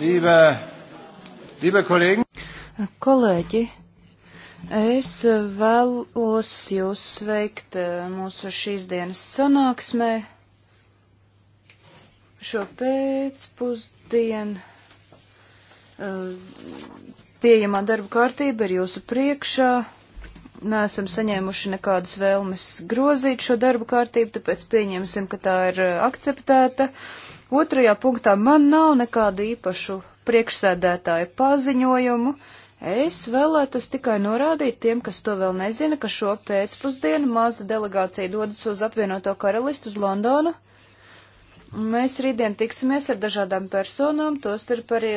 Liebe, liebe kolēģi. Kolēģi, es vēlos jūs sveikt eh, mūsu šīs dienas sanāksmē. Šo pēcpusdienu eh, pieejamā darba kārtība ir jūsu priekšā. Nesam saņēmuši nekādas vēlmes grozīt šo darbu kārtību, tāpēc pieņemsim, ka tā ir eh, akceptēta. Uh, Otrajā punktā man nav nekādu īpašu priekšsēdētāju paziņojumu. Es vēlētos tikai norādīt tiem, kas to vēl nezina, ka šo pēcpusdienu maza delegācija dodas uz apvienoto karalistu uz Londonu. Mēs rītdien tiksimies ar dažādām personām, tostarp arī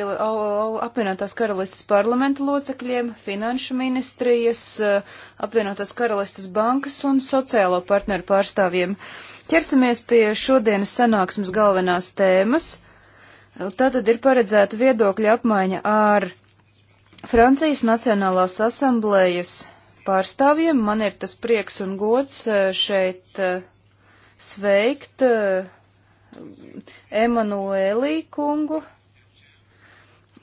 apvienotās karalistas parlamenta locekļiem, finanšu ministrijas, eh, apvienotās karalistas bankas un sociālo partneru pārstāvjiem. Uh, Ķersimies pie šodienas sanāksmes galvenās tēmas. Tātad ir paredzēta viedokļa apmaiņa ar Francijas Nacionālās asamblējas pārstāvjiem. Man ir tas prieks un gods eh, šeit eh, sveikt eh, Emanuēlī kungu.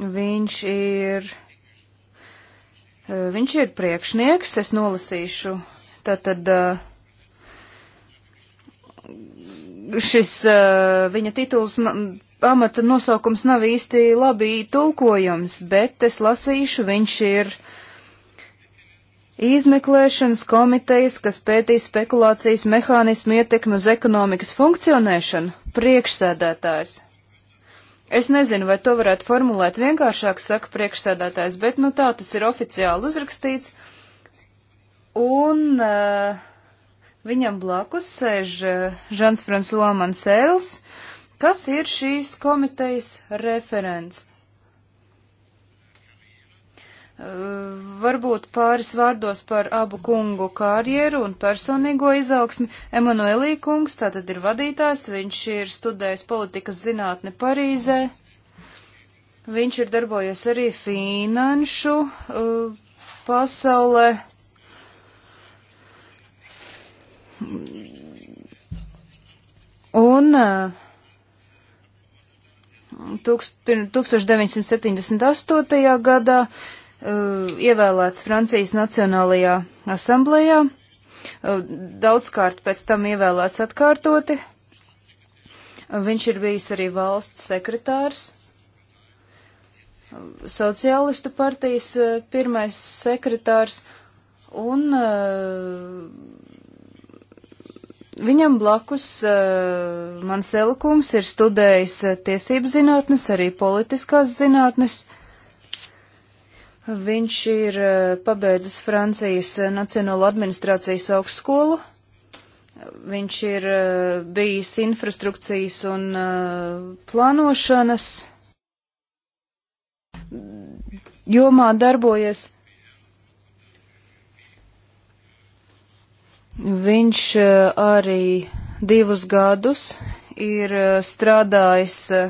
Viņš ir, viņš ir priekšnieks, es nolasīšu tātad. Uh, šis eh, viņa tituls pamata nosaukums nav īsti labi tulkojams, bet es lasīšu, viņš ir izmeklēšanas komitejas, kas pētīs spekulācijas mehānismu ietekmi uz ekonomikas funkcionēšanu, priekšsēdētājs. Es nezinu, vai to varētu formulēt vienkāršāk, saka priekšsēdētājs, bet nu tā tas ir oficiāli uzrakstīts. Un uh, Viņam blakus sēž Žans eh, Fransuā Mansēls, kas ir šīs komitejas referents. Eh, varbūt pāris vārdos par abu kungu karjeru un personīgo izaugsmi. Emanuelī kungs tātad ir vadītājs, viņš ir studējis politikas zinātni Parīzē. Viņš ir darbojies arī finanšu uh, pasaulē. Un 1978. Uh, gadā uh, ievēlēts Francijas Nacionālajā asamblējā, uh, daudzkārt pēc tam ievēlēts atkārtoti. Viņš ir bijis arī valsts sekretārs, sociālistu partijas pirmais sekretārs un uh, Viņam blakus uh, eh, mans elkungs ir studējis eh, tiesību zinātnes, arī politiskās zinātnes. Viņš ir uh, pabeidzis Francijas Nacionālo administrācijas augstskolu. Viņš ir uh, bijis infrastrukcijas un plānošanas jomā darbojies. Viņš eh, arī divus gadus ir eh, strādājis eh,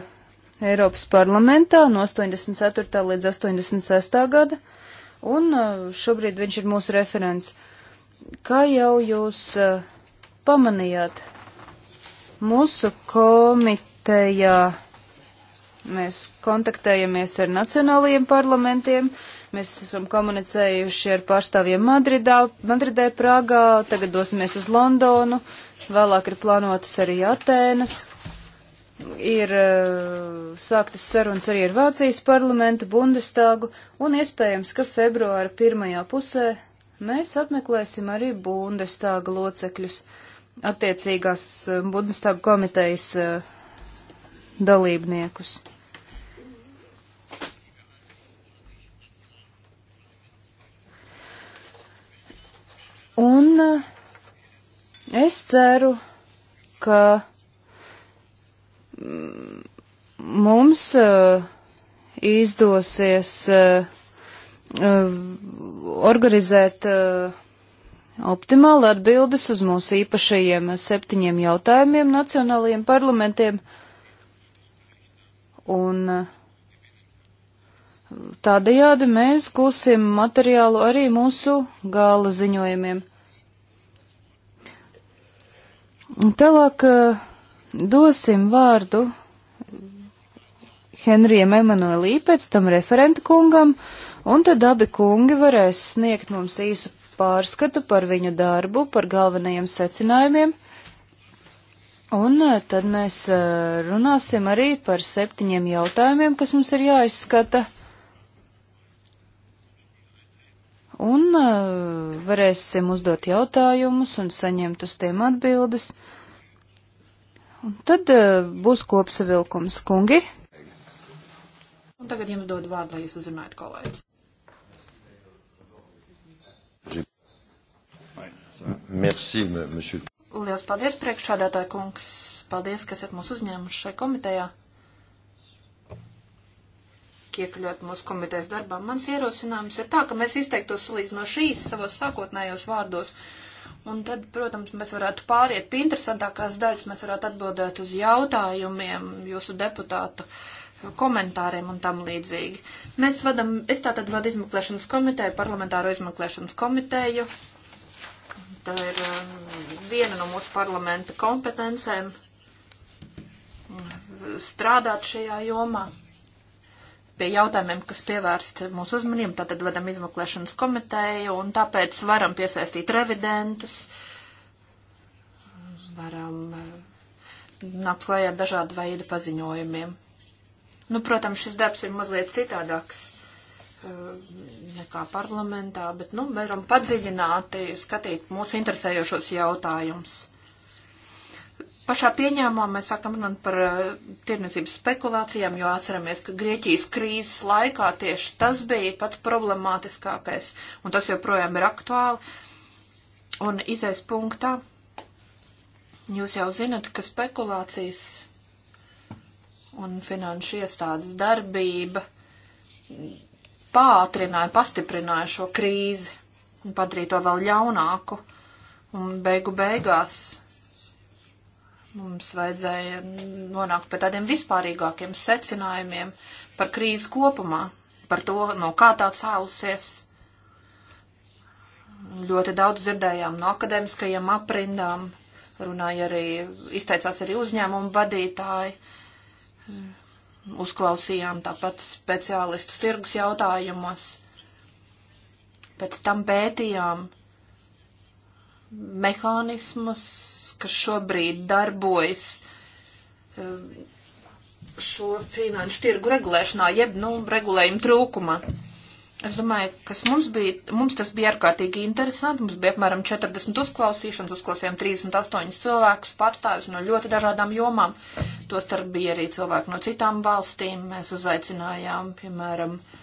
Eiropas parlamentā no 84. līdz 86. gada, un šobrīd viņš ir mūsu referents. Kā jau jūs pamanījāt, mūsu komitejā mēs kontaktējamies ar nacionālajiem parlamentiem, uh, Mēs esam komunicējuši ar pārstāvjiem Madridā, Madridē, Prāgā, tagad dosimies uz Londonu, vēlāk ir plānotas arī Atēnas. Ir uh, sāktas sarunas arī ar Vācijas parlamentu, Bundestāgu, un iespējams, ka februāra pirmajā pusē mēs apmeklēsim arī Bundestāga locekļus attiecīgās eh, Bundestāga komitejas uh, dalībniekus. Un eh, es ceru, ka mm, mums eh, izdosies eh, organizēt optimāli atbildes uz mūsu īpašajiem septiņiem jautājumiem nacionālajiem parlamentiem. Un uh, Tādējādi mēs gūsim materiālu arī mūsu gala ziņojumiem. Tālāk eh, dosim vārdu Henrijam Emanuelī, pēc tam referenta kungam, un tad abi kungi varēs sniegt mums īsu pārskatu par viņu darbu, par galvenajiem secinājumiem. Un eh, tad mēs eh, runāsim arī par septiņiem jautājumiem, kas mums ir jāizskata. un uh, varēsim uzdot jautājumus un saņemt uz tiem atbildes. Un tad uh, būs kopsavilkums, kungi. Un tagad jums dod vārdu, lai jūs uzrunājat kolēģis. Merci, monsieur. Lielas paldies, priekšādātāja kungs. Paldies, ka esat mūs uzņēmuši šai komitejā iekļaut mūsu komitejas darbā. Mans ierosinājums ir tā, ka mēs izteiktos salīdzinoši īsi savos sākotnējos vārdos, un tad, protams, mēs varētu pāriet pie interesantākās daļas, mēs varētu atbildēt uz jautājumiem jūsu deputātu komentāriem un tam līdzīgi. Mēs vadam, es tātad vadu izmeklēšanas komiteju, parlamentāro izmeklēšanas komiteju. Tā ir um, viena no mūsu parlamenta kompetencēm mm, strādāt šajā jomā pie jautājumiem, kas pievērst mūsu uzmanību, tātad vadam izmeklēšanas komiteju un tāpēc varam piesaistīt revidentus, varam eh, nākt klajā ar dažādu veidu paziņojumiem. Nu, protams, šis darbs ir mazliet citādāks eh, nekā parlamentā, bet, nu, varam padziļināti skatīt mūsu interesējošos jautājumus. Pašā pieņēmumā mēs sākam runāt par uh, eh, tirniecības spekulācijām, jo atceramies, ka Grieķijas krīzes laikā tieši tas bija pat problemātiskākais, un tas joprojām ir aktuāli. Un izais punktā jūs jau zinat, ka spekulācijas un finanšu iestādes darbība pātrināja, pastiprināja šo krīzi un padarīja to vēl ļaunāku. Un beigu beigās Mums vajadzēja nonākt pie tādiem vispārīgākiem secinājumiem par krīzi kopumā, par to, no kā tā cēlusies. Ļoti daudz dzirdējām no akadēmiskajiem aprindām, runāja arī, izteicās arī uzņēmumu vadītāji, uzklausījām tāpat speciālistus tirgus jautājumos, pēc tam pētījām mehānismus, kas šobrīd darbojas um, šo finanšu tirgu regulēšanā, jeb, nu, regulējumu trūkuma. Es domāju, kas mums bija, mums tas bija ārkārtīgi interesanti. Mums bija apmēram 40 uzklausīšanas, uzklausījām 38 cilvēkus, pārstāvis no ļoti dažādām jomām. Tostarp bija arī cilvēki no citām valstīm. Mēs uzaicinājām, piemēram, uh,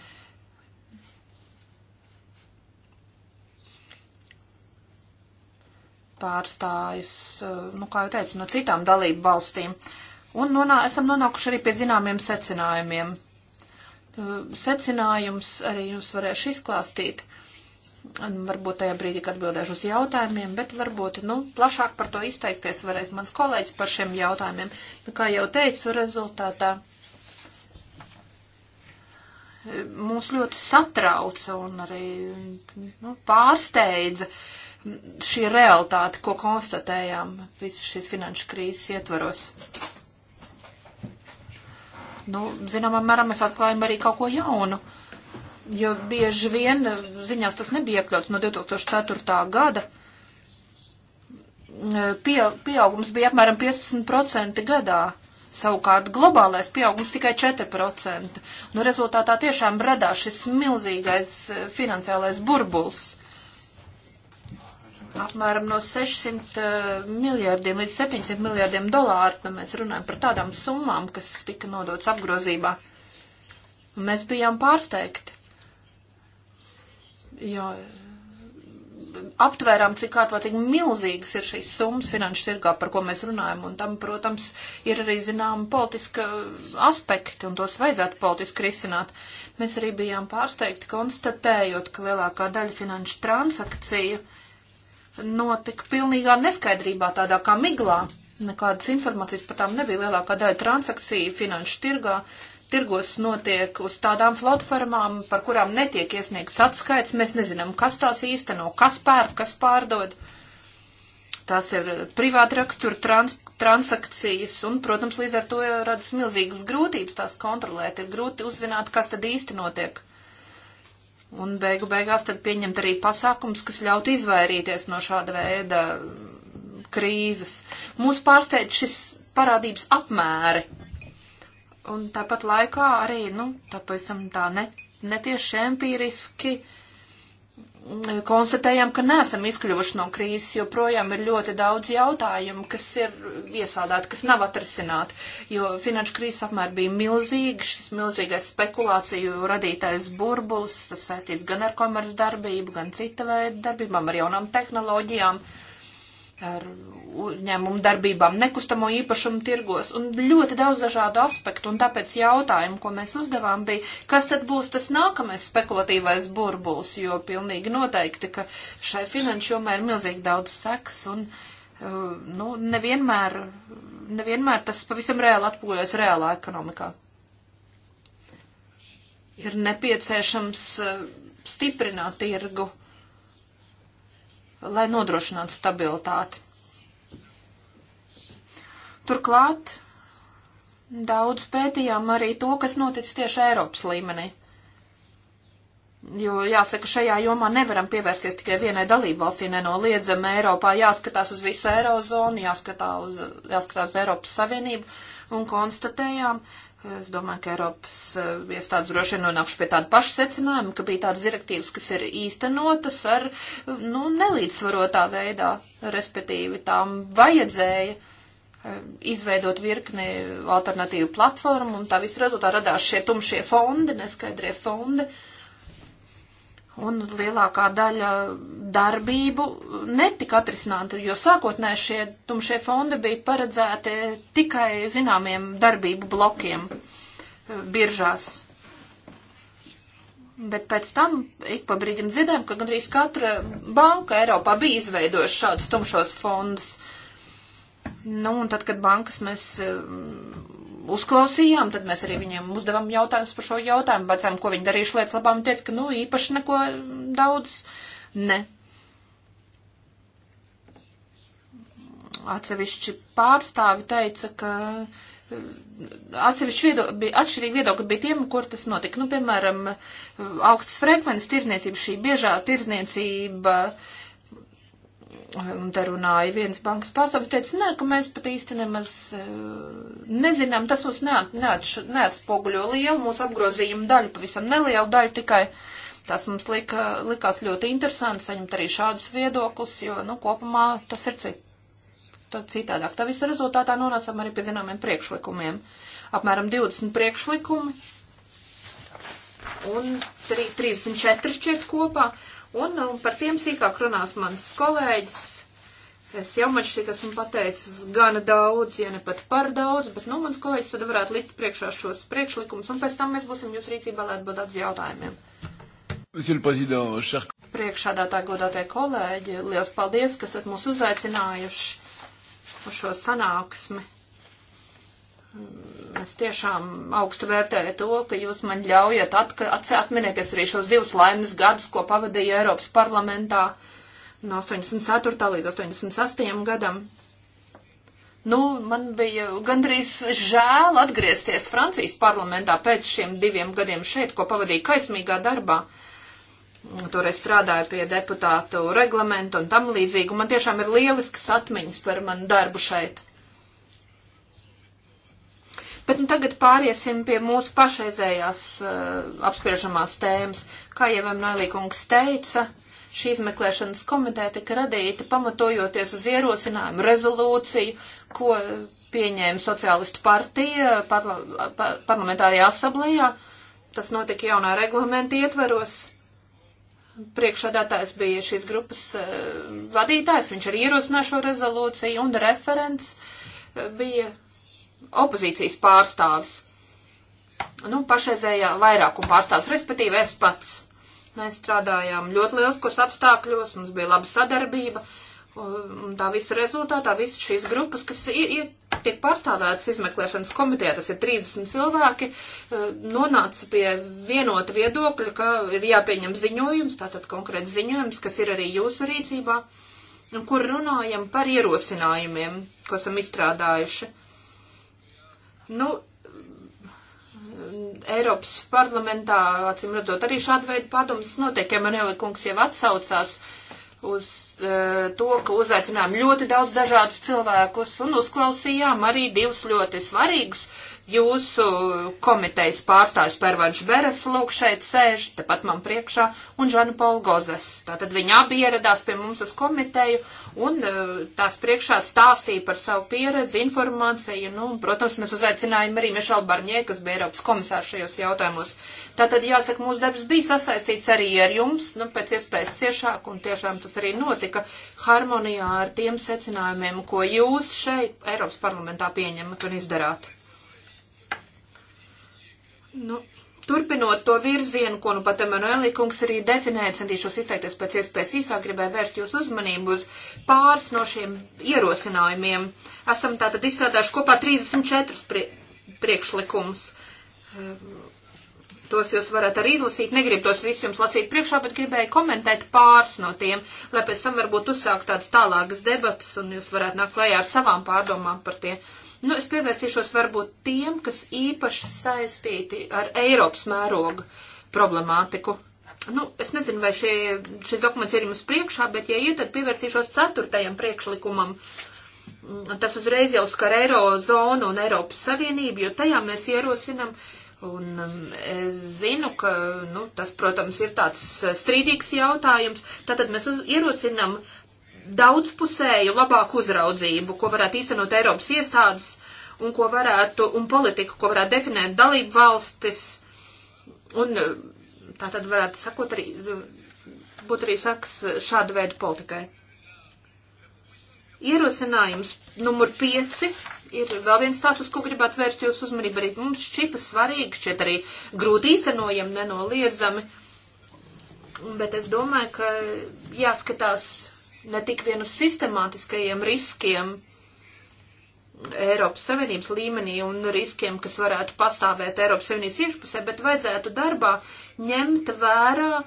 pārstājus, eh, nu, kā jau teicu, no citām dalību valstīm. Un nonā, esam nonākuši arī pie zināmiem secinājumiem. Eh, secinājums arī jums varēšu izklāstīt. Varbūt tajā brīdī, kad atbildēšu uz jautājumiem, bet varbūt, nu, plašāk par to izteikties varēs mans kolēģis par šiem jautājumiem. Bet, nu, kā jau teicu, rezultātā eh, mūs ļoti satrauca un arī nu, pārsteidza uh, šī realitāte, ko konstatējām visu šīs finanšu krīzes ietvaros. Nu, zināmā mērā mēs atklājam arī kaut ko jaunu, jo bieži vien ziņās tas nebija iekļauts no 2004. gada. Pie, pieaugums bija apmēram 15% gadā. Savukārt globālais pieaugums tikai 4%. Nu, rezultātā tiešām radās šis milzīgais eh, finansiālais burbuls apmēram no 600 eh, miljārdiem līdz 700 miljārdiem dolāru, nu mēs runājam par tādām summām, kas tika nodots apgrozībā. Un mēs bijām pārsteigti, jo eh, aptvērām, cik ārprātīgi milzīgas ir šīs summas finanšu tirgā, par ko mēs runājam, un tam, protams, ir arī zinām politiska aspekti, un tos vajadzētu politiski risināt. Mēs arī bijām pārsteigti, konstatējot, ka lielākā daļa finanšu transakciju uh, notika pilnīgā neskaidrībā, tādā kā miglā. Nekādas informācijas par tām nebija. Lielākā daļa transakciju finanšu tirgā, tirgos notiek uz tādām flotfarmām, par kurām netiek iesniegts atskaits. Mēs nezinām, kas tās īsteno, kas pērk, kas pārdod. Tās ir privāta rakstura trans transakcijas, un, protams, līdz ar to radas milzīgas grūtības tās kontrolēt. Ir grūti uzzināt, kas tad īsti notiek. Un beigu beigās tad pieņemt arī pasākums, kas ļautu izvairīties no šāda veida krīzes. Mūs pārsteidz šis parādības apmēri. Un tāpat laikā arī, nu, tāpēc esam tā ne, netieši empīriski uh, konstatējam, ka neesam izkļuvuši no krīzes, jo projām ir ļoti daudz jautājumu, kas ir iesādāti, kas nav atrisināti, jo finanšu krīzes apmēr bija milzīga, šis milzīgais spekulāciju radītais burbulis, tas saistīts gan ar komercdarbību, gan cita veida darbībām, ar jaunām tehnoloģijām. Uh, ar uzņēmumu darbībām nekustamo īpašumu tirgos un ļoti daudz dažādu aspektu. Un tāpēc jautājumu, ko mēs uzdevām, bija, kas tad būs tas nākamais spekulatīvais burbulis, jo pilnīgi noteikti, ka šai finanšu jomai ir milzīgi daudz seks un, uh, nu, nevienmēr, nevienmēr tas pavisam reāli atpūļojas reālā ekonomikā. Ir nepieciešams uh, stiprināt tirgu lai nodrošinātu stabilitāti. Turklāt daudz pētījām arī to, kas noticis tieši Eiropas līmenī. Jo, jāsaka, šajā jomā nevaram pievērsties tikai vienai dalībvalstī, nenoliedzami Eiropā jāskatās uz visu Eirozonu, jāskatās uz, jāskatās uz Eiropas Savienību un konstatējām, Es domāju, ka Eiropas eh, iestādes droši vien nonākuši pie tāda paša secinājuma, ka bija tādas direktīvas, kas ir īstenotas ar, nu, nelīdzsvarotā veidā, respektīvi tām vajadzēja eh, izveidot virkni alternatīvu platformu, un tā visu rezultātā radās šie tumšie fondi, neskaidrie fondi. Uh, Un lielākā daļa darbību netika atrisināta, jo sākotnēji šie tumšie fondi bija paredzēti tikai zināmiem darbību blokiem eh, biržās. Bet pēc tam ik pa brīdim dzirdējām, ka gandrīz katra banka Eiropā bija izveidojusi šādus tumšos fondus. Nu, un tad, kad bankas mēs eh, uzklausījām, tad mēs arī viņiem uzdevām jautājumus par šo jautājumu, vecām, ko viņi darījuši lietas labām, un teica, ka, nu, īpaši neko daudz ne. Atsevišķi pārstāvi teica, ka atsevišķi viedokļi bija, atšķirīgi viedokļi bija tiem, kur tas notika. Nu, piemēram, augstas frekvences tirzniecība, šī biežā tirzniecība. Uh, Un te runāja viens bankas pārstāvis, teica, nē, ka mēs pat īsti nemaz eh, nezinām, tas mums neat, neat, neatspoguļo lielu mūsu apgrozījumu daļu, pavisam nelielu daļu tikai. Tas mums lika, likās ļoti interesanti saņemt arī šādus viedokļus, jo, nu, kopumā tas ir cit, citādāk. Tā visa rezultātā nonācām arī pie zināmiem priekšlikumiem. Apmēram 20 priekšlikumi un 3, 34 šķiet kopā. Uh, Un, un nu, par tiem sīkāk runās mans kolēģis. Es jau man šķiet esmu pateicis gana daudz, ja ne pat par daudz, bet, nu, mans kolēģis tad varētu likt priekšā šos priekšlikumus, un pēc tam mēs būsim jūs rīcībā, lai atbildētu uz jautājumiem. Priekšādātāji, godātie kolēģi, liels paldies, ka esat mūs uzaicinājuši uz šo sanāksmi. Es tiešām augstu vērtēju to, ka jūs man ļaujat atminēties arī šos divus laimes gadus, ko pavadīju Eiropas parlamentā no 84. līdz 88. gadam. Nu, man bija gandrīz žēl atgriezties Francijas parlamentā pēc šiem diviem gadiem šeit, ko pavadīju kaismīgā darbā. Toreiz strādāju pie deputātu reglamentu un tam līdzīgi. Man tiešām ir lieliskas atmiņas par manu darbu šeit. Bet nu, tagad pāriesim pie mūsu pašreizējās uh, apspriežamās tēmas. Kā jau Emnēlīkungs teica, šī izmeklēšanas komiteja tika radīta pamatojoties uz ierosinājumu rezolūciju, ko pieņēma Socialistu partija parla, par, parlamentārajā asamblējā. Tas notika jaunā reglamenta ietveros. Priekšādātājs bija šīs grupas uh, vadītājs, viņš arī ierosināja šo rezolūciju un referents uh, bija opozīcijas pārstāvis. Nu, pašreizējā vairākuma pārstāvis, respektīvi es pats. Mēs strādājām ļoti lieliskos apstākļos, mums bija laba sadarbība, un tā visa rezultātā, visas šīs grupas, kas tiek pārstāvētas izmeklēšanas komitejā, tas ir 30 cilvēki, nonāca pie vienota viedokļa, ka ir jāpieņem ziņojums, tātad konkrēts ziņojums, kas ir arī jūsu rīcībā, un kur runājam par ierosinājumiem, ko esam izstrādājuši. Nu, Eiropas parlamentā, acīm redzot, arī šāda veida pārdomas notiek, ja man ielikungs jau atsaucās uz uh, to, ka uzaicinājām ļoti daudz dažādus cilvēkus un uzklausījām arī divus ļoti svarīgus uh, Jūsu komitejas pārstāvis Pervanš Beres lūk šeit sēž, tepat man priekšā, un Žana Paul Gozes. Tātad viņa abi ieradās pie mums uz komiteju un e, tās priekšā stāstīja par savu pieredzi, informāciju. Nu, un, protams, mēs uzaicinājām arī Mišelu Barņē, kas bija Eiropas komisārs šajos jautājumos. Tātad, jāsaka, mūsu darbs bija sasaistīts arī ar jums, nu, pēc iespējas ciešāk, un tiešām tas arī notika harmonijā ar tiem secinājumiem, ko jūs šeit Eiropas parlamentā pieņemat un izdarāt. Nu, turpinot to virzienu, ko nu pat Emanuēlī kungs arī definēja, centīšos izteikties pēc iespējas īsāk, gribēju vērst jūsu uzmanību uz pāris no šiem ierosinājumiem. Esam tātad izstrādājuši kopā 34 prie, priekšlikumus. Ehm, tos jūs varat arī izlasīt, negribu tos visus jums lasīt priekšā, bet gribēju komentēt pāris no tiem, lai pēc tam varbūt uzsākt tādas tālākas debatas un jūs varētu nākt klajā ar savām pārdomām par tiem. Nu, es pievērsīšos varbūt tiem, kas īpaši saistīti ar Eiropas mēroga problemātiku. Nu, es nezinu, vai šie, šis dokuments ir jums priekšā, bet, ja iet, tad pievērsīšos ceturtajam priekšlikumam. Tas uzreiz jau skar Eirozonu un Eiropas Savienību, jo tajā mēs ierosinam Un um, es zinu, ka nu, tas, protams, ir tāds strīdīgs jautājums. Tātad mēs uz, ierosinam daudzpusēju, labāku uzraudzību, ko varētu īstenot Eiropas iestādes un ko varētu, un politiku, ko varētu definēt dalību valstis, un eh, tā tad varētu sakot arī, būt arī saks šādu veidu politikai. Ierosinājums numur 5 ir vēl viens tāds, uz ko gribētu vērst jūsu uzmanību. Arī mums šķita svarīgi, šķiet arī grūti īstenojami, nenoliedzami, bet es domāju, ka jāskatās ne tik vien uz sistemātiskajiem riskiem Eiropas Savienības līmenī un riskiem, kas varētu pastāvēt Eiropas Savienības iekšpusē, bet vajadzētu darbā ņemt vērā e,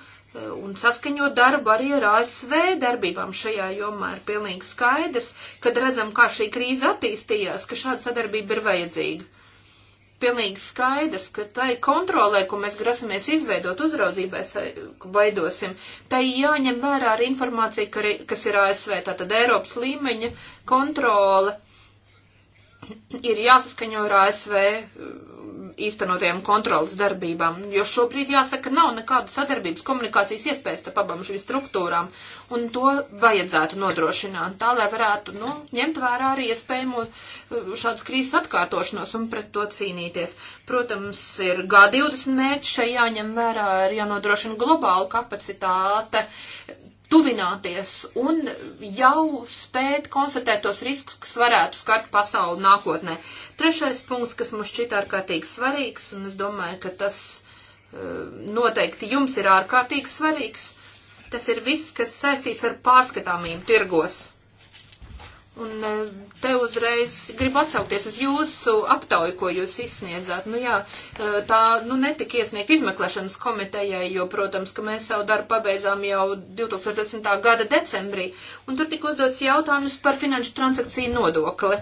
un saskaņot darbu arī ar ASV darbībām šajā jomā ir pilnīgi skaidrs, kad redzam, kā šī krīze attīstījās, ka šāda sadarbība ir vajadzīga pilnīgi skaidrs, ka tai kontrolē, ko mēs grasamies izveidot uzraudzībai, veidosim, tai jāņem vērā arī informācija, kas ir ASV, tātad Eiropas līmeņa kontrole ir jāsaskaņo ar ASV īstenotajām kontrolas darbībām, jo šobrīd, jāsaka, nav nekādu sadarbības komunikācijas iespējas te pabam šīm struktūrām, un to vajadzētu nodrošināt, tā lai varētu, nu, ņemt vērā arī iespējamo uh, šādas krīzes atkārtošanos un pret to cīnīties. Protams, ir G20 mērķi šeit jāņem vērā, ir jānodrošina globāla kapacitāte tuvināties un jau spēt konstatēt tos riskus, kas varētu skart pasauli nākotnē. Trešais punkts, kas mums šķita ārkārtīgi svarīgs, un es domāju, ka tas eh, noteikti jums ir ārkārtīgi svarīgs, tas ir viss, kas saistīts ar pārskatāmību tirgos. Un eh, te uzreiz gribu atsaukties uz jūsu aptauju, ko jūs izsniedzāt. Nu jā, eh, tā nu netika iesniegt izmeklēšanas komitejai, jo, protams, ka mēs savu darbu pabeidzām jau 2010. gada decembrī. Un tur tika uzdots jautājums par finanšu transakciju nodokli.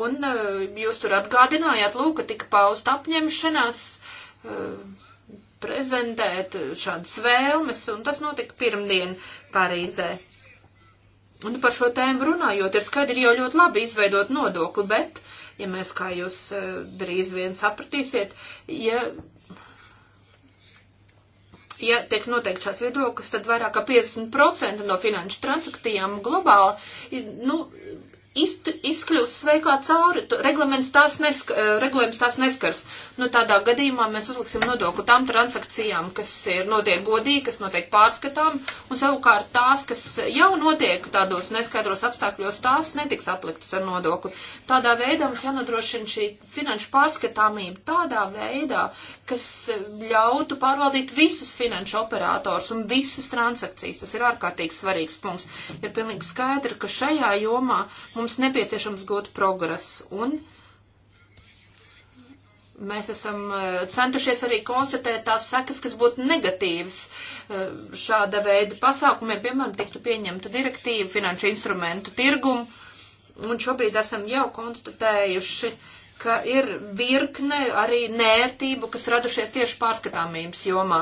Un eh, jūs tur atgādinājāt, lūk, ka tika pausta apņemšanās prezentēt šādas vēlmes, un tas notika pirmdien Parīzē. Un par šo tēmu runājot, ir skaidri jau ļoti labi izveidot nodokli, bet, ja mēs, kā jūs eh, drīz vien sapratīsiet, ja ja tiek noteikts šāds viedoklis, tad vairāk kā 50% no finanšu transakcijām globāli nu, izkļūst sveikā cauri, reglaments tās, neska, eh, reglaments tās neskars. Nu, tādā gadījumā mēs uzliksim nodokli tām transakcijām, kas ir notiek godīgi, kas notiek pārskatām, un savukārt tās, kas jau notiek tādos neskaidros apstākļos, tās netiks apliktas ar nodokli. Tādā veidā mums jānodrošina šī finanšu pārskatāmība tādā veidā, kas ļautu pārvaldīt visus finanšu operators un visas transakcijas. Tas ir ārkārtīgi svarīgs punkts. Ir pilnīgi skaidri, ka šajā jomā mums nepieciešams gūt progresu. Un mēs esam eh, centušies arī konstatēt tās sekas, kas būtu negatīvas eh, šāda veida pasākumiem, piemēram, tiktu pieņemta direktīva finanšu instrumentu tirgumu. Un šobrīd esam jau konstatējuši uh, ka ir virkne arī nērtību, kas radušies tieši pārskatāmības jomā.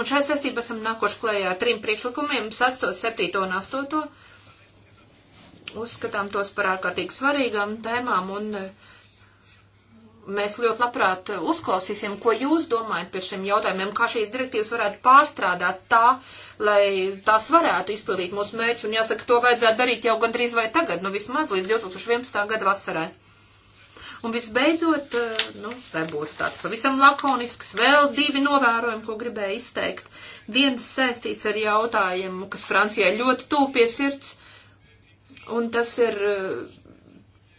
Un šai saistībā esam nākoši klējā trim priekšlikumiem - 6, 7 un 8. Uzskatām tos par ārkārtīgi svarīgām tēmām un eh, mēs ļoti labprāt uzklausīsim, ko jūs domājat par šiem jautājumiem, kā šīs direktīvas varētu pārstrādāt tā, lai tās varētu izpildīt mūsu mērķus. Un jāsaka, to vajadzētu darīt jau gandrīz vai tagad, nu vismaz līdz 2011. gada vasarai. Un visbeidzot, eh, nu, lai būtu tāds pavisam lakonisks, vēl divi novērojumi, ko gribēju izteikt. Viens saistīts ar jautājumu, kas Francijai ļoti tūpies sirds, un tas ir eh,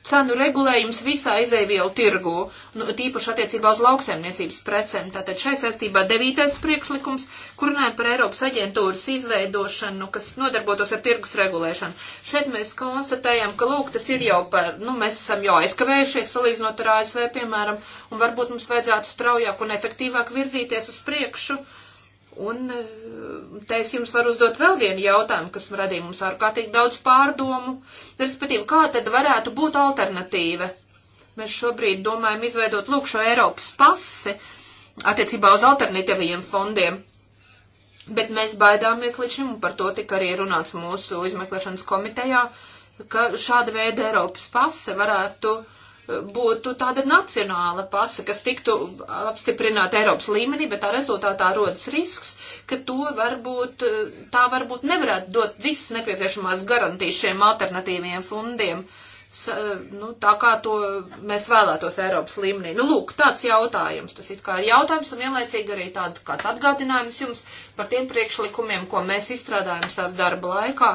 cenu regulējums visā izēvielu tirgu, nu, tīpaši attiecībā uz lauksaimniecības precēm. Tātad šai saistībā devītais priekšlikums, kur runāja par Eiropas aģentūras izveidošanu, kas nodarbotos ar tirgus regulēšanu. Šeit mēs konstatējam, ka, lūk, tas ir jau par, nu, mēs esam jau aizkavējušies salīdzinot ar ASV, piemēram, un varbūt mums vajadzētu straujāk un efektīvāk virzīties uz priekšu. Uh, Un e, te es jums varu uzdot vēl vienu jautājumu, kas radīja mums ārkārtīgi daudz pārdomu. Respektīvi, kā tad varētu būt alternatīva? Mēs šobrīd domājam izveidot lūk šo Eiropas pasi attiecībā uz alternatīvajiem fondiem. Bet mēs baidāmies līdz šim, un par to tika arī runāts mūsu izmeklēšanas komitejā, ka šāda veida Eiropas pase varētu uh, būtu tāda nacionāla pasa, kas tiktu apstiprināta Eiropas līmenī, bet tā rezultātā rodas risks, ka to varbūt, tā varbūt nevarētu dot visas nepieciešamās garantijas šiem alternatīviem fondiem. Sa, nu, tā kā to mēs vēlētos Eiropas līmenī. Nu, lūk, tāds jautājums. Tas ir kā ir jautājums un vienlaicīgi arī tāds kāds atgādinājums jums par tiem priekšlikumiem, ko mēs izstrādājam savu darbu laikā,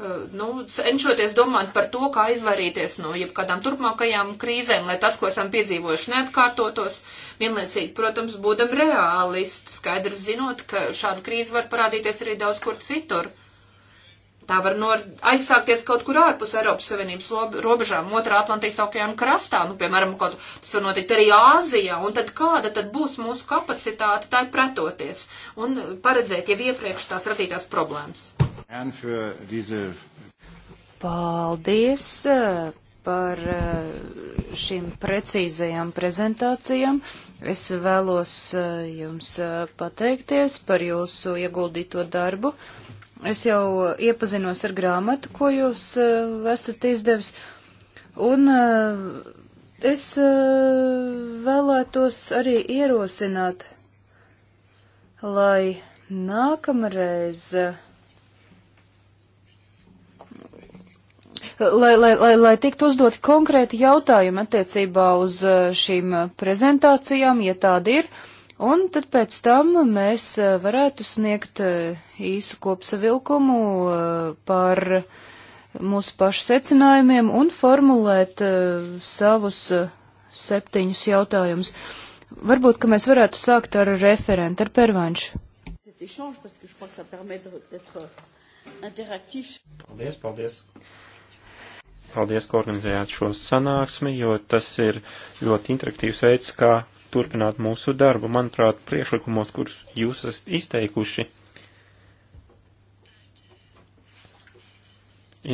Eh, nu, cenšoties domāt par to, kā izvairīties no jebkādām turpmākajām krīzēm, lai tas, ko esam piedzīvojuši, neatkārtotos. Vienlaicīgi, protams, būdam reālisti, skaidrs zinot, ka šāda krīze var parādīties arī daudz kur citur. Tā var no, aizsākties kaut kur ārpus Eiropas Savienības lob, robežām, otrā Atlantijas okeāna krastā, nu, piemēram, kaut tas var notikt arī Āzijā, un tad kāda tad būs mūsu kapacitāte tai pretoties un paredzēt jau iepriekš tās radītās problēmas. Paldies eh, par eh, šīm precīzajām prezentācijām. Es vēlos eh, jums pateikties par jūsu ieguldīto darbu. Es jau iepazinos ar grāmatu, ko jūs esat izdevis, un es vēlētos arī ierosināt, lai nākamreiz. Uh, lai, lai, lai, lai tiktu uzdoti konkrēti jautājumi attiecībā uz uh, šīm uh, prezentācijām, ja tāda ir, un tad pēc tam mēs uh, varētu sniegt īsu kopsavilkumu par mūsu pašu secinājumiem un formulēt savus septiņus jautājumus. Varbūt, ka mēs varētu sākt ar referentu, ar pervanšu. Paldies, paldies. Paldies, ka organizējāt šo sanāksmi, jo tas ir ļoti interaktīvs veids, kā turpināt mūsu darbu. Manuprāt, priekšlikumos, kurus jūs esat izteikuši,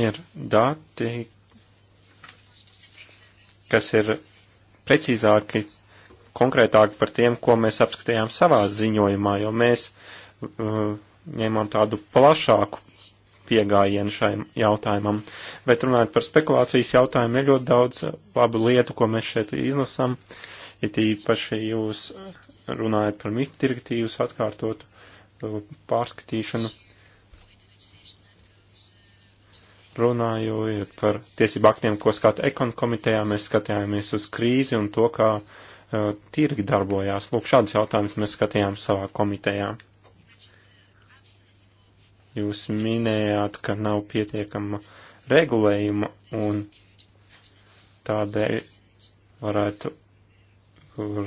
ir dati, kas ir precīzāki, konkrētāki par tiem, ko mēs apskatījām savā ziņojumā, jo mēs uh, ņēmām tādu plašāku pieejama šajam jautājumam. Bet runājot par spekulācijas jautājumu, ir ļoti daudz labu lietu, ko mēs šeit izlasām. It īpaši jūs runājat par MIT direktīvas atkārtotu uh, pārskatīšanu. Runājot par tiesību aktiem, ko skata ekon komitejā, mēs skatījāmies uz krīzi un to, kā uh, tirgi darbojās. Lūk, šādus jautājumus mēs skatījām savā komitejā. Jūs minējāt, ka nav pietiekama regulējuma un tādēļ varētu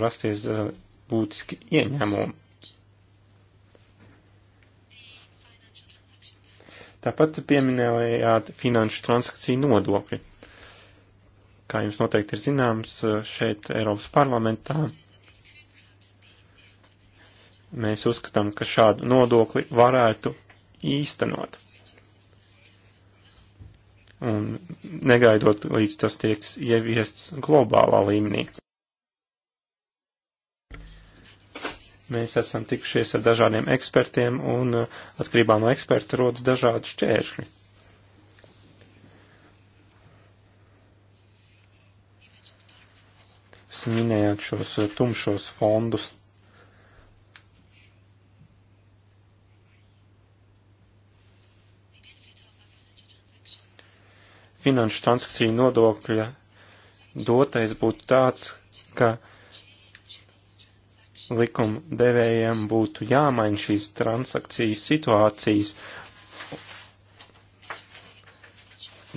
rasties uh, būtiski ieņēmumi. Tāpat pieminējāt finanšu transakciju nodokli. Kā jums noteikti ir zināms, uh, šeit Eiropas parlamentā mēs uzskatām, ka šādu nodokli varētu īstenot. Un negaidot, līdz tas tiek ieviests globālā līmenī. Mēs esam tikušies ar dažādiem ekspertiem, un uh, atkarībā no eksperta rodas dažādi šķēršļi. Jūs minējāt šos uh, tumšos fondus finanšu transakciju nodokļa dotais būtu tāds, ka likuma devējiem būtu jāmaina šīs transakcijas situācijas,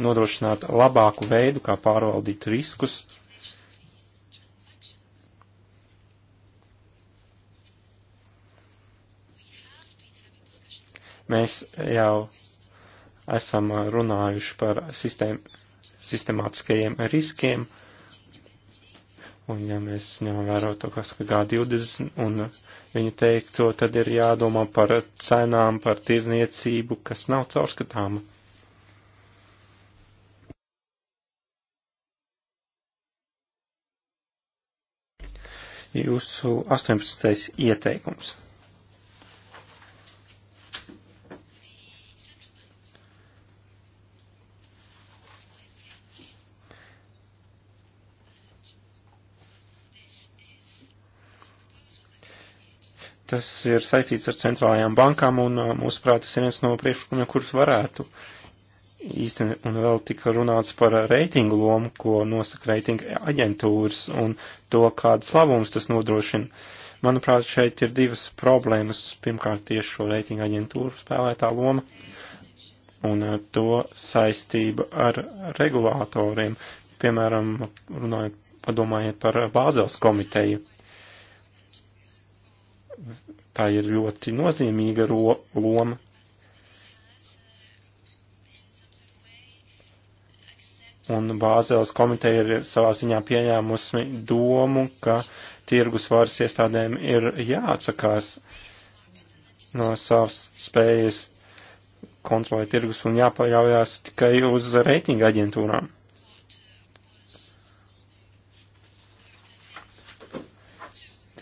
nodrošināt labāku veidu, kā pārvaldīt riskus. Mēs jau esam runājuši par sistēm, sistemātiskajiem riskiem, un ja mēs ņemam vērā to, kas ir G20 un viņu teikto, tad ir jādomā par cenām, par tirzniecību, kas nav caurskatāma. Jūsu 18. ieteikums. Tas ir saistīts ar centrālajām bankām un uh, mūsuprāt tas ir viens no priekšlikumiem, kurus varētu īstenībā un vēl tika runāts par reitingu lomu, ko nosaka reitinga aģentūras un to, kādas labumus tas nodrošina. Manuprāt, šeit ir divas problēmas. Pirmkārt, tieši šo reitinga aģentūru spēlētā loma un uh, to saistība ar regulātoriem. Piemēram, runājot, padomājiet par Bāzels komiteju tā ir ļoti nozīmīga loma. Un Bāzeles komiteja ir savā ziņā pieņēmusi domu, ka tirgus varas iestādēm ir jāatsakās no savas spējas kontrolēt tirgus un jāpaļaujās tikai uz reitinga aģentūrām.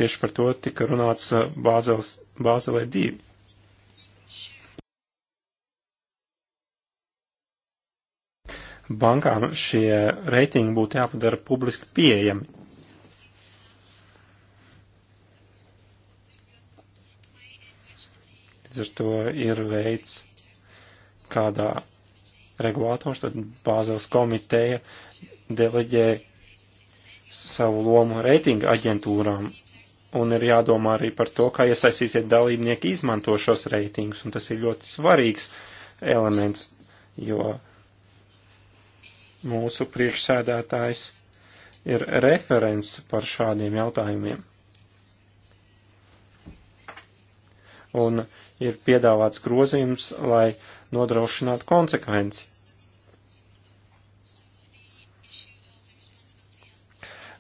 Tieši par to tika runāts uh, Bāzels, Bāzelē 2. Bankām šie reitingi būtu jāpadara publiski pieejami. Līdz ar to ir veids, kādā regulātors, tad Bāzeles komiteja deleģē savu lomu reitinga aģentūrām un ir jādomā arī par to, kā iesaistīsiet dalībnieki izmanto šos reitingus, un tas ir ļoti svarīgs elements, jo mūsu priekšsēdētājs ir referents par šādiem jautājumiem. Un ir piedāvāts grozījums, lai nodrošinātu konsekvenci.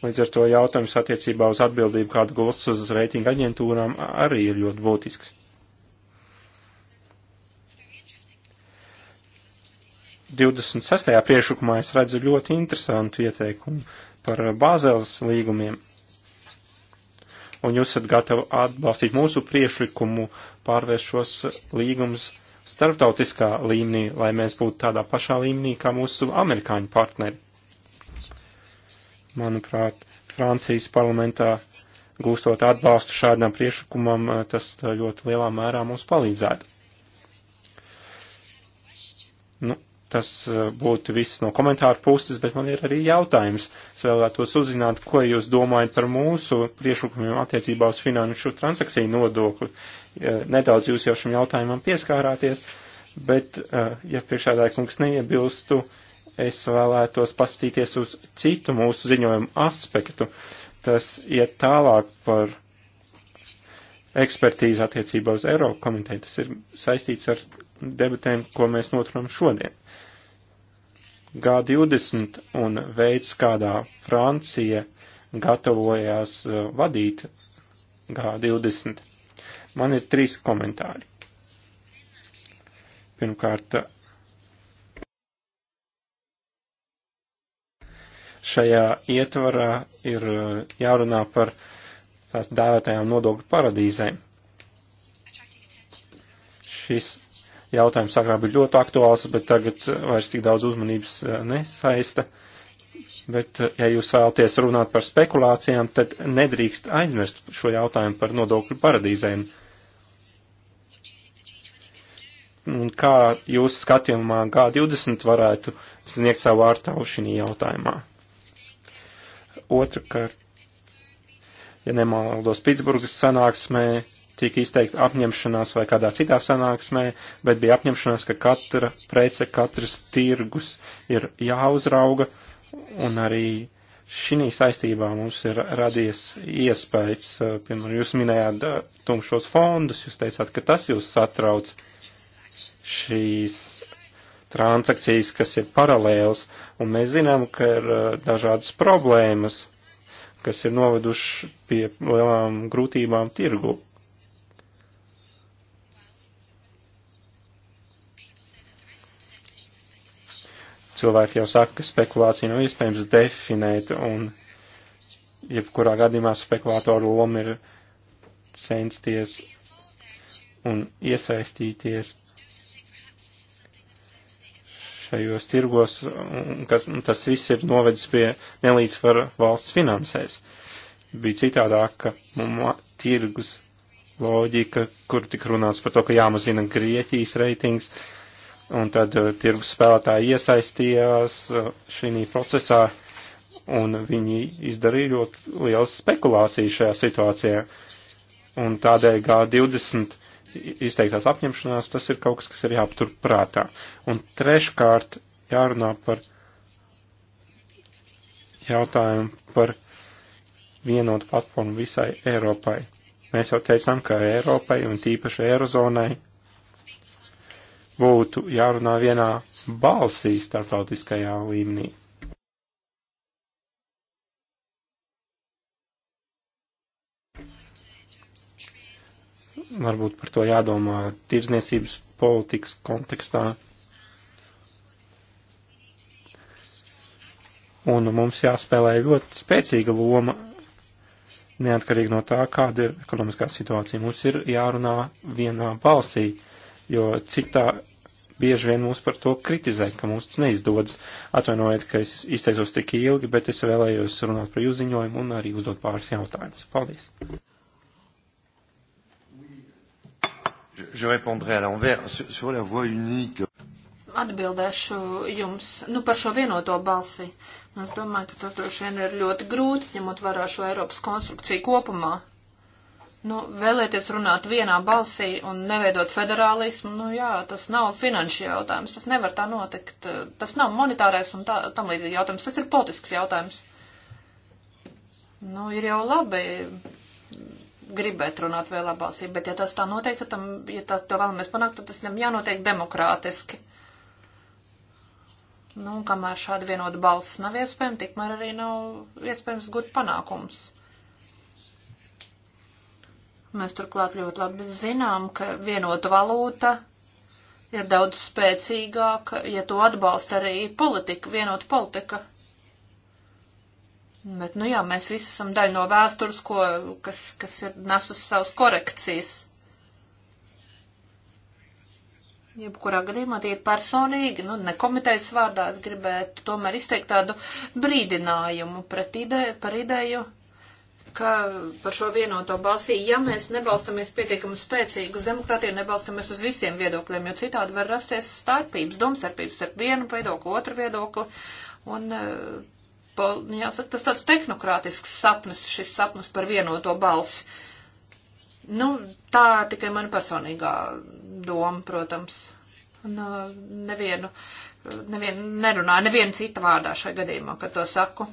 Līdz ar to jautājums attiecībā uz atbildību, kādu gulsts uz reitinga aģentūrām, arī ir ļoti būtisks. 26. priekšlikumā es redzu ļoti interesantu ieteikumu par Bāzeles līgumiem. Un jūs esat gatavi atbalstīt mūsu priešlikumu, pārvērst šos līgumus starptautiskā līmenī, lai mēs būtu tādā pašā līmenī kā mūsu amerikāņu partneri. Manuprāt, Francijas parlamentā gūstot atbalstu šādam priešlikumam, eh, tas eh, ļoti lielā mērā mums palīdzētu. Nu, tas eh, būtu viss no komentāru puses, bet man ir arī jautājums. Es vēlētos uzzināt, ko jūs domājat par mūsu priešlikumiem attiecībā uz finanšu transakciju nodokli. Nedaudz jūs jau šim jautājumam pieskārāties, bet, ja priekšādāja kungs neiebilstu, uh, es vēlētos pastīties uz citu mūsu ziņojumu aspektu. Tas iet tālāk par ekspertīzi attiecībā uz Eiropu komiteju. Tas ir saistīts ar debatēm, ko mēs noturam šodien. G20 un veids, kādā Francija gatavojās uh, vadīt G20. Man ir trīs komentāri. Pirmkārt, šajā ietvarā ir uh, jārunā par tās dēvētajām nodokļu paradīzēm. Šis jautājums agrāk bija ļoti aktuāls, bet tagad uh, vairs tik daudz uzmanības uh, nesaista. Bet, ja jūs vēlaties runāt par spekulācijām, tad nedrīkst aizmirst šo jautājumu par nodokļu paradīzēm. Un kā jūs skatījumā G20 varētu sniegt savu ārtavu šī jautājumā? Otrakārt, ja nemaldos Pitsburgas sanāksmē, tika izteikta apņemšanās vai kādā citā sanāksmē, bet bija apņemšanās, ka katra prece, katrs tirgus ir jāuzrauga, un arī šī saistībā mums ir radies iespējas, eh, piemēram, jūs minējāt eh, tumšos fondus, jūs teicāt, ka tas jūs satrauc šīs transakcijas, kas ir paralēls, Un mēs zinām, ka ir uh, dažādas problēmas, kas ir noveduši pie lielām grūtībām tirgu. Cilvēki jau saka, ka spekulācija nav iespējams definēt, un jebkurā gadījumā spekulātoru loma ir censties un iesaistīties šajos tirgos, kas tas viss ir novedis pie nelīdzsvara valsts finansēs. Bija citādāk, ka mums tirgus loģika, kur tika runāts par to, ka jāmazina Grieķijas reitings, un tad uh, tirgus spēlētāji iesaistījās uh, šī procesā, un viņi izdarīja ļoti lielas spekulācijas šajā situācijā. Un tādēļ G20 izteiktās apņemšanās, tas ir kaut kas, kas ir jāaptur prātā. Un treškārt jārunā par jautājumu par vienotu platformu visai Eiropai. Mēs jau teicām, ka Eiropai un tīpaši Eirozonai būtu jārunā vienā balsī starptautiskajā līmenī. varbūt par to jādomā tirdzniecības politikas kontekstā. Un mums jāspēlē ļoti spēcīga loma, neatkarīgi no tā, kāda ir ekonomiskā situācija. Mums ir jārunā vienā balsī, jo citā bieži vien mūs par to kritizē, ka mums tas neizdodas. Atvainojiet, ka es izteicos tik ilgi, bet es vēlējos runāt par jūziņojumu un arī uzdot pāris jautājumus. Paldies! Je répondrai à l'envers sur la voie unique. Atbildēšu jums nu, par šo vienoto balsi. Nu, es domāju, ka tas droši vien ir ļoti grūti, ņemot vērā šo Eiropas konstrukciju kopumā. Nu, vēlēties runāt vienā balsī un neveidot federālismu, nu jā, tas nav finanšu jautājums, tas nevar tā notikt. Tas nav monetārais un tā, tam līdzīgi jautājums, tas ir politisks jautājums. Nu, ir jau labi gribētu runāt vēl labāsī, bet ja tas tā noteikti, tam, ja tā, to vēlamies panākt, tad tas viņam jānotiek demokrātiski. Nu, un kamēr šāda vienota balss nav iespējama, tikmēr arī nav iespējams gūt panākums. Mēs turklāt ļoti labi zinām, ka vienota valūta ir daudz spēcīgāka, ja to atbalsta arī politika, vienota politika. Bet, nu jā, mēs visi esam daļa no vēstures, ko, kas, kas ir nesus savus korekcijas. Jebkurā gadījumā tie ir personīgi, nu, ne komitejas vārdā es gribētu tomēr izteikt tādu brīdinājumu pret ideju, par ideju, ka par šo vienoto balsī, ja mēs nebalstamies pietiekami spēcīgi uz demokrātiju, nebalstamies uz visiem viedokļiem, jo citādi var rasties starpības, domstarpības starp vienu viedokli, otru viedokli, un eh, Eiropol, nu, jāsaka, tas tāds tehnokrātisks sapnis, šis sapnis par vienoto balsi. Nu, tā ir tikai mana personīgā doma, protams. Un, uh, nevienu, nevienu nerunāju, nevienu cita vārdā šajā gadījumā, kad to saku.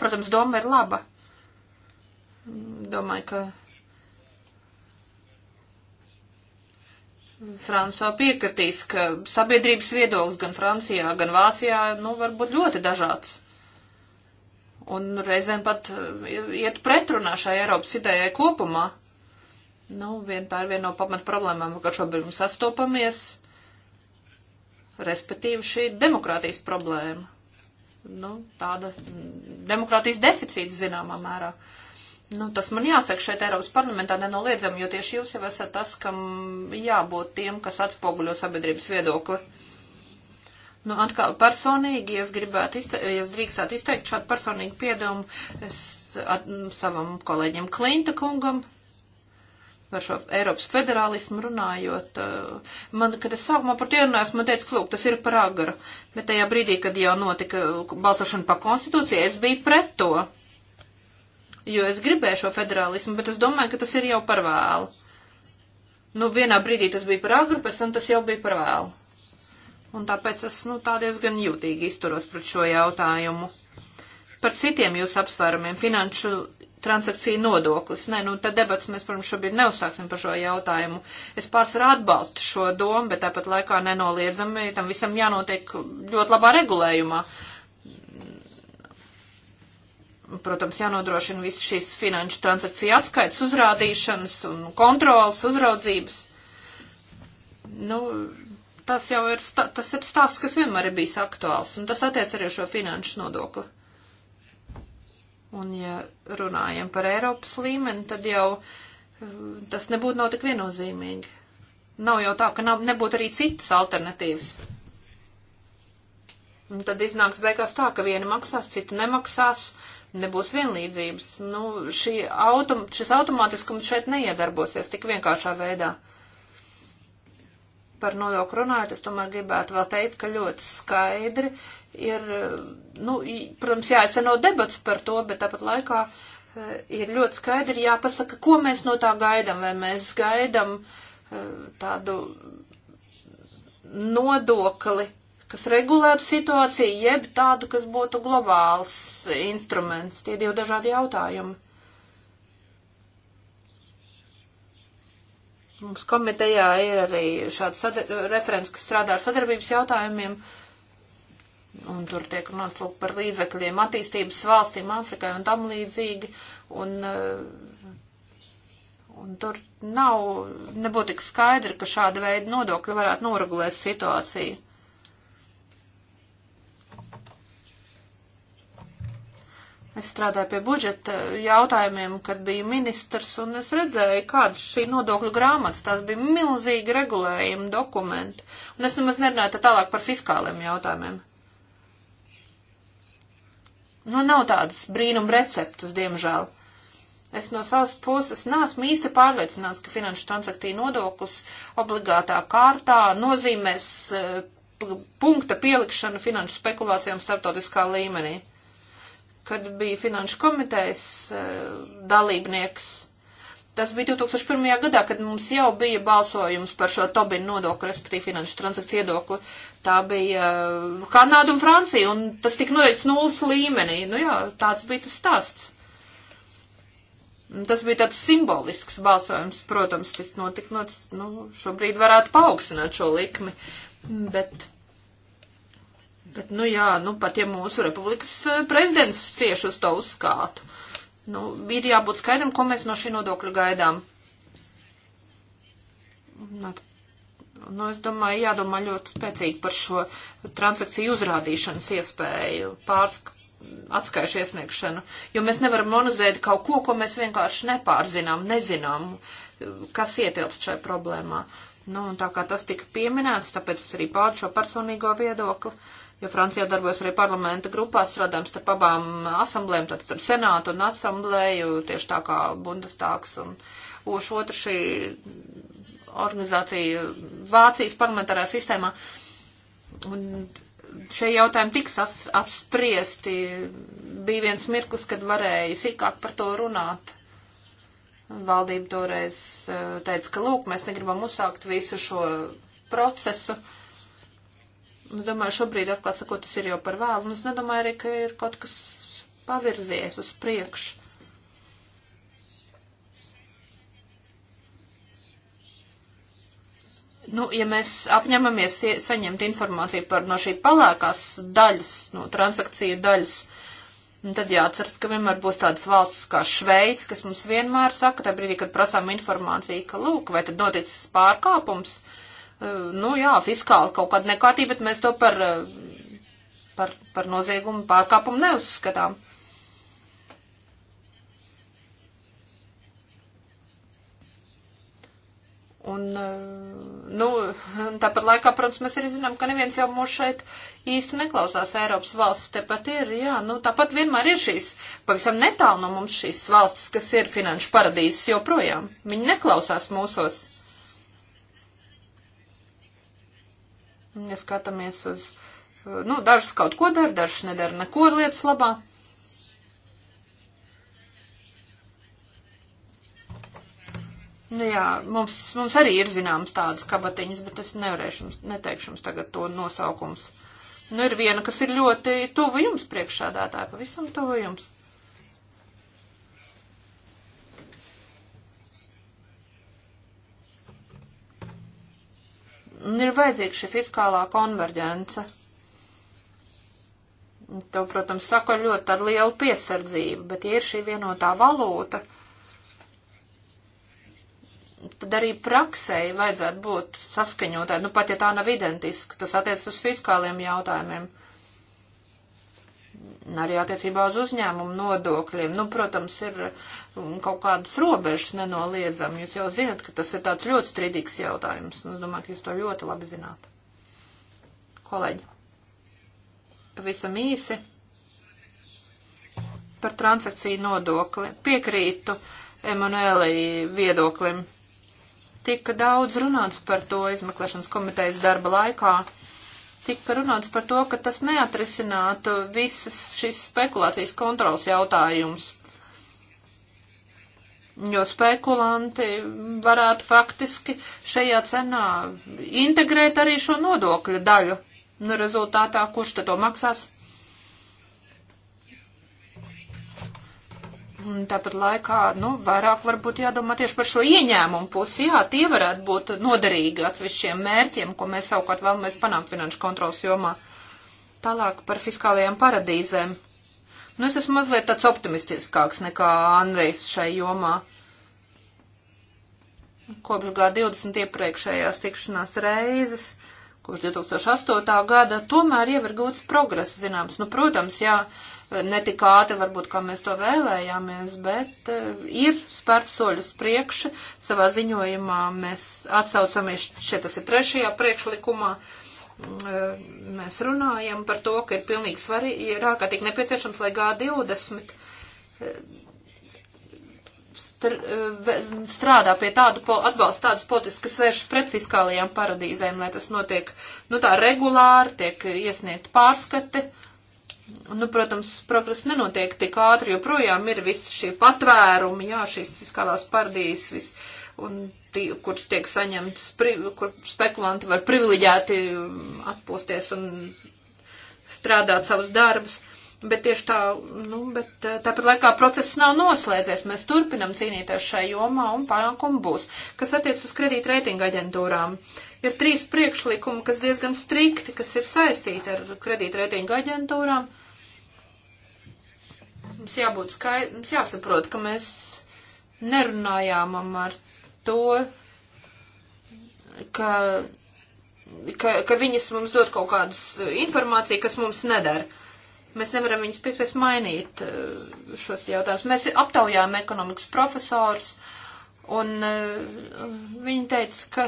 Protams, doma ir laba. Domāju, ka Franco piekritīs, ka sabiedrības viedoklis gan Francijā, gan Vācijā, nu, var būt ļoti dažāds. Un reizēm pat e, iet pretrunā šai Eiropas idejai kopumā. Nu, vienpār viena no pamat problēmām, ar ko šobrīd mums sastopamies, respektīvi šī demokrātijas problēma. Nu, tāda mm, demokrātijas deficīts zināmā mērā. Uh, Nu, tas man jāsaka šeit Eiropas parlamentā nenoliedzami, jo tieši jūs jau esat tas, kam jābūt tiem, kas atspoguļo sabiedrības viedokli. Nu, atkal personīgi, ja es gribētu, izte, ja es drīkstētu izteikt šādu personīgu piedomu, es at, nu, savam kolēģim Klinta kungam par šo Eiropas federālismu runājot, uh, man, kad es sākumā par to runāju, man teica, lūk, tas ir par agru. Bet tajā brīdī, kad jau notika balsošana par konstitūciju, es biju pret to jo es gribēju šo federālismu, bet es domāju, ka tas ir jau par vēlu. Nu, vienā brīdī tas bija par agru, pēc tam tas jau bija par vēlu. Un tāpēc es, nu, tā diezgan jūtīgi izturos pret šo jautājumu. Par citiem jūsu apsvērumiem - finanšu transakciju nodoklis. Nē, nu, tad debats mēs, protams, šobrīd neuzsāksim par šo jautājumu. Es pārsvarā atbalstu šo domu, bet tāpat laikā nenoliedzami tam visam jānotiek ļoti labā regulējumā. Uh, protams, jānodrošina visas šīs finanšu transakciju atskaites uzrādīšanas un kontrolas uzraudzības. Nu, tas jau ir, stā, tas ir stāsts, kas vienmēr ir bijis aktuāls, un tas attiec arī šo finanšu nodokli. Un, ja runājam par Eiropas līmeni, tad jau uh, tas nebūtu nav tik viennozīmīgi. Nav jau tā, ka nav, nebūtu arī citas alternatīvas. Un tad iznāks beigās tā, ka viena maksās, cita nemaksās, uh, nebūs vienlīdzības. Nu, šī autom, šis automātiskums šeit neiedarbosies tik vienkāršā veidā. Par nodokli runājot, es tomēr gribētu vēl teikt, ka ļoti skaidri ir, nu, protams, jāizseno debats par to, bet tāpat laikā e, ir ļoti skaidri jāpasaka, ko mēs no tā gaidam, vai mēs gaidam e, tādu nodokli kas regulētu situāciju, jeb tādu, kas būtu globāls instruments. Tie divi dažādi jautājumi. Mums komitejā ir arī šāds referents, kas strādā ar sadarbības jautājumiem, un tur tiek runāts lūk par līdzekļiem attīstības valstīm, Afrikai un tam līdzīgi, un, eh, un tur nav, nebūtu tik skaidri, ka šāda veida nodokļi varētu noregulēt situāciju. Es strādāju pie budžeta jautājumiem, kad biju ministrs, un es redzēju, kādas šī nodokļu grāmatas, tās bija milzīgi regulējumi dokumenti. Un es nemaz nerunāju tālāk par fiskāliem jautājumiem. Nu, nav tādas brīnuma receptes, diemžēl. Es no savas puses neesmu īsti pārliecināts, ka finanšu transakciju nodoklis obligātā kārtā nozīmēs eh, punkta pielikšanu finanšu spekulācijām starptautiskā līmenī kad bija finanšu komitejas eh, dalībnieks. Tas bija 2001. gadā, kad mums jau bija balsojums par šo Tobinu nodokli, respektīvi finanšu transakciju iedokli. Tā bija eh, Kanāda un Francija, un tas tika noteikts nulles līmenī. Nu jā, tāds bija tas stāsts. Tas bija tāds simbolisks balsojums, protams, tas notika, notic, nu, šobrīd varētu paaugstināt šo likmi, bet Bet, nu jā, nu pat ja mūsu republikas eh, prezidents cieši uz to uzskātu, nu ir jābūt skaidram, ko mēs no šī nodokļa gaidām. Nu, es domāju, jādomā ļoti spēcīgi par šo transakciju uzrādīšanas iespēju, pārsk atskaišu iesniegšanu, jo mēs nevaram monizēt kaut ko, ko mēs vienkārši nepārzinām, nezinām, kas ietilpt šai problēmā. Nu, un tā kā tas tika pieminēts, tāpēc es arī pārdu šo personīgo viedokli jo Francijā darbojas arī parlamenta grupās, strādājam starp abām asamblēm, tad starp senātu un asamblēju, tieši tā kā Bundestāks un ošu otra šī organizācija Vācijas parlamentārā sistēmā. Un šie jautājumi tiks apspriesti. Bija viens mirklis, kad varēja sīkāk par to runāt. Valdība toreiz eh, teica, ka lūk, mēs negribam uzsākt visu šo procesu. Uh, Es nu, domāju, šobrīd, atklāt sakot, tas ir jau par vēlu, un es nedomāju arī, ka ir kaut kas pavirzies uz priekšu. nu, ja mēs apņemamies saņemt informāciju par no šī palākās daļas, no transakciju daļas, nu, tad jāatceras, ka vienmēr būs tādas valstis kā Šveica, kas mums vienmēr saka, tajā brīdī, kad prasām informāciju, ka lūk, vai tad noticis pārkāpums, uh, Eh, nu jā, fiskāli kaut kāda nekārtība, bet mēs to par, eh, par, par noziegumu pārkāpumu neuzskatām. Un, eh, nu, tāpat laikā, protams, mēs arī zinām, ka neviens jau mūs šeit īsti neklausās. Eiropas valsts tepat ir, jā, nu, tāpat vienmēr ir šīs, pavisam netālu no mums šīs valstis, kas ir finanšu paradīzes joprojām. Viņi neklausās mūsos. Ja skatāmies uz, nu, dažus kaut ko dara, dažus nedara neko lietas labā. Nu jā, mums, mums arī ir zināmas tādas kabatiņas, bet es nevarēšu jums, neteikšu jums tagad to nosaukums. Nu, ir viena, kas ir ļoti tuvu jums priekšādātāji, pavisam tuvu jums. Un ir vajadzīga šī fiskālā konverģence. To, protams, saka ļoti tāda liela piesardzība, bet ja ir šī vienotā valūta, tad arī praksēji vajadzētu būt saskaņotāji. Nu, pat ja tā nav identiska, tas attiec uz fiskāliem jautājumiem arī attiecībā uz uzņēmumu nodokļiem. Nu, protams, ir kaut kādas robežas nenoliedzam. Jūs jau zinat, ka tas ir tāds ļoti strīdīgs jautājums, un es domāju, ka jūs to ļoti labi zināt. Kolēģi, pavisam īsi par transakciju nodokli. Piekrītu Emanuēlī viedoklim. Tika daudz runāts par to izmeklēšanas komitejas darba laikā. Tika runāts par to, ka tas neatrisinātu visas šīs spekulācijas kontrols jautājums jo spekulanti varētu faktiski šajā cenā integrēt arī šo nodokļu daļu. Nu, rezultātā, kurš tad to maksās? Un tāpat laikā, nu, vairāk varbūt jādomā tieši par šo ieņēmumu pusi. Jā, tie varētu būt noderīgi atsevišķiem mērķiem, ko mēs savukārt vēlamies panākt finanšu kontrols jomā. Tālāk par fiskālajām paradīzēm. Nu, es esmu mazliet tāds optimistiskāks nekā Andrejs šai jomā. Kopš G20 iepriekšējās tikšanās reizes, kopš 2008. gada, tomēr jau ir gūts progress, zināms. Nu, protams, jā, netika ātri, varbūt, kā mēs to vēlējāmies, bet eh, ir spērts soļus priekšu. Savā ziņojumā mēs atsaucamies, šeit tas ir trešajā priekšlikumā, uh, mēs runājam par to, ka ir pilnīgi svarīgi, ir ārkārtīgi nepieciešams, lai G20 eh, eh, strādā pie tādu, atbalsta tādas politikas, kas vērš pret fiskālajām paradīzēm, lai tas notiek, nu tā regulāri, tiek iesniegt pārskati. Nu, protams, progress nenotiek tik ātri, jo projām ir visi šie patvērumi, jā, šīs fiskālās paradīzes, viss un tī, kurš tiek saņemts, pri, kur spekulanti var privileģēti mm, atpūsties un strādāt savus darbus. Bet tieši tā, nu, bet tāpat laikā process nav noslēdzies. Mēs turpinam cīnīties šajā jomā un panākumu būs. Kas attiec uz kredīt reitinga aģentūrām, ir trīs priekšlikumi, kas diezgan strikti, kas ir saistīti ar kredīt reitinga aģentūrām. Mums jābūt skaidrs, mums jāsaprot, ka mēs nerunājām ar to, ka, ka, ka viņas mums dod kaut kādas informāciju, kas mums nedara. Mēs nevaram viņus piespies mainīt eh, šos jautājumus. Mēs aptaujām ekonomikas profesors, un eh, viņi teica, ka,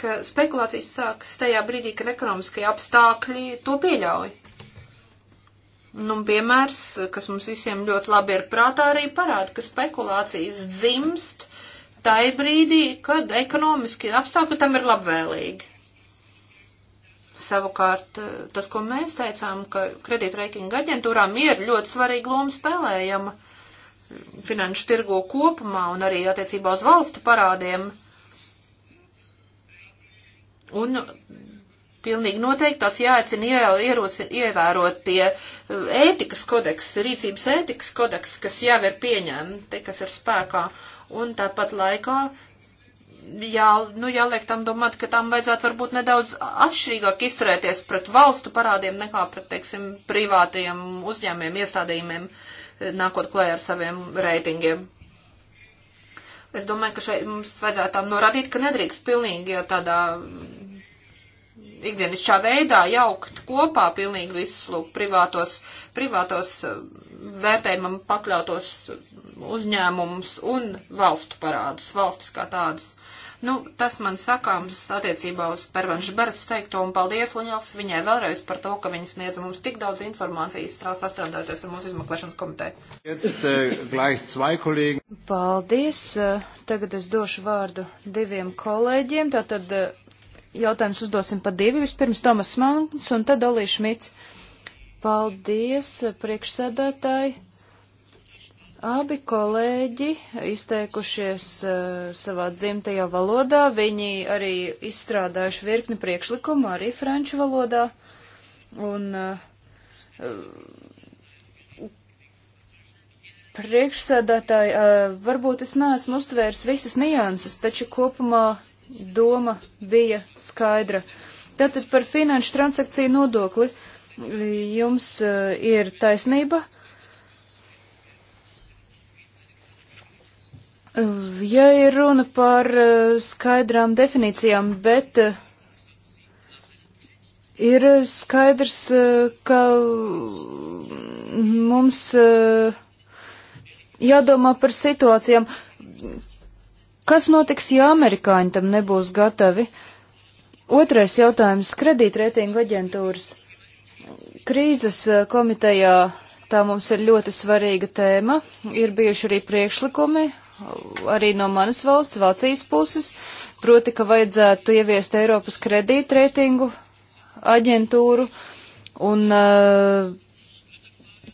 ka spekulācijas sākas tajā brīdī, kad ekonomiskie apstākļi to pieļauj. Nu, piemērs, kas mums visiem ļoti labi ir prātā, arī parāda, ka spekulācijas dzimst tai brīdī, kad ekonomiski apstākļi tam ir labvēlīgi. Savukārt, tas, ko mēs teicām, ka kredītreitinga aģentūrām ir ļoti svarīga loma spēlējama finanšu tirgo kopumā un arī attiecībā uz valstu parādiem. Un Pilnīgi noteikti tas jāaicina ievērot tie eh, ētikas kodeks, rīcības ētikas kodeks, kas jau ir pieņemti, kas ir spēkā. Un tāpat laikā jā, nu, jāliek tam domāt, ka tam vajadzētu varbūt nedaudz atšķirīgāk izturēties pret valstu parādiem nekā pret, teiksim, privātiem uzņēmiem, iestādījumiem, eh, nākot klē ar saviem reitingiem. Es domāju, ka šeit mums vajadzētu tam norādīt, ka nedrīkst pilnīgi jau tādā ikdienišķā veidā jaukt kopā pilnīgi visus lūk privātos, privātos eh, vērtējumam pakļautos uzņēmumus un valstu parādus, valstis kā tādas. Nu, tas man sakāms attiecībā uz Pervanšu Beres teikto, un paldies Luņals viņai vēlreiz par to, ka viņas sniedza mums tik daudz informācijas, tā sastrādājoties ar mūsu izmeklēšanas komiteju. Äh, paldies! Tagad es došu vārdu diviem kolēģiem, tātad jautājumus uzdosim pa divi. Vispirms Tomas Mans un tad Olī Šmits. Paldies, priekšsēdētāji. Abi kolēģi izteikušies uh, savā dzimtajā valodā. Viņi arī izstrādājuši virkni priekšlikumu arī franču valodā. Un uh, priekšsēdētāji, uh, varbūt es neesmu uztvērs visas nianses, taču kopumā doma bija skaidra. Tātad par finanšu transakciju nodokli jums eh, ir taisnība. Ja ir runa par eh, skaidrām definīcijām, bet eh, ir skaidrs, ka mums jādomā par situācijām, Kas notiks, ja amerikāņi tam nebūs gatavi? Otrais jautājums - kredītreitingu aģentūras. Krīzes eh, komitejā tā mums ir ļoti svarīga tēma. Ir bijuši arī priekšlikumi, arī no manas valsts, Vācijas puses, proti, ka vajadzētu ieviest Eiropas kredītreitingu aģentūru. Un uh,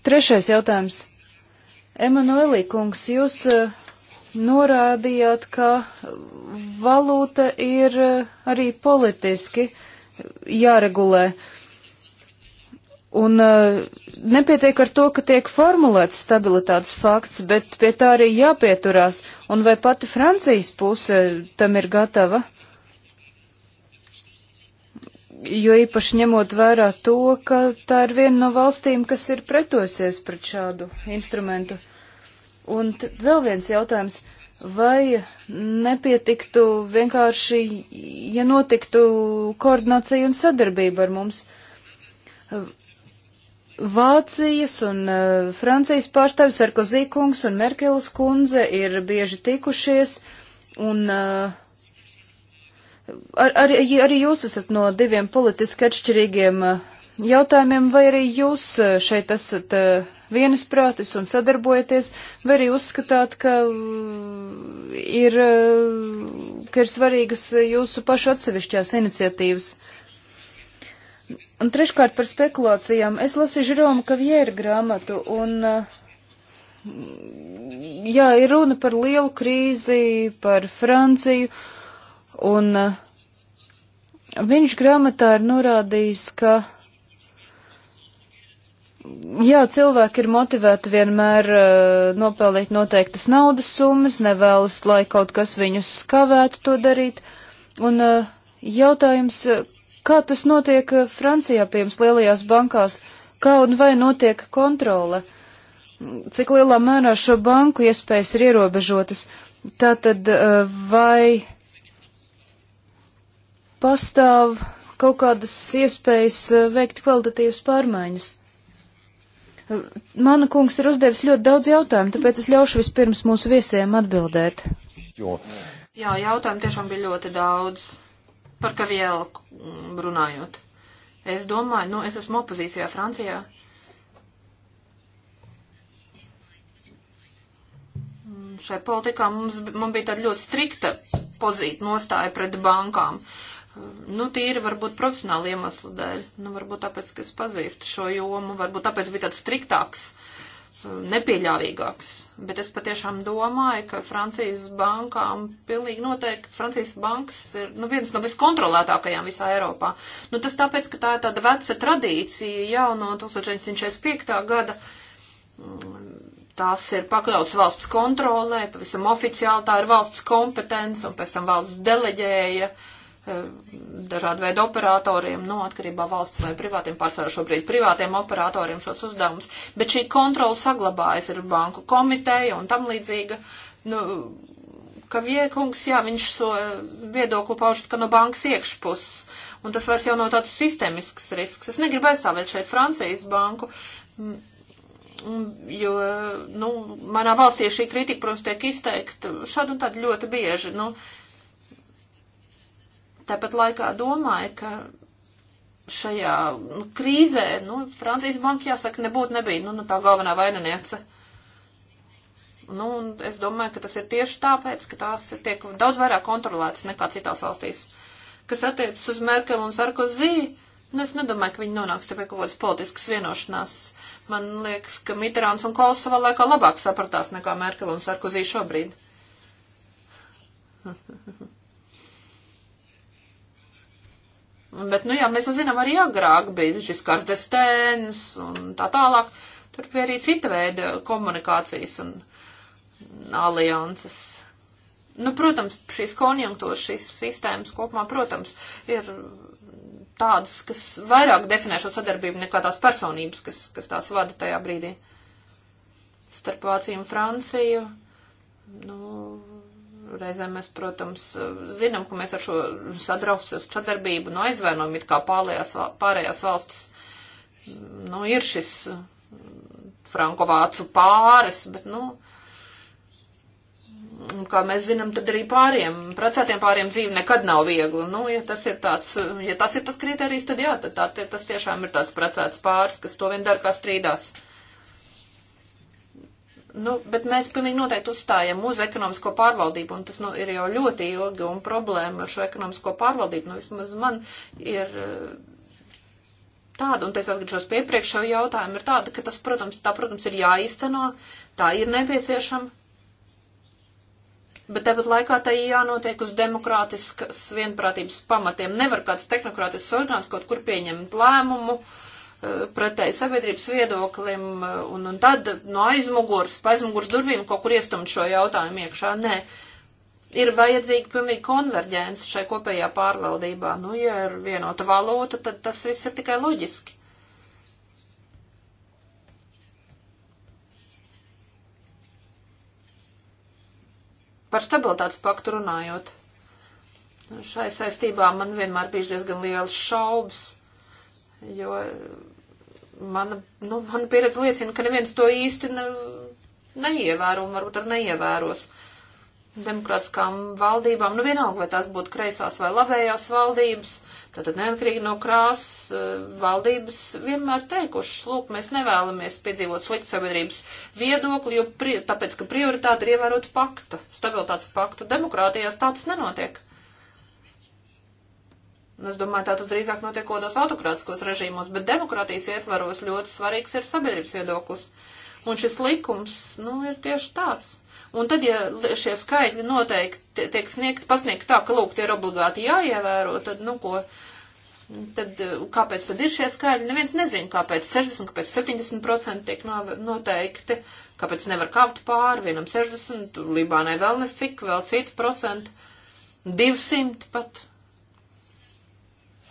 trešais jautājums. Emanuelī kungs, jūs uh, norādījāt, ka valūta ir eh, arī politiski jāregulē. Un uh, nepietiek ar to, ka tiek formulēts stabilitātes fakts, bet pie tā arī jāpieturās. Un vai pati Francijas puse tam ir gatava? Jo īpaši ņemot vērā to, ka tā ir viena no valstīm, kas ir pretosies pret šādu instrumentu. Un vēl viens jautājums. Vai nepietiktu vienkārši, ja notiktu koordinācija un sadarbība ar mums? Vācijas un uh, Francijas pārstāvis Sarkozī kungs un Merkelas kundze ir bieži tikušies, un uh, ar, ar, arī jūs esat no diviem politiski atšķirīgiem uh, jautājumiem, vai arī jūs uh, šeit esat. Uh, vienisprātis un sadarbojaties, vai arī uzskatāt, ka mm, ir, mm, ka ir svarīgas jūsu pašu atsevišķās iniciatīvas. Un treškārt par spekulācijām. Es lasīju Žiroma Kavjēra grāmatu un uh, jā, ir runa par lielu krīzi, par Franciju, un viņš grāmatā ir norādījis, ka Jā, cilvēki ir motivēti vienmēr uh, nopelnīt noteiktas naudas summas, nevēlas, lai kaut kas viņus skavētu to darīt. Un uh, jautājums, eh, kā tas notiek Francijā, pirms lielajās bankās, kā un vai notiek kontrole, cik lielā mērā šo banku iespējas ir ierobežotas. Tātad, uh, vai pastāv kaut kādas iespējas veikt kvalitatīvas pārmaiņas? Mana kungs ir uzdevis ļoti daudz jautājumu, tāpēc es ļaušu vispirms mūsu viesiem atbildēt. Jo. Jā, jautājumu tiešām bija ļoti daudz. Par kavielu runājot. Es domāju, nu, es esmu opozīcijā Francijā. Šai politikā mums, man bija tāda ļoti strikta pozīt nostāja pret bankām. Uh, Nu, tīri varbūt profesionāli iemeslu dēļ. Nu, varbūt tāpēc, ka es pazīstu šo jomu, varbūt tāpēc bija tāds striktāks, eh, nepieļāvīgāks. Bet es patiešām domāju, ka Francijas bankām pilnīgi noteikti Francijas bankas ir, nu, viens no viskontrolētākajām visā Eiropā. Nu, tas tāpēc, ka tā ir tāda veca tradīcija jau no 1945. gada mm, tās ir pakļauts valsts kontrolē, pavisam oficiāli tā ir valsts kompetence, un pēc tam valsts deleģēja uh, Eh, dažādu veidu operatoriem, nu, no atkarībā valsts vai privātiem, pārsvarā šobrīd privātiem operatoriem šos uzdevumus, bet šī kontrola saglabājas ar banku komiteju un tam līdzīga. Nu, ka viekungs, jā, viņš šo so eh, viedokli pauž, ka no bankas iekšpuses, un tas vairs jau no tāds sistemisks risks. Es negribu aizstāvēt šeit Francijas banku, jo, eh, nu, manā valstī šī kritika, protams, tiek izteikta šad un tad ļoti bieži, nu, uh, Tāpat laikā domāju, ka šajā krīzē, nu, Francijas banka jāsaka, nebūtu nebija, nu, nu tā galvenā vaininiece. Nu, un es domāju, ka tas ir tieši tāpēc, ka tās ir tiek daudz vairāk kontrolētas nekā citās valstīs. Kas attiecas uz Merkel un Sarkozy, nu, es nedomāju, ka viņi nonāks pie kaut kādas politiskas vienošanās. Man liekas, ka Mitterāns un Kols savā laikā labāk sapratās nekā Merkel un Sarkozy šobrīd. Bet, nu jā, mēs jau zinām, arī agrāk bija šis karstestēns un tā tālāk. Tur bija arī cita veida komunikācijas un alianses. Nu, protams, šīs konjunktūras, šīs sistēmas kopumā, protams, ir tādas, kas vairāk definē šo sadarbību nekā tās personības, kas, kas tās vada tajā brīdī. Starp Vāciju un Franciju, nu, Reizēm mēs, protams, zinām, ka mēs ar šo sadrausies čadarbību, no nu, aizvainojam it kā pārējās, pārējās valsts, nu, ir šis mm, frankovācu pāris, bet, nu, kā mēs zinām, tad arī pāriem, precētiem pāriem dzīve nekad nav viegla. Nu, ja tas ir tāds, ja tas ir tas kriterijs, tad jā, tad tā, tas tiešām ir tāds precēts pāris, kas to vien dara, kā strīdās. Nu, bet mēs pilnīgi noteikti uzstājam uz ekonomisko pārvaldību, un tas nu, ir jau ļoti ilgi, un problēma ar šo ekonomisko pārvaldību, nu, vismaz man ir eh, tāda, un pēc atgriežos pie priekšējo jautājumu, ir tāda, ka tas, protams, tā, protams, ir jāīsteno, tā ir nepieciešama, bet tāpat laikā tai jānotiek uz demokrātiskas vienprātības pamatiem. Nevar kāds tehnokrātisks orgāns kaut kur pieņemt lēmumu, uh, pretēji sabiedrības viedoklim uh, un, un tad no aizmugurs, pa aizmugurs durvīm kaut kur iestumt šo jautājumu iekšā. Nē, ir vajadzīga pilnīga konverģence šai kopējā pārvaldībā. Nu, ja ir vienota valūta, tad tas viss ir tikai loģiski. Par stabilitātes paktu runājot. Šai saistībā man vienmēr bija diezgan liels šaubas, jo mana, nu, mana pieredze liecina, ka neviens to īsti ne, neievēro un varbūt arī neievēros. Demokrātiskām valdībām, nu vienalga, vai tās būtu kreisās vai labējās valdības, tātad neatkarīgi no krās eh, valdības vienmēr teikušas, lūk, mēs nevēlamies piedzīvot sliktu sabiedrības viedokli, jo pri, tāpēc, ka prioritāte ir ievērot paktu, stabilitātes paktu. Demokrātijās tāds nenotiek. Es domāju, tā tas drīzāk notiek kodos autokrātiskos režīmos, bet demokrātijas ietvaros ļoti svarīgs ir sabiedrības viedoklis. Un šis likums, nu, ir tieši tāds. Un tad, ja šie skaitļi noteikti tiek sniegt, pasniegt tā, ka, lūk, tie ir obligāti jāievēro, tad, nu, ko, tad kāpēc tad ir šie skaitļi? Neviens nezina, kāpēc 60, kāpēc 70% tiek noteikti, kāpēc nevar kāpt pāri, vienam 60, Libānai vēl nes cik, vēl citu procentu, 200 pat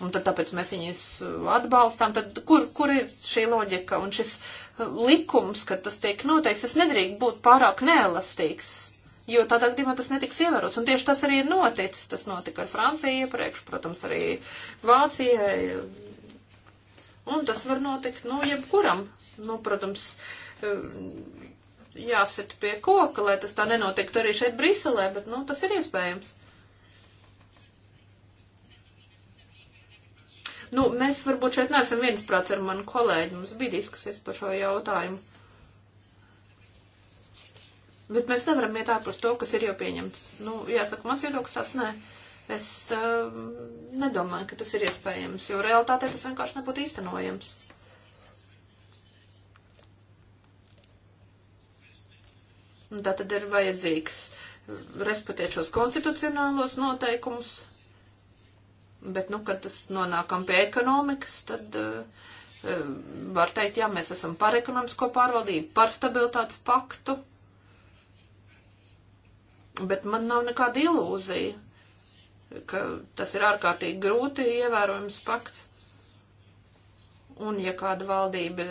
un tad tāpēc mēs viņus uh, atbalstām, tad kur, kur ir šī loģika un šis uh, likums, ka tas tiek noteikts, tas nedrīkst būt pārāk neelastīgs, jo tādā gadījumā tas netiks ievērots, un tieši tas arī ir noticis, tas notika ar Franciju iepriekš, protams, arī Vācijai, un tas var notikt, nu, jebkuram, nu, protams, uh, jāsit pie koka, lai tas tā nenotiktu arī šeit Briselē, bet, nu, tas ir iespējams. Nu, mēs varbūt šeit neesam viensprāts ar manu kolēģi, mums bija diskusijas par šo jautājumu. Bet mēs nevaram iet ārpus to, kas ir jau pieņemts. Nu, jāsaka, mans viedoklis tāds nē. Es uh, nedomāju, ka tas ir iespējams, jo realitātē tas vienkārši nebūtu īstenojams. Un tā tad ir vajadzīgs respektēt šos konstitucionālos noteikumus, Bet, nu, kad tas nonākam pie ekonomikas, tad uh, var teikt, jā, mēs esam par ekonomisko pārvaldību, par stabilitātes paktu. Bet man nav nekāda ilūzija, ka tas ir ārkārtīgi grūti ievērojams pakts. Un ja kāda valdība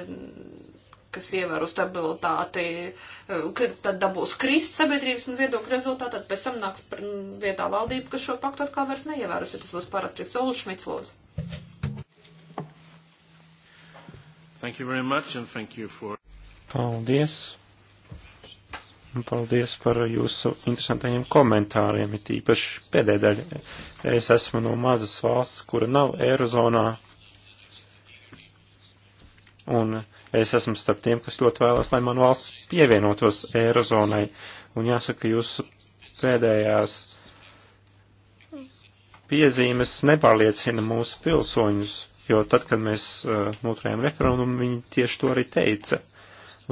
kas ievēro stabilitāti, e, tad dabūs krist sabiedrības un viedokļu rezultātā, tad pēc tam nāks vietā valdība, kas šo paktu atkal vairs neievēros, jo tas būs parastrīgs Olu Šmits lūdzu. Thank you very much and thank you for. Paldies. Un paldies par jūsu interesantajiem komentāriem, it īpaši pēdējā daļa. Es esmu no mazas valsts, kura nav Eirozonā. Un uh, Es esmu starp tiem, kas ļoti vēlas, lai man valsts pievienotos Eirozonai. Un jāsaka, jūsu pēdējās piezīmes nepārliecina mūsu pilsoņus, jo tad, kad mēs uh, noturējām referendumu, viņi tieši to arī teica.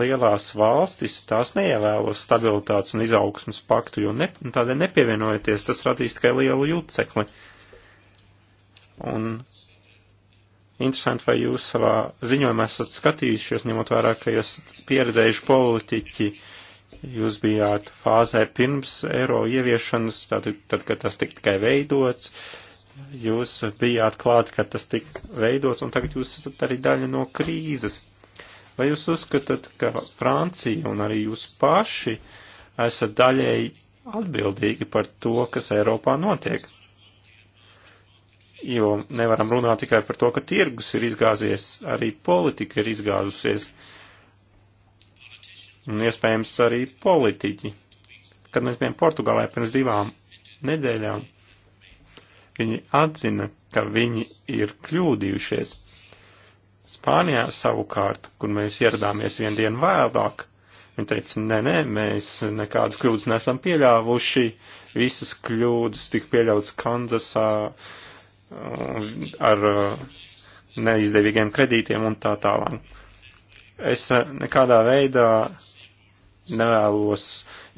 Lielās valstis tās neievēlas stabilitātes un izaugsmas paktu, jo ne, tādēļ nepievienojoties, tas radīs tikai lielu jūtcekli. Un Interesanti, vai jūs savā ziņojumā esat skatījušies, ņemot vērā, ka jūs pieredzējuši politiķi, jūs bijāt fāzē pirms eiro ieviešanas, tad, tad kad tas tika tikai veidots, jūs bijāt klāt, kad tas tika veidots, un tagad jūs esat arī daļa no krīzes. Vai jūs uzskatāt, ka Francija un arī jūs paši esat daļēji atbildīgi par to, kas Eiropā notiek? jo nevaram runāt tikai par to, ka tirgus ir izgāzies, arī politika ir izgāzusies, un iespējams arī politiķi. Kad mēs bijām Portugālē pirms divām nedēļām, viņi atzina, ka viņi ir kļūdījušies. Spānijā savukārt, kur mēs ieradāmies vienu dienu vēlāk, viņi teica, nē, nē, mēs nekādas kļūdas nesam pieļāvuši, visas kļūdas tika pieļautas Kanzasā, uh, ar uh, neizdevīgiem kredītiem un tā tālāk. Es uh, nekādā veidā nevēlos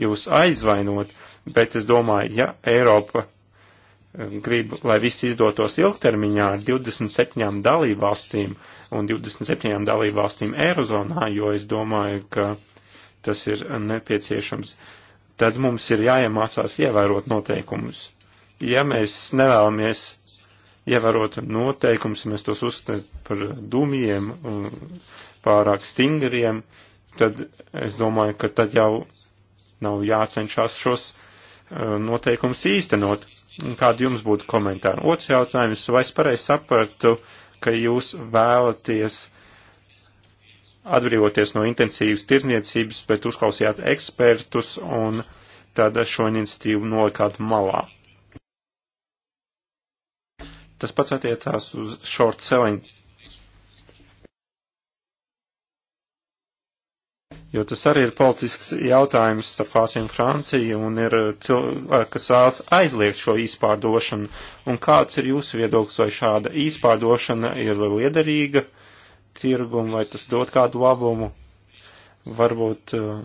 jūs aizvainot, bet es domāju, ja Eiropa um, grib, lai viss izdotos ilgtermiņā ar 27 dalībvalstīm un 27 dalībvalstīm Eirozonā, jo es domāju, ka tas ir nepieciešams, tad mums ir jāiemācās ievērot noteikumus. Ja mēs nevēlamies ievērot noteikumus, ja mēs tos uzskatām par dumjiem un pārāk stingriem, tad es domāju, ka tad jau nav jācenšas šos eh, noteikumus īstenot. Kādi jums būtu komentāri? Otrs jautājums, vai es pareizi sapratu, ka jūs vēlaties atbrīvoties no intensīvas tirzniecības, bet uzklausījāt ekspertus un tad šo iniciatīvu nolikāt malā. Tas pats attiecās uz short selling. Jo tas arī ir politisks jautājums starp Vāciju un Franciju, un ir eh, cilvēki, kas vēlas aizliegt šo īspārdošanu. Un kāds ir jūsu viedoklis, vai šāda īspārdošana ir liederīga tirgum, vai tas dod kādu labumu? Varbūt uh,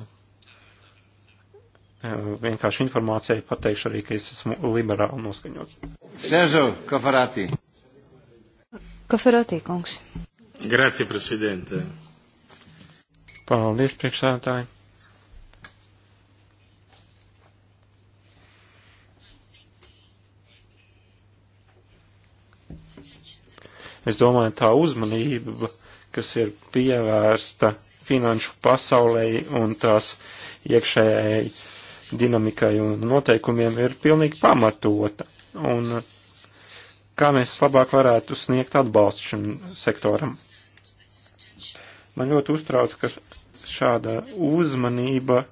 vienkārši informācijai pateikšu arī, ka es esmu liberāli noskaņots. Sežu, Kafarātī. Kafarātī, kungs. Grācija, prezidente. Paldies, priekšsēdētāji. Es domāju, tā uzmanība, kas ir pievērsta finanšu pasaulē un tās iekšējai dinamikai un noteikumiem ir pilnīgi pamatota. Un uh, kā mēs labāk varētu sniegt atbalstu šim sektoram? Man ļoti uztrauc, ka šāda uzmanība uh,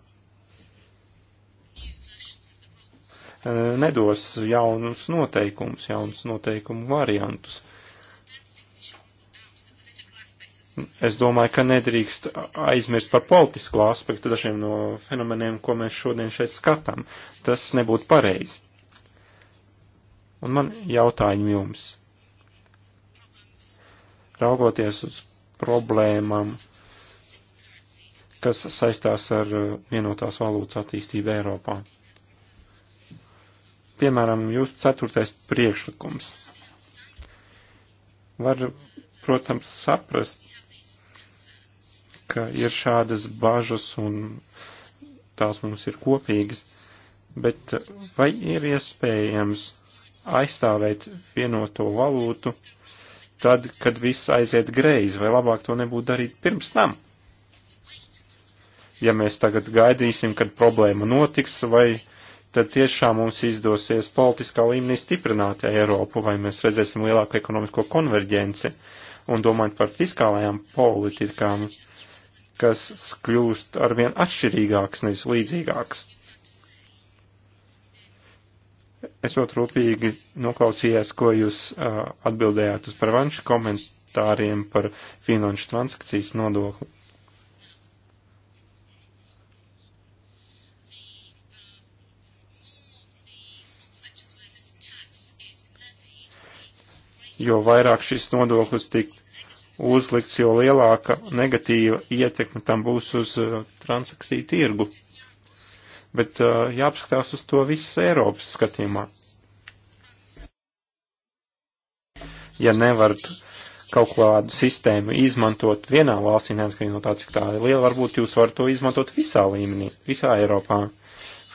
nedos jaunus noteikumus, jaunus noteikumu variantus es domāju, ka nedrīkst aizmirst par politisko aspektu dažiem no fenomeniem, ko mēs šodien šeit skatām. Tas nebūtu pareizi. Un man jautājumi jums. Raugoties uz problēmām, kas saistās ar vienotās valūtas attīstību Eiropā. Piemēram, jūsu ceturtais priekšlikums. Var, protams, saprast, ka ir šādas bažas un tās mums ir kopīgas, bet vai ir iespējams aizstāvēt vienoto valūtu tad, kad viss aiziet greizi, vai labāk to nebūtu darīt pirms tam? Ja mēs tagad gaidīsim, kad problēma notiks, vai tad tiešām mums izdosies politiskā līmenī stiprināt Eiropu, vai mēs redzēsim lielāku ekonomisko konverģenci un domājot par fiskālajām politikām, uh, kas kļūst arvien atšķirīgāks, nevis līdzīgāks. Es ļoti rūpīgi noklausījos, ko jūs uh, atbildējāt uz parvanšu komentāriem par finanšu transakcijas nodokli. jo vairāk šis nodoklis tik uzlikts, jo lielāka negatīva ietekme tam būs uz uh, transakciju tirgu. Bet uh, jāapskatās uz to viss Eiropas skatījumā. Ja nevarat kaut kādu sistēmu izmantot vienā valstī, neatkarīgi no tā, cik tā ir liela, varbūt jūs varat to izmantot visā līmenī, visā Eiropā.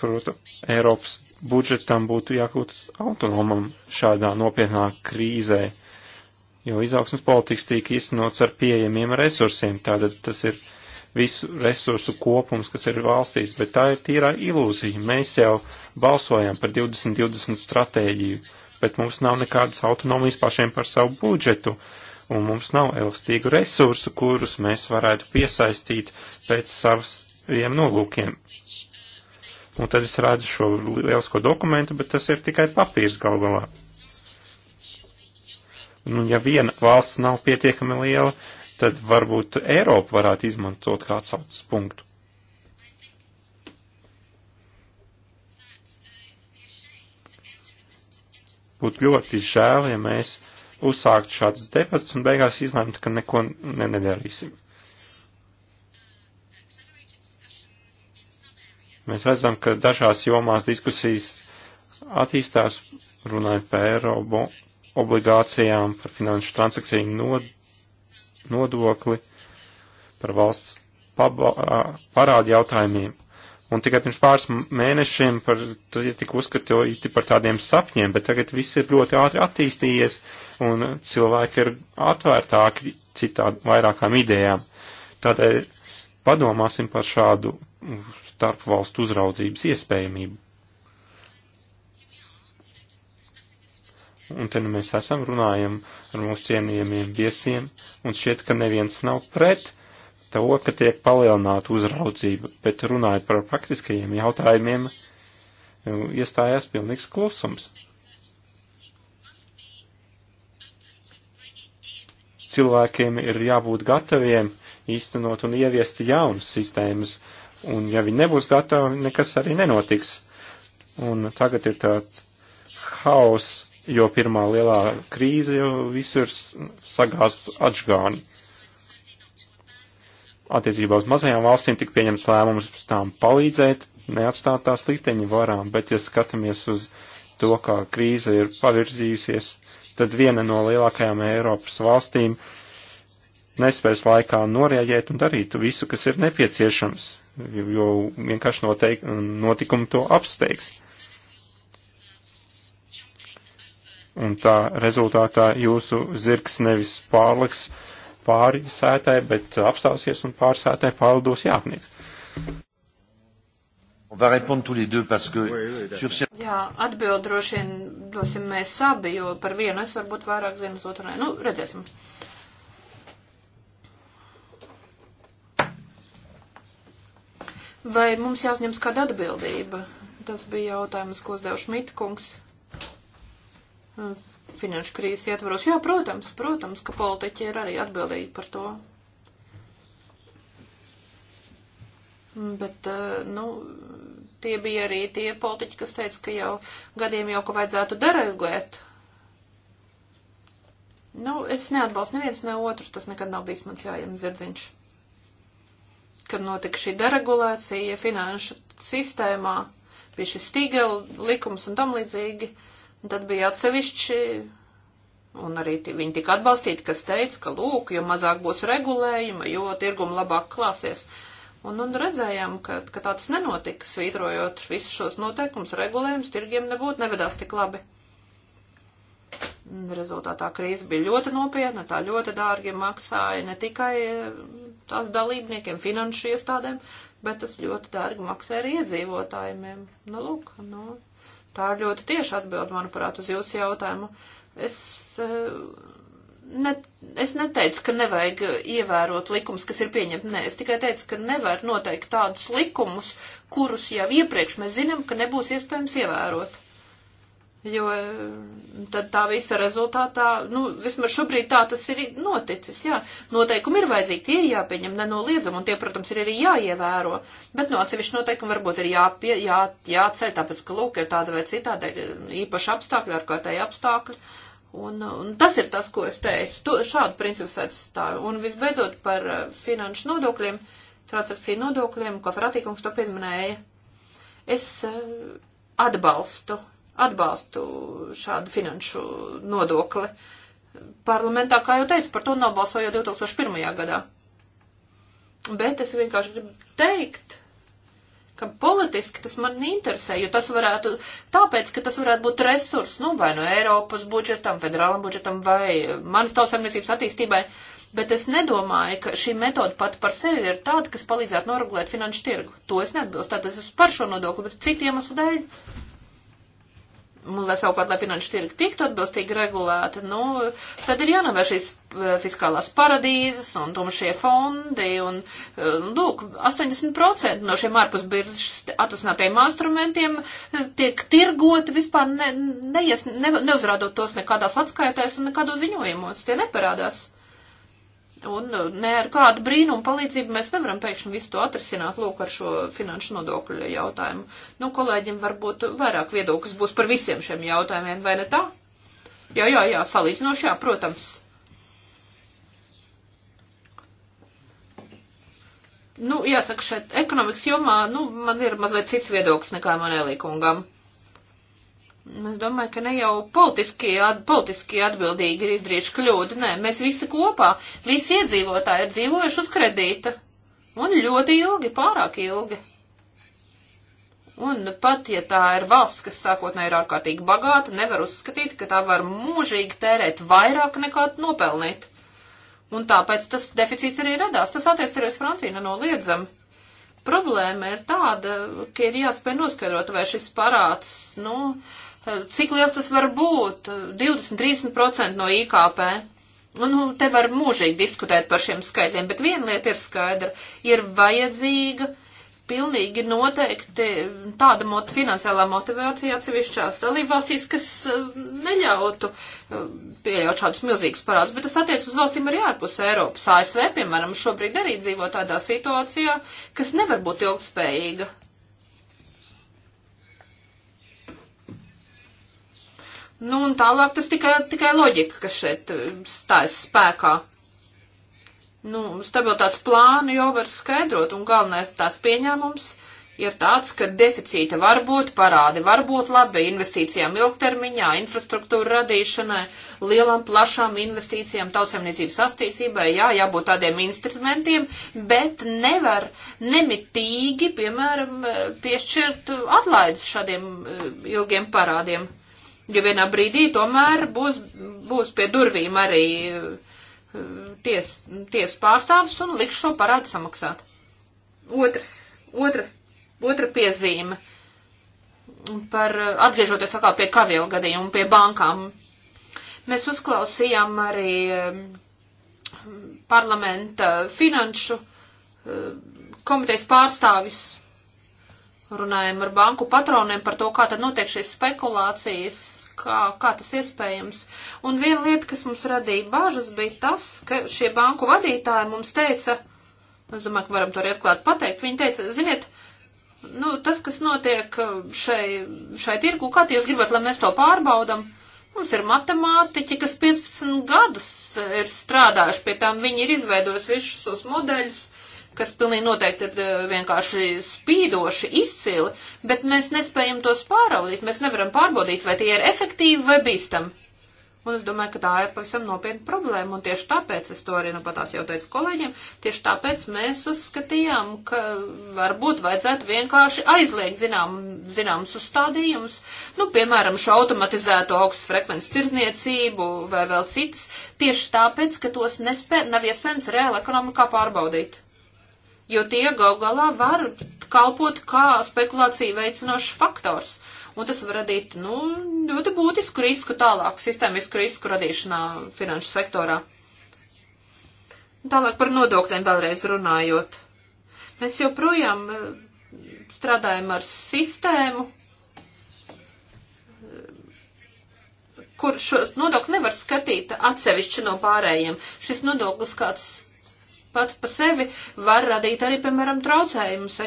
Protams, Eiropas budžetam būtu jākūt autonomam šādā nopietnā krīzē. Uh, jo izaugsmas politikas tiek īstenots ar pieejamiem resursiem, tātad tas ir visu resursu kopums, kas ir valstīs, bet tā ir tīrā ilūzija. Mēs jau balsojām par 2020 stratēģiju, bet mums nav nekādas autonomijas pašiem par savu budžetu, un mums nav elastīgu resursu, kurus mēs varētu piesaistīt pēc saviem nolūkiem. Un tad es redzu šo lielisko dokumentu, bet tas ir tikai papīrs galvā. Gal Nu, ja viena valsts nav pietiekami liela, tad varbūt Eiropa varētu izmantot kā atsaucas punktu. Būtu ļoti žēl, ja mēs uzsāktu šādas debatas un beigās izlēmtu, ka neko ne nedarīsim. Mēs redzam, ka dažās jomās diskusijas attīstās runājot par Eirobu obligācijām, par finanšu transakciju nod, nodokli, par valsts parādu jautājumiem. Un tikai pirms pāris mēnešiem par, tika uzskatīti par tādiem sapņiem, bet tagad viss ir ļoti ātri attīstījies un cilvēki ir atvērtāki citām vairākām idejām. Tādēļ padomāsim par šādu starpvalstu uzraudzības iespējamību. Un te nu mēs esam runājam ar mūsu cienījamiem viesiem, un šķiet, ka neviens nav pret to, ka tiek palielināta uzraudzība, bet runājot par praktiskajiem jautājumiem, nu, iestājās pilnīgs klusums. Cilvēkiem ir jābūt gataviem īstenot un ieviest jaunas sistēmas, un ja viņi nebūs gatavi, nekas arī nenotiks. Un tagad ir tāds haus jo pirmā lielā krīze jau visu ir sagāzus atžgāni. Attiecībā uz mazajām valstīm tika pieņemts lēmums tām palīdzēt, neatstāt tās likteņa varā, bet ja skatāmies uz to, kā krīze ir pavirzījusies, tad viena no lielākajām Eiropas valstīm nespēs laikā norēģēt un darīt visu, kas ir nepieciešams, jo vienkārši noteik, notikumi to apsteigs. un tā rezultātā jūsu zirgs nevis pārliks pāri sētē, bet apstāsies un pāri sētē pārlidos jāpnieks. Jā, atbild droši vien dosim mēs abi, jo par vienu es varbūt vairāk zinu, uz otru nē. Nu, redzēsim. Vai mums jāuzņems kāda atbildība? Tas bija jautājums, ko uzdevu Šmitkungs finanšu krīzes ietvaros. Jā, protams, protams, ka politiķi ir arī atbildīgi par to. Bet, eh, nu, tie bija arī tie politiķi, kas teica, ka jau gadiem jau, ka vajadzētu deregulēt. Nu, es neatbalstu neviens ne otru, tas nekad nav bijis mans jājams zirdziņš. Kad notika šī deregulācija finanšu sistēmā, bija šis stīgela likums un tam līdzīgi Un tad bija atsevišķi, un arī viņi tika atbalstīti, kas teica, ka lūk, jo mazāk būs regulējuma, jo tirguma labāk klāsies. Un, un redzējām, ka, ka tāds nenotika, svītrojot visus šos noteikumus, regulējums tirgiem nebūtu, nevedās tik labi. Rezultātā krīze bija ļoti nopietna, tā ļoti dārgi maksāja ne tikai eh, tās dalībniekiem, finanšu iestādēm, bet tas ļoti dārgi maksāja arī iedzīvotājiem. Nu, lūk, nu, Tā ir ļoti tieši atbild, manuprāt, uz jūsu jautājumu. Es, eh, ne, es neteicu, ka nevajag ievērot likumus, kas ir pieņemti. Nē, es tikai teicu, ka nevar noteikt tādus likumus, kurus jau iepriekš mēs zinām, ka nebūs iespējams ievērot jo eh, tad tā visa rezultātā, nu, vismaz šobrīd tā tas ir noticis, jā. Noteikumi ir vajadzīgi, tie ir jāpieņem nenoliedzami, un tie, protams, ir arī jāievēro, bet no atsevišķi noteikumi varbūt ir jāpie, jā, jāceļ, tāpēc, ka, lūk, ir tāda vai citāda eh, īpaša apstākļa, ārkārtēji apstākļi, un, eh, un tas ir tas, ko es teicu, to, šādu principu atstāju. Un visbeidzot par finanšu nodokļiem, transakciju nodokļiem, ko Fratīkungs to pieminēja, es atbalstu atbalstu šādu finanšu nodokli. Parlamentā, kā jau teicu, par to nobalsoju 2001. gadā. Bet es vienkārši gribu teikt, ka politiski tas man interesē, jo tas varētu, tāpēc, ka tas varētu būt resurs, nu, vai no Eiropas budžetam, federālam budžetam, vai manas tautsēmniecības attīstībai, bet es nedomāju, ka šī metoda pat par sevi ir tāda, kas palīdzētu noregulēt finanšu tirgu. To es neatbilstu, tātad es esmu par šo nodokli, bet citu iemeslu dēļ lai savukārt, lai finanšu tirgi tiktu atbilstīgi regulēti, nu, tad ir jānovērš šīs eh, fiskālās paradīzes un tumšie fondi, un, eh, nu, lūk, 80% no šiem ārpus biržas atrasinātajiem instrumentiem eh, tiek tirgoti vispār ne, neies, ne, neuzrādot tos nekādās atskaitēs un nekādos ziņojumos, tie neparādās. Un uh, ne ar kādu brīnumu palīdzību mēs nevaram pēkšņi visu to atrisināt, lūk, ar šo finanšu nodokļu jautājumu. Nu, kolēģiem varbūt vairāk viedoklis būs par visiem šiem jautājumiem, vai ne tā? Jā, jā, jā, salīdzinoši, jā, protams. Nu, jāsaka, šeit ekonomikas jomā, nu, man ir mazliet cits viedoklis nekā man Elīkungam. Es domāju, ka ne jau politiski, at, politiski atbildīgi ir izdarījuši kļūdu. Nē, mēs visi kopā, visi iedzīvotāji ir dzīvojuši uz kredīta. Un ļoti ilgi, pārāk ilgi. Un pat, ja tā ir valsts, kas sākotnēji ir ārkārtīgi bagāta, nevar uzskatīt, ka tā var mūžīgi tērēt vairāk nekā nopelnīt. Un tāpēc tas deficīts arī radās. Tas attiec arī uz Franciju nenoliedzami problēma ir tāda, ka ir jāspēj noskaidrot, vai šis parāds, nu, Cik liels tas var būt? 20-30% no IKP. Nu, te var mūžīgi diskutēt par šiem skaitļiem, bet viena lieta ir skaidra. Ir vajadzīga pilnīgi noteikti tāda mot finansiālā motivācija atsevišķās dalībvalstīs, kas eh, neļautu eh, pieļaut šādus milzīgus parādus, bet tas attiec uz valstīm arī ārpus Eiropas. ASV, piemēram, šobrīd arī dzīvo tādā situācijā, kas nevar būt ilgspējīga. Nu, un tālāk tas tikai, tikai loģika, kas šeit eh, stājas spēkā. Nu, stabilitātes plānu jau var skaidrot, un galvenais tās pieņēmums ir tāds, ka deficīta var būt, parādi var būt labi investīcijām ilgtermiņā, infrastruktūra radīšanai, lielām plašām investīcijām, tautsēmniecības attīstībai, jā, jābūt tādiem instrumentiem, bet nevar nemitīgi, piemēram, eh, piešķirt eh, atlaides šādiem ilgiem parādiem jo vienā brīdī tomēr būs, būs pie durvīm arī eh, ties, ties pārstāvis un liks šo parādu samaksāt. Otrs, otra, otra piezīme par eh, atgriežoties atkal pie kavielu gadījumu, pie bankām. Mēs uzklausījām arī eh, parlamenta finanšu komitejas pārstāvis runājam ar banku patroniem par to, kā tad notiek šīs spekulācijas, kā, kā tas iespējams. Un viena lieta, kas mums radīja bažas, bija tas, ka šie banku vadītāji mums teica, es domāju, ka varam to arī atklāt pateikt, viņi teica, ziniet, nu, tas, kas notiek uh, šai, šai tirgu, kā jūs gribat, lai mēs to pārbaudam? Mums ir matemātiķi, kas 15 gadus ir strādājuši pie tām, viņi ir izveidojuši visus šos modeļus, kas pilnīgi noteikti ir eh, vienkārši spīdoši, izcili, bet mēs nespējam tos pāraudīt, mēs nevaram pārbaudīt, vai tie ir efektīvi vai bīstami. Un es domāju, ka tā ir pavisam nopietna problēma, un tieši tāpēc es to arī nu patās jau teicu kolēģiem, tieši tāpēc mēs uzskatījām, ka varbūt vajadzētu vienkārši aizliegt zinām, zināms uzstādījumus, nu, piemēram, šo automatizēto augsts frekvences tirzniecību vai vēl citas, tieši tāpēc, ka tos nespē, nav iespējams reāli ekonomikā pārbaudīt jo tie gal galā var kalpot kā spekulācija veicinošs faktors. Un tas var radīt, nu, ļoti būtisku risku tālāk, sistēmisku risku radīšanā finanšu sektorā. Tālāk par nodokļiem vēlreiz runājot. Mēs joprojām eh, strādājam ar sistēmu, eh, kur šos nodokļus nevar skatīt atsevišķi no pārējiem. Šis nodoklis kāds pats pa sevi var radīt arī, piemēram, traucējumus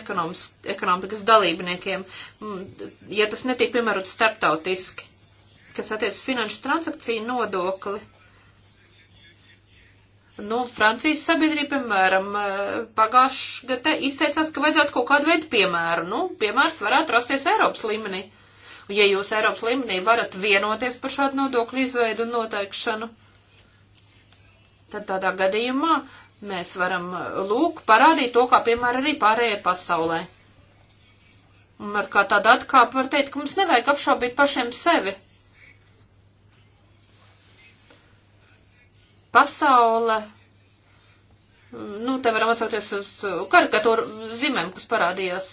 ekonomikas dalībniekiem, mm, ja tas netiek piemērot starptautiski, kas attiec finanšu transakciju nodokli. Nu, Francijas sabiedrība, piemēram, pagājušajā gadā izteicās, ka vajadzētu kaut kādu veidu piemēru. Nu, piemērs varētu rasties Eiropas līmenī. Un, ja jūs Eiropas līmenī varat vienoties par šādu nodokļu izveidu un noteikšanu, tad tādā gadījumā Mēs varam uh, lūk parādīt to, kā piemēram arī pārējai pasaulē. Un ar kā tādu atkāpu var teikt, ka mums nevajag apšaubīt pašiem sevi. Pasaule. Mm, nu, te varam atsaukties uz karikatūru zīmēm, kas parādījās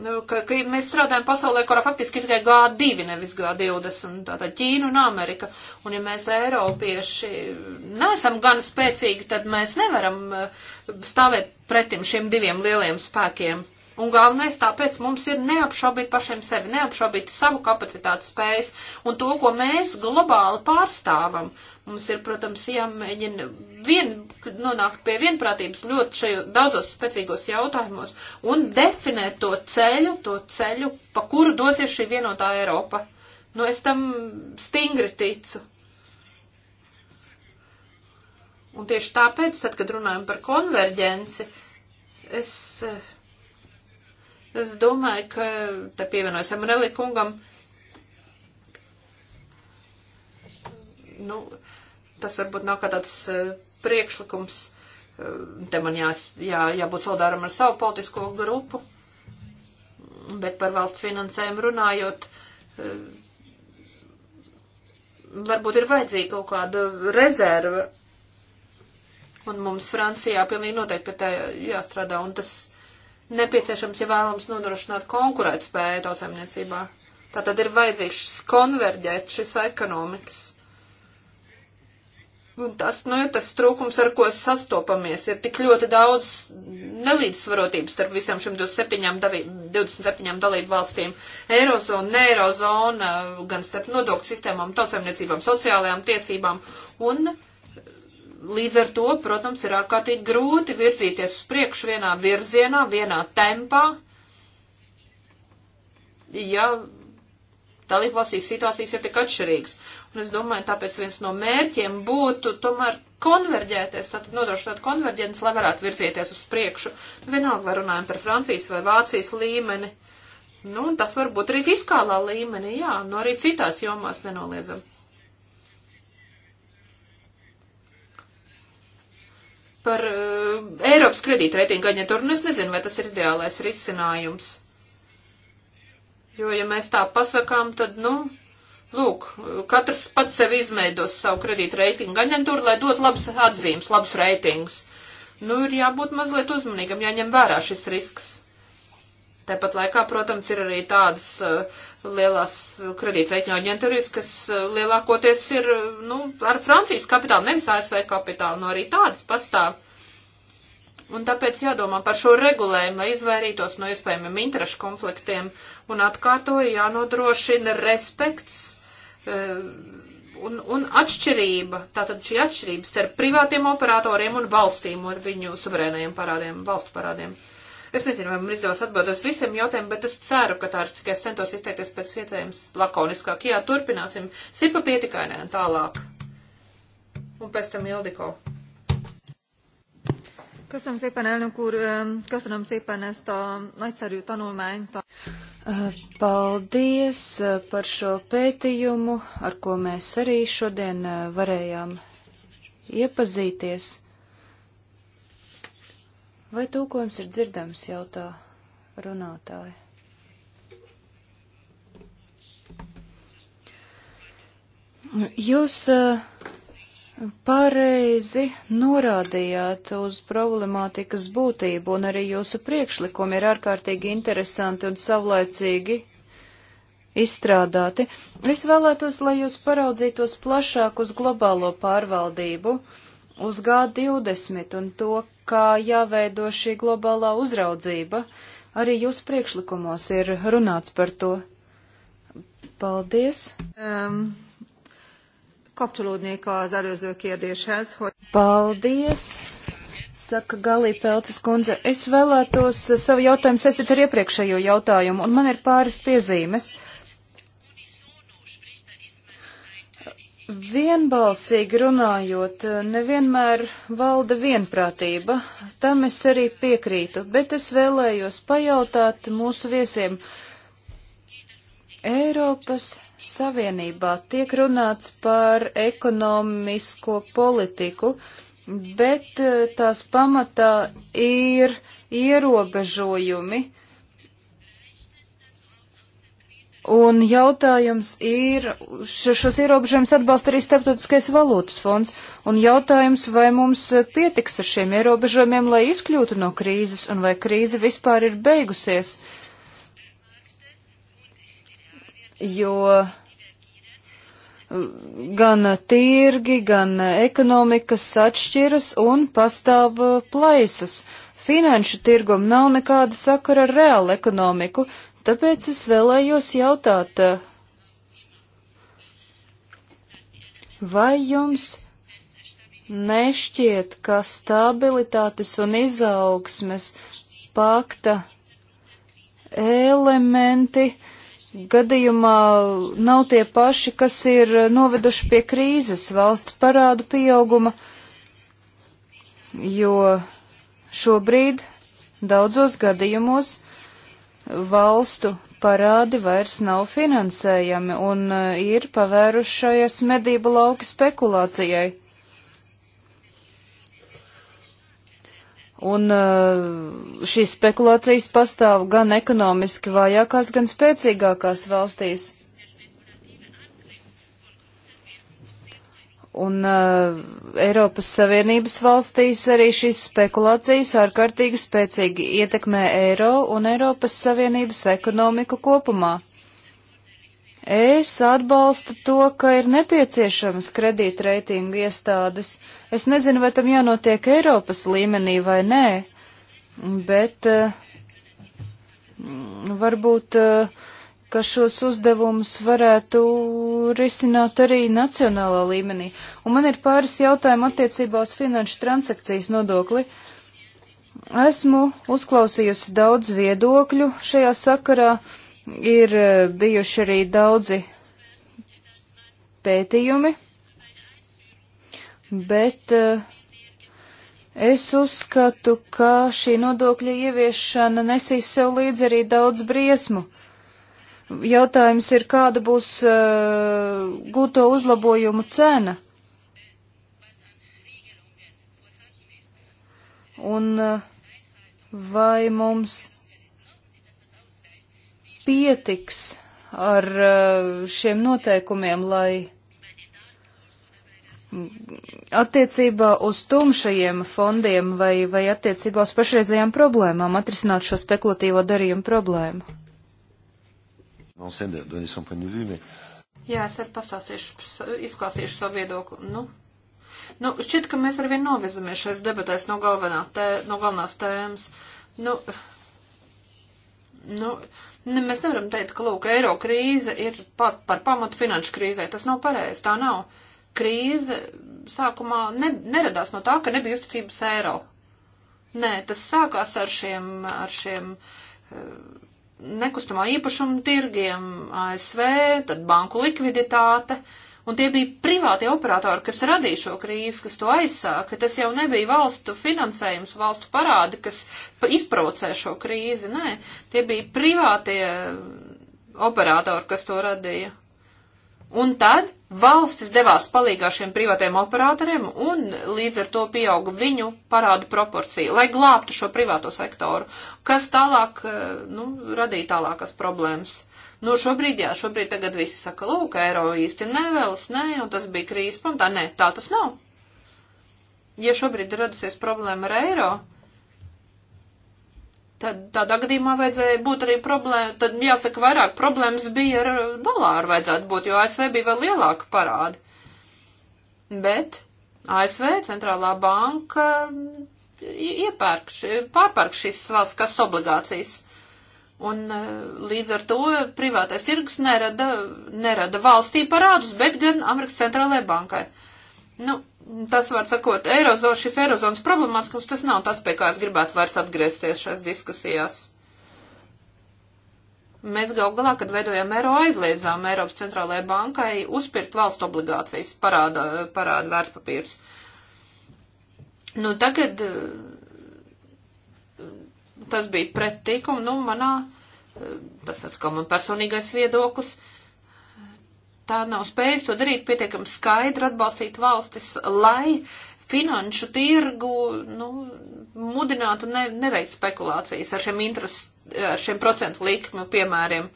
Nu, ka, ka mēs strādājam pasaulē, kurā faktiski ir tikai G2, nevis G20, tātad Ķīna un Amerika. Un ja mēs Eiropieši neesam gan spēcīgi, tad mēs nevaram eh, stāvēt pretim šiem diviem lieliem spēkiem. Un galvenais tāpēc mums ir neapšaubīt pašiem sevi, neapšaubīt savu kapacitātu spējas un to, ko mēs globāli pārstāvam. Mums ir, protams, jāmēģina vien, nonākt pie vienprātības ļoti šajos daudzos spēcīgos jautājumos un definēt to ceļu, to ceļu, pa kuru dosies šī vienotā Eiropa. Nu, es tam stingri ticu. Un tieši tāpēc, tad, kad runājam par konverģenci, es, es domāju, ka te pievienojas Emreli kungam. Nu, uh, Tas varbūt nav kā tāds e, priekšlikums. E, te man jās, jā, jābūt solidāram ar savu politisko grupu. Bet par valsts finansējumu runājot, e, varbūt ir vajadzīga kaut kāda rezerva. Un mums Francijā pilnīgi noteikti pie tā jāstrādā. Un tas nepieciešams, ja vēlams nodrošināt konkurētspēju tautsēmniecībā. Tā tad ir vajadzīgs konverģēt šis ekonomikas Un tas, nu, ir tas trūkums, ar ko sastopamies. Ir tik ļoti daudz nelīdzsvarotības starp visām šīm 27, davī, 27 dalību valstīm. Eirozona, ne eirozona, gan starp nodokļu sistēmām, tautsēmniecībām, sociālajām tiesībām. Un līdz ar to, protams, ir ārkārtīgi grūti virzīties uz priekšu vienā virzienā, vienā tempā. Ja dalību valstīs situācijas ir tik atšķirīgas. Un es domāju, tāpēc viens no mērķiem būtu tomēr konverģēties, tātad nodrošināt konverģents, lai varētu virzīties uz priekšu. Vienalga, vai runājam par Francijas vai Vācijas līmeni. Nu, un tas var būt arī fiskālā līmenī, jā, no nu, arī citās jomās nenoliedzam. Par uh, Eiropas kredītreitinga aģentūru, nu es nezinu, vai tas ir ideālais risinājums. Jo, ja mēs tā pasakām, tad, nu, Lūk, katrs pats sev izveidos savu kredītu reitingu aģentūru, lai dotu labas atzīmes, labus reitingus. Nu, ir jābūt mazliet uzmanīgam, jāņem vērā šis risks. Tāpat laikā, protams, ir arī tādas uh, lielās kredītreiķņa aģentūras, kas uh, lielākoties ir, eh, nu, ar Francijas kapitālu, nevis ASV kapitālu, no arī tādas pastāv. Un tāpēc jādomā par šo regulējumu, lai izvairītos no iespējamiem interešu konfliktiem un atkārtoju jānodrošina respekts Eh, un, un atšķirība, tātad šī atšķirība starp privātiem operatoriem un valstīm un viņu suverēnajiem parādiem, valstu parādiem. Es nezinu, vai man izdevās atbildēt uz visiem jautājumiem, bet es ceru, ka tā ir, cik es centos izteikties pēc vietējums lakoniskāk. Jā, turpināsim. Sirpa pietikainē tālāk. Un pēc tam Ildiko. Köszönöm szépen, elnök úr, köszönöm szépen ezt a nagyszerű tanulmányt. Paldies par šo pētījumu, ar ko mēs arī šodien varējām iepazīties. Vai tūkojums ir dzirdams, jautā runātāji? Jūs uh, pareizi norādījāt uz problemātikas būtību, un arī jūsu priekšlikumi ir ārkārtīgi interesanti un savlaicīgi izstrādāti. Es vēlētos, lai jūs paraudzītos plašāk uz globālo pārvaldību, uz G20 un to, kā jāveido šī globālā uzraudzība. Arī jūsu priekšlikumos ir runāts par to. Paldies! Um kapcsolódnék az előző kérdéshez, hogy... Paldies! Saka Galī Peltas kundze, es vēlētos savu jautājumu sasīt ar iepriekšējo jautājumu, un man ir pāris piezīmes. Vienbalsīgi runājot, nevienmēr valda vienprātība, tam es arī piekrītu, bet es vēlējos pajautāt mūsu viesiem, uh, Eiropas Savienībā tiek runāts par ekonomisko politiku, bet eh, tās pamatā ir ierobežojumi. Un jautājums ir, šos ierobežojumus atbalsta arī Starptautiskais valūtas fonds, un jautājums, vai mums pietiks ar šiem ierobežojumiem, lai izkļūtu no krīzes, un vai krīze vispār ir beigusies. Uh, jo uh, gan tirgi, gan ekonomikas atšķiras un pastāv uh, plaisas. Finanšu tirgum nav nekāda sakara ar reālu ekonomiku, tāpēc es vēlējos jautāt, uh, vai jums nešķiet, ka stabilitātes un izaugsmes pakta elementi uh, gadījumā nav tie paši, kas ir noveduši pie krīzes valsts parādu pieauguma, jo šobrīd daudzos gadījumos valstu parādi vairs nav finansējami un e, ir pavērušajies medību lauki spekulācijai. Un uh, šīs spekulācijas pastāv gan ekonomiski vājākās, gan spēcīgākās valstīs. Un uh, Eiropas Savienības valstīs arī šīs spekulācijas ārkārtīgi spēcīgi ietekmē eiro un Eiropas Savienības ekonomiku kopumā. Es atbalstu to, ka ir nepieciešamas kredītreitingu iestādes. Es nezinu, vai tam jānotiek Eiropas līmenī vai nē, bet eh, varbūt, eh, ka šos uzdevumus varētu risināt arī nacionālā līmenī. Un man ir pāris jautājumu attiecībā uz finanšu transakcijas nodokli. Esmu uzklausījusi daudz viedokļu šajā sakarā. Uh, Ir eh, bijuši arī daudzi pētījumi, bet eh, es uzskatu, ka šī nodokļa ieviešana nesīs sev līdzi arī daudz briesmu. Jautājums ir, kāda būs uh, gūto uzlabojumu cena? Un uh, vai mums pietiks ar eh, šiem noteikumiem, lai attiecībā uz tumšajiem fondiem vai, vai attiecībā uz pašreizējām problēmām atrisināt šo spekulatīvo darījumu problēmu? Nu, Jā, es arī pastāstīšu, izklāstīšu savu viedokli. Nu, nu, šķiet, ka mēs arvien novirzamies šais debatēs no, galvenā, tē, no galvenās tēmas. Nu, nu, uh, Ne, mēs nevaram teikt, ka, lūk, eiro krīze ir par, par pamatu finanšu krīzē. Tas nav pareizi, tā nav. Krīze sākumā ne, neradās no tā, ka nebija uzticības eiro. Nē, tas sākās ar šiem, ar šiem eh, nekustamā īpašuma tirgiem ASV, tad banku likviditāte. Uh, Un tie bija privātie operatori, kas radīja šo krīzi, kas to aizsāka. Tas jau nebija valstu finansējums, valstu parādi, kas izprovocē šo krīzi. Nē, tie bija privātie eh, operatori, kas to radīja. Un tad valstis devās palīgā šiem privātiem operatoriem un līdz ar to pieauga viņu parādu proporcija, lai glābtu šo privāto sektoru, kas tālāk, eh, nu, radīja tālākas problēmas. Nu, šobrīd, jā, šobrīd tagad visi saka, lūk, eiro īsti nevēlas, nē, un tas bija krīzes pamatā. Nē, tā tas nav. Ja šobrīd ir radusies problēma ar eiro, tad tādā gadījumā vajadzēja būt arī problēma, tad jāsaka, vairāk problēmas bija ar dolāru vajadzētu būt, jo ASV bija vēl lielāka parādi. Bet ASV centrālā banka iepērk, pārpērk šīs valsts kas obligācijas. Un e, līdz ar to privātais tirgus nerada, nerada valstī parādus, bet gan Amerikas centrālajai bankai. Nu, tas var sakot, Eirozon, šis Eirozonas problemātiskums, tas nav tas, pie kā es gribētu vairs atgriezties šajās diskusijās. Mēs gal galā, kad veidojam eiro, aizliedzām Eiropas centrālajai bankai uzpirkt valstu obligācijas, parāda, parāda vērtspapīrus. Nu, tagad tas bija prettīkumi, nu, manā, eh, tas atkal man personīgais viedoklis, tā nav spējas to darīt pietiekami skaidri, atbalstīt valstis, lai finanšu tirgu, nu, mudinātu ne, neveikt spekulācijas ar šiem interes, ar šiem procentu likmu piemēriem.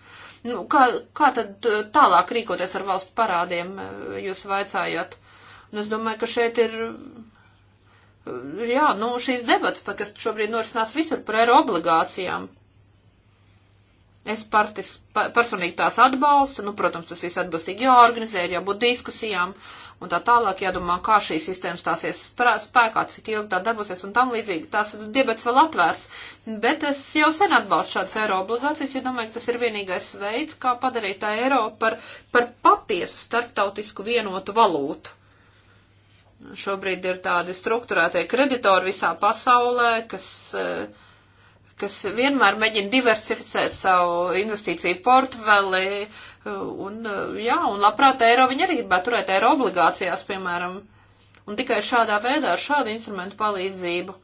Nu, kā, kā tad eh, tālāk rīkoties ar valstu parādiem, eh, jūs vaicājat? Un es domāju, ka šeit ir jā, nu, šīs debats, kas šobrīd norisinās visur par eiro obligācijām. Es partis, pa, personīgi tās atbalstu, nu, protams, tas viss atbilstīgi jāorganizē, ir jābūt diskusijām un tā tālāk jādomā, kā šī sistēma stāsies spēkā, cik ilgi tā darbosies un tam līdzīgi. Tās debats vēl atvērts, bet es jau sen atbalstu šādas eiro obligācijas, jo domāju, ka tas ir vienīgais veids, kā padarīt tā eiro par, par patiesu starptautisku vienotu valūtu. Šobrīd ir tādi struktūrētie kreditori visā pasaulē, kas, eh, kas vienmēr mēģina diversificēt savu investīciju portfeli, eh, un, eh, jā, un labprāt eiro viņi arī gribētu turēt eiro obligācijās, piemēram. Un tikai šādā veidā, ar šādu instrumentu palīdzību,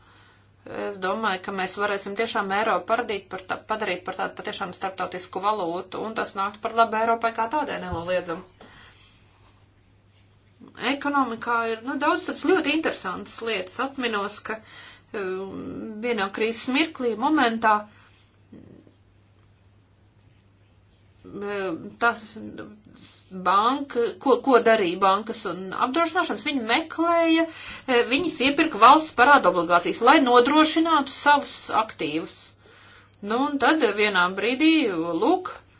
es domāju, ka mēs varēsim tiešām eiro paradīt par tā, padarīt par tādu patiešām starptautisku valūtu, un tas nākt par labu Eiropai kā tādai nenoliedzami ekonomikā ir nu, daudz tādas ļoti interesantas lietas. Atminos, ka um, vienā krīzes mirklī, momentā, um, tas banka, ko, ko darīja bankas un apdrošināšanas, viņi meklēja, eh, viņas iepirka valsts parāda obligācijas, lai nodrošinātu savus aktīvus. Nu, un tad vienā brīdī, lūk, uh,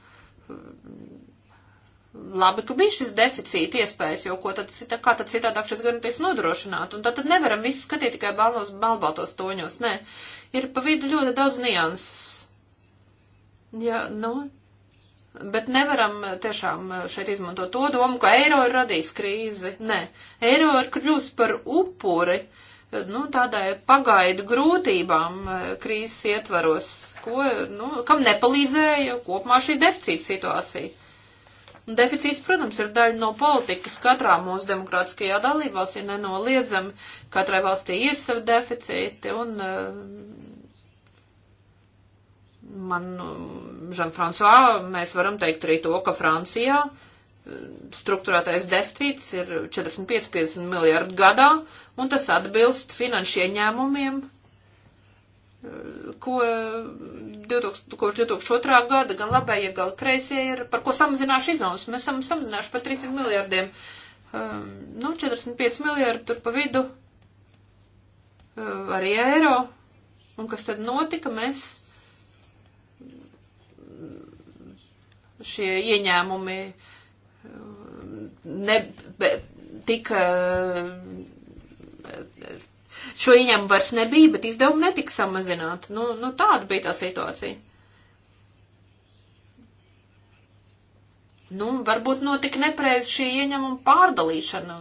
labi, ka bija šis deficīta iespējas, jo ko tad, cita, kā tad citādāk šis garantijas nodrošināt? Un tad, tad nevaram visu skatīt tikai balnos, balbaltos toņos, nē. Ir pa vidu ļoti daudz nianses. Jā, nu, Bet nevaram eh, tiešām eh, šeit izmantot to domu, ka eiro ir radījis krīzi. Nē, eiro ir kļūst par upuri eh, nu, tādai pagaidu grūtībām krīzes ietvaros, ko, nu, kam nepalīdzēja kopumā šī deficīta situācija. Un deficīts, protams, ir daļa no politikas katrā mūsu demokrātiskajā dalībvalstī nenoliedzami. Katrai valstī ir savi deficīti un eh, man, Žanfransvā, mēs varam teikt arī to, ka Francijā eh, struktūrātais deficīts ir 45-50 miljārdu gadā un tas atbilst finanšu ieņēmumiem ko 2000, kopš 2002. gada gan labējie, ja gan kreisie ir, par ko samazināšu izdevumus. Mēs esam samazinājuši par 300 miljardiem, um, nu, 45 miljardi tur pa vidu, um, arī eiro. Un kas tad notika? Mēs mm, šie ieņēmumi uh, ne, be, tika Šo ieņēmumu vairs nebija, bet izdevumi netika samazināti. Nu, nu tāda bija tā situācija. Nu, varbūt notika nepreiz šī ieņēmuma pārdalīšana.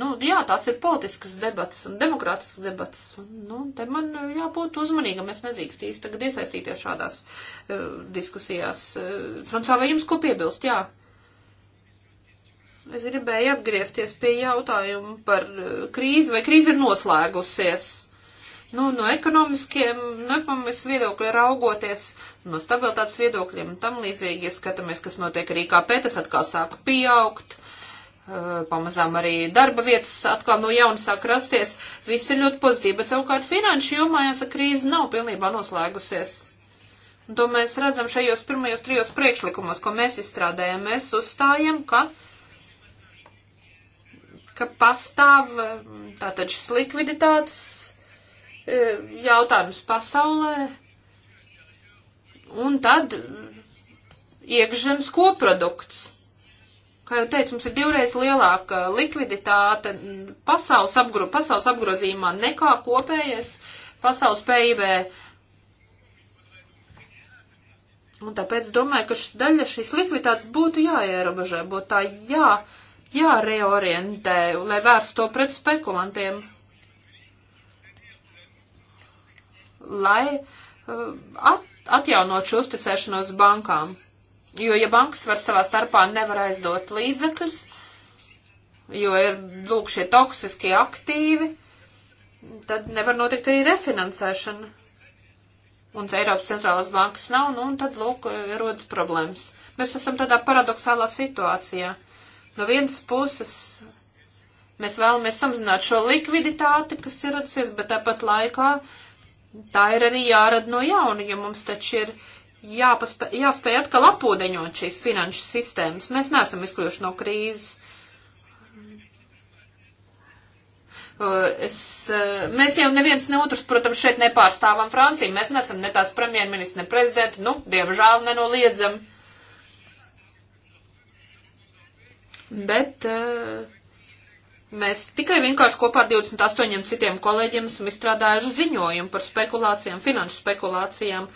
Nu, jā, tās ir politiskas debatas un demokrātiskas debatas. Nu, te man eh, jābūt uzmanīgam, es nedrīkst īsti tagad iesaistīties šādās uh, diskusijās. Uh, eh, Francā, vai jums ko piebilst? Jā. Uh, Es gribēju atgriezties pie jautājuma par eh, krīzi, vai krīze ir noslēgusies. Nu, no ekonomiskiem, no ekonomiskas viedokļa raugoties, no stabilitātes viedokļiem un tam līdzīgi, ja skatāmies, kas notiek ar IKP, tas atkal sāk pieaugt, eh, pamazām arī darba vietas atkal no jauna sāk rasties, viss ir ļoti pozitīvi, bet savukārt finanšu jomā jāsaka, krīze nav pilnībā noslēgusies. Un to mēs redzam šajos pirmajos trijos priekšlikumos, ko mēs izstrādējam. Mēs uzstājam, ka ka pastāv tātad šis likviditātes e, jautājums pasaulē, un tad iekšzemes koprodukts. Kā jau teicu, mums ir divreiz lielāka likviditāte pasaules, apgro, pasaules apgrozījumā nekā kopējais pasaules PIB. Un tāpēc domāju, ka daļa šīs likviditātes būtu jāierobežē, būtu tā jā. jā jāreorientē, lai vērst to pret spekulantiem. Lai uh, at, atjaunot šo uzticēšanos bankām. Jo, ja bankas var savā starpā nevar aizdot līdzekļus, jo ir, lūk, šie toksiskie aktīvi, tad nevar notikt arī refinansēšana. Un Eiropas centrālās bankas nav, nu, un tad, lūk, rodas problēmas. Mēs esam tādā paradoxālā situācijā. No vienas puses mēs vēlamies samazināt šo likviditāti, kas ir radusies, bet tāpat laikā tā ir arī jārada no jauna, jo mums taču ir jāpaspē, jāspēj atkal apūdeņot šīs finanšu sistēmas. Mēs neesam izkļuvuši no krīzes. Es, e, mēs jau neviens ne otrs, protams, šeit nepārstāvam Franciju. Mēs nesam ne tās premjerministri, ne prezidenti, nu, diemžēl nenoliedzam. Uh, bet eh, mēs tikai vienkārši kopā ar 28 citiem kolēģiem esam izstrādājuši ziņojumu par spekulācijām, finanšu spekulācijām,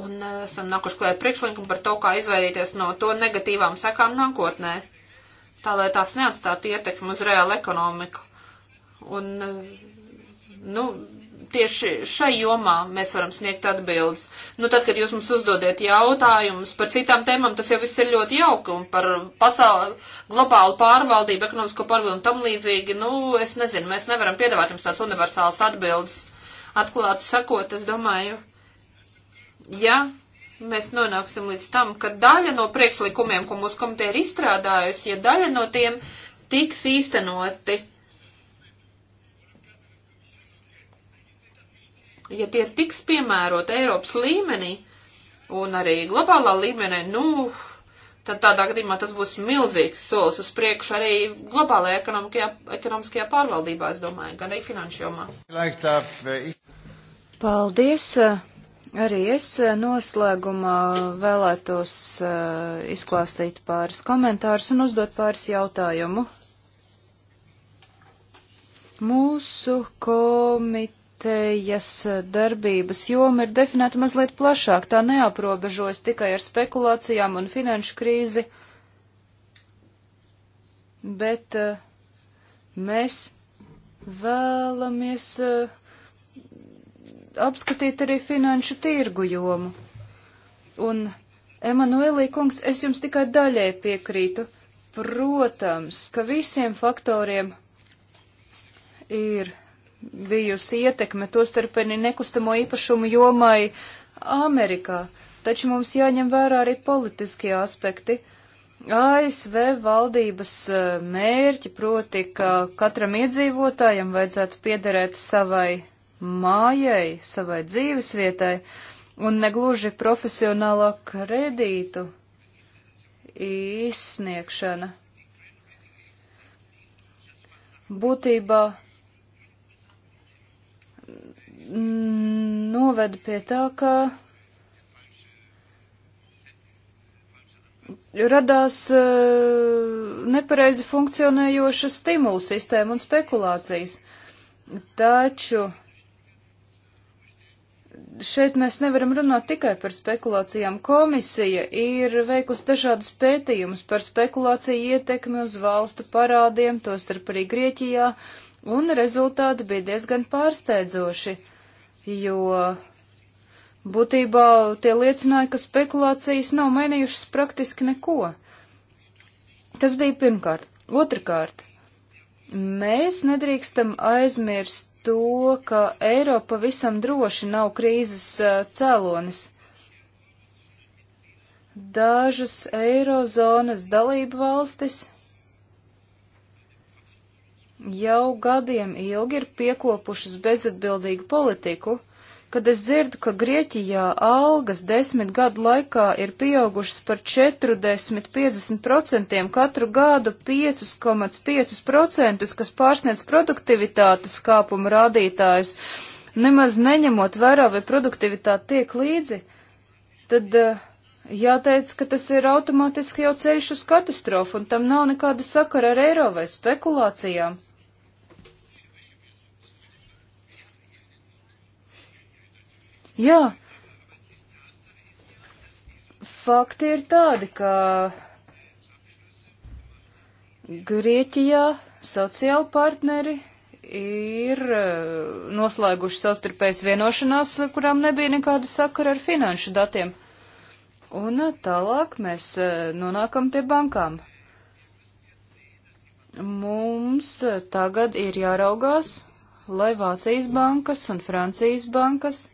un eh, esam nākuši klēt priekšlikumu par to, kā izvairīties no to negatīvām sekām nākotnē, tā lai tās neatstātu ietekmi uz reālu ekonomiku. Un, eh, nu, tieši šai jomā mēs varam sniegt atbildes. Nu, tad, kad jūs mums uzdodiet jautājumus par citām tēmām, tas jau viss ir ļoti jauki un par pasauli, globālu pārvaldību, ekonomisko pārvaldību un tam līdzīgi. Nu, es nezinu, mēs nevaram piedāvāt jums tāds universāls atbildes. Atklāti sakot, es domāju, ja mēs nonāksim līdz tam, ka daļa no priekšlikumiem, ko mūsu komiteja ir izstrādājusi, ja daļa no tiem tiks īstenoti, ja tie tiks piemērot Eiropas līmenī un arī globālā līmenī, nu, tad tādā gadījumā tas būs milzīgs solis uz priekšu arī globālajā ekonomiskajā, ekonomiskajā pārvaldībā, es domāju, gan arī finanšu jomā. Paldies! Arī es noslēgumā vēlētos eh, izklāstīt pāris komentārus un uzdot pāris jautājumu. Mūsu komiteja komitejas darbības joma ir definēta mazliet plašāk, tā neaprobežojas tikai ar spekulācijām un finanšu krīzi, bet eh, mēs vēlamies eh, apskatīt arī finanšu tirgu jomu. Un, Emanuēlī kungs, es jums tikai daļai piekrītu. Protams, ka visiem faktoriem ir bijusi ietekme, tostarp arī nekustamo īpašumu jomai Amerikā. Taču mums jāņem vērā arī politiskie aspekti. ASV valdības e, mērķi proti, ka katram iedzīvotājam vajadzētu piederēt savai mājai, savai dzīvesvietai un negluži profesionālā kredītu izsniegšana. Būtībā Mm, noveda pie tā, ka radās eh, nepareizi funkcionējoša stimulu sistēma un spekulācijas. Taču šeit mēs nevaram runāt tikai par spekulācijām. Komisija ir veikusi dažādus pētījumus par spekulāciju ietekmi uz valstu parādiem, tostarp arī Grieķijā, un rezultāti bija diezgan pārsteidzoši. Uh, jo būtībā tie liecināja, ka spekulācijas nav mainījušas praktiski neko. Tas bija pirmkārt. Otrakārt, mēs nedrīkstam aizmirst to, ka Eiropa pavisam droši nav krīzes cēlonis. Dažas eirozonas dalību valstis jau gadiem ilgi ir piekopušas bezatbildīgu politiku, kad es dzirdu, ka Grieķijā algas desmit gadu laikā ir pieaugušas par 40-50% katru gadu 5,5%, kas pārsniedz produktivitātes kāpuma rādītājus, nemaz neņemot vērā, vai produktivitāte tiek līdzi, tad eh, jāteic, ka tas ir automātiski jau ceļš uz katastrofu, un tam nav nekāda sakara ar eiro vai spekulācijām. Jā, fakti ir tādi, ka Grieķijā sociāli partneri ir e, noslēguši savstarpējas vienošanās, kurām nebija nekāda sakara ar finanšu datiem. Un e, tālāk mēs e, nonākam pie bankām. Mums tagad ir jāraugās, lai Vācijas bankas un Francijas bankas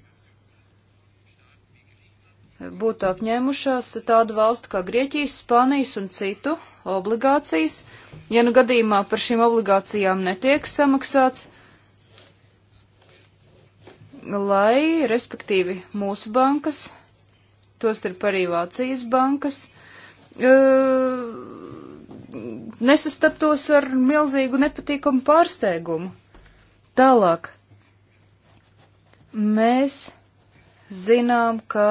būtu apņēmušās tādu valstu kā Grieķijas, Spānijas un citu obligācijas, ja nu gadījumā par šīm obligācijām netiek samaksāts, lai, respektīvi, mūsu bankas, tostarp arī Vācijas bankas, e, nesastaptos ar milzīgu nepatīkamu pārsteigumu. Tālāk. Mēs zinām, ka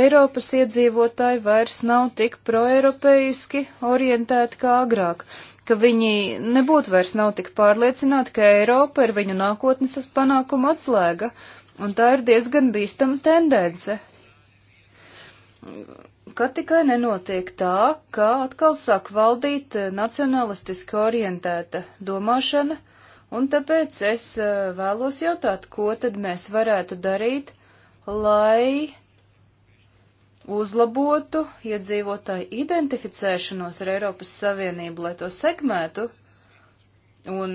Eiropas iedzīvotāji vairs nav tik proeiropeiski orientēti kā agrāk, ka viņi nebūtu vairs nav tik pārliecināti, ka Eiropa ir viņu nākotnes panākuma atslēga, un tā ir diezgan bīstama tendence. Kad tikai nenotiek tā, ka atkal sāk valdīt eh, nacionalistiski orientēta domāšana, un tāpēc es eh, vēlos jautāt, ko tad mēs varētu darīt, lai uzlabotu iedzīvotāju identificēšanos ar Eiropas Savienību, lai to sekmētu. Un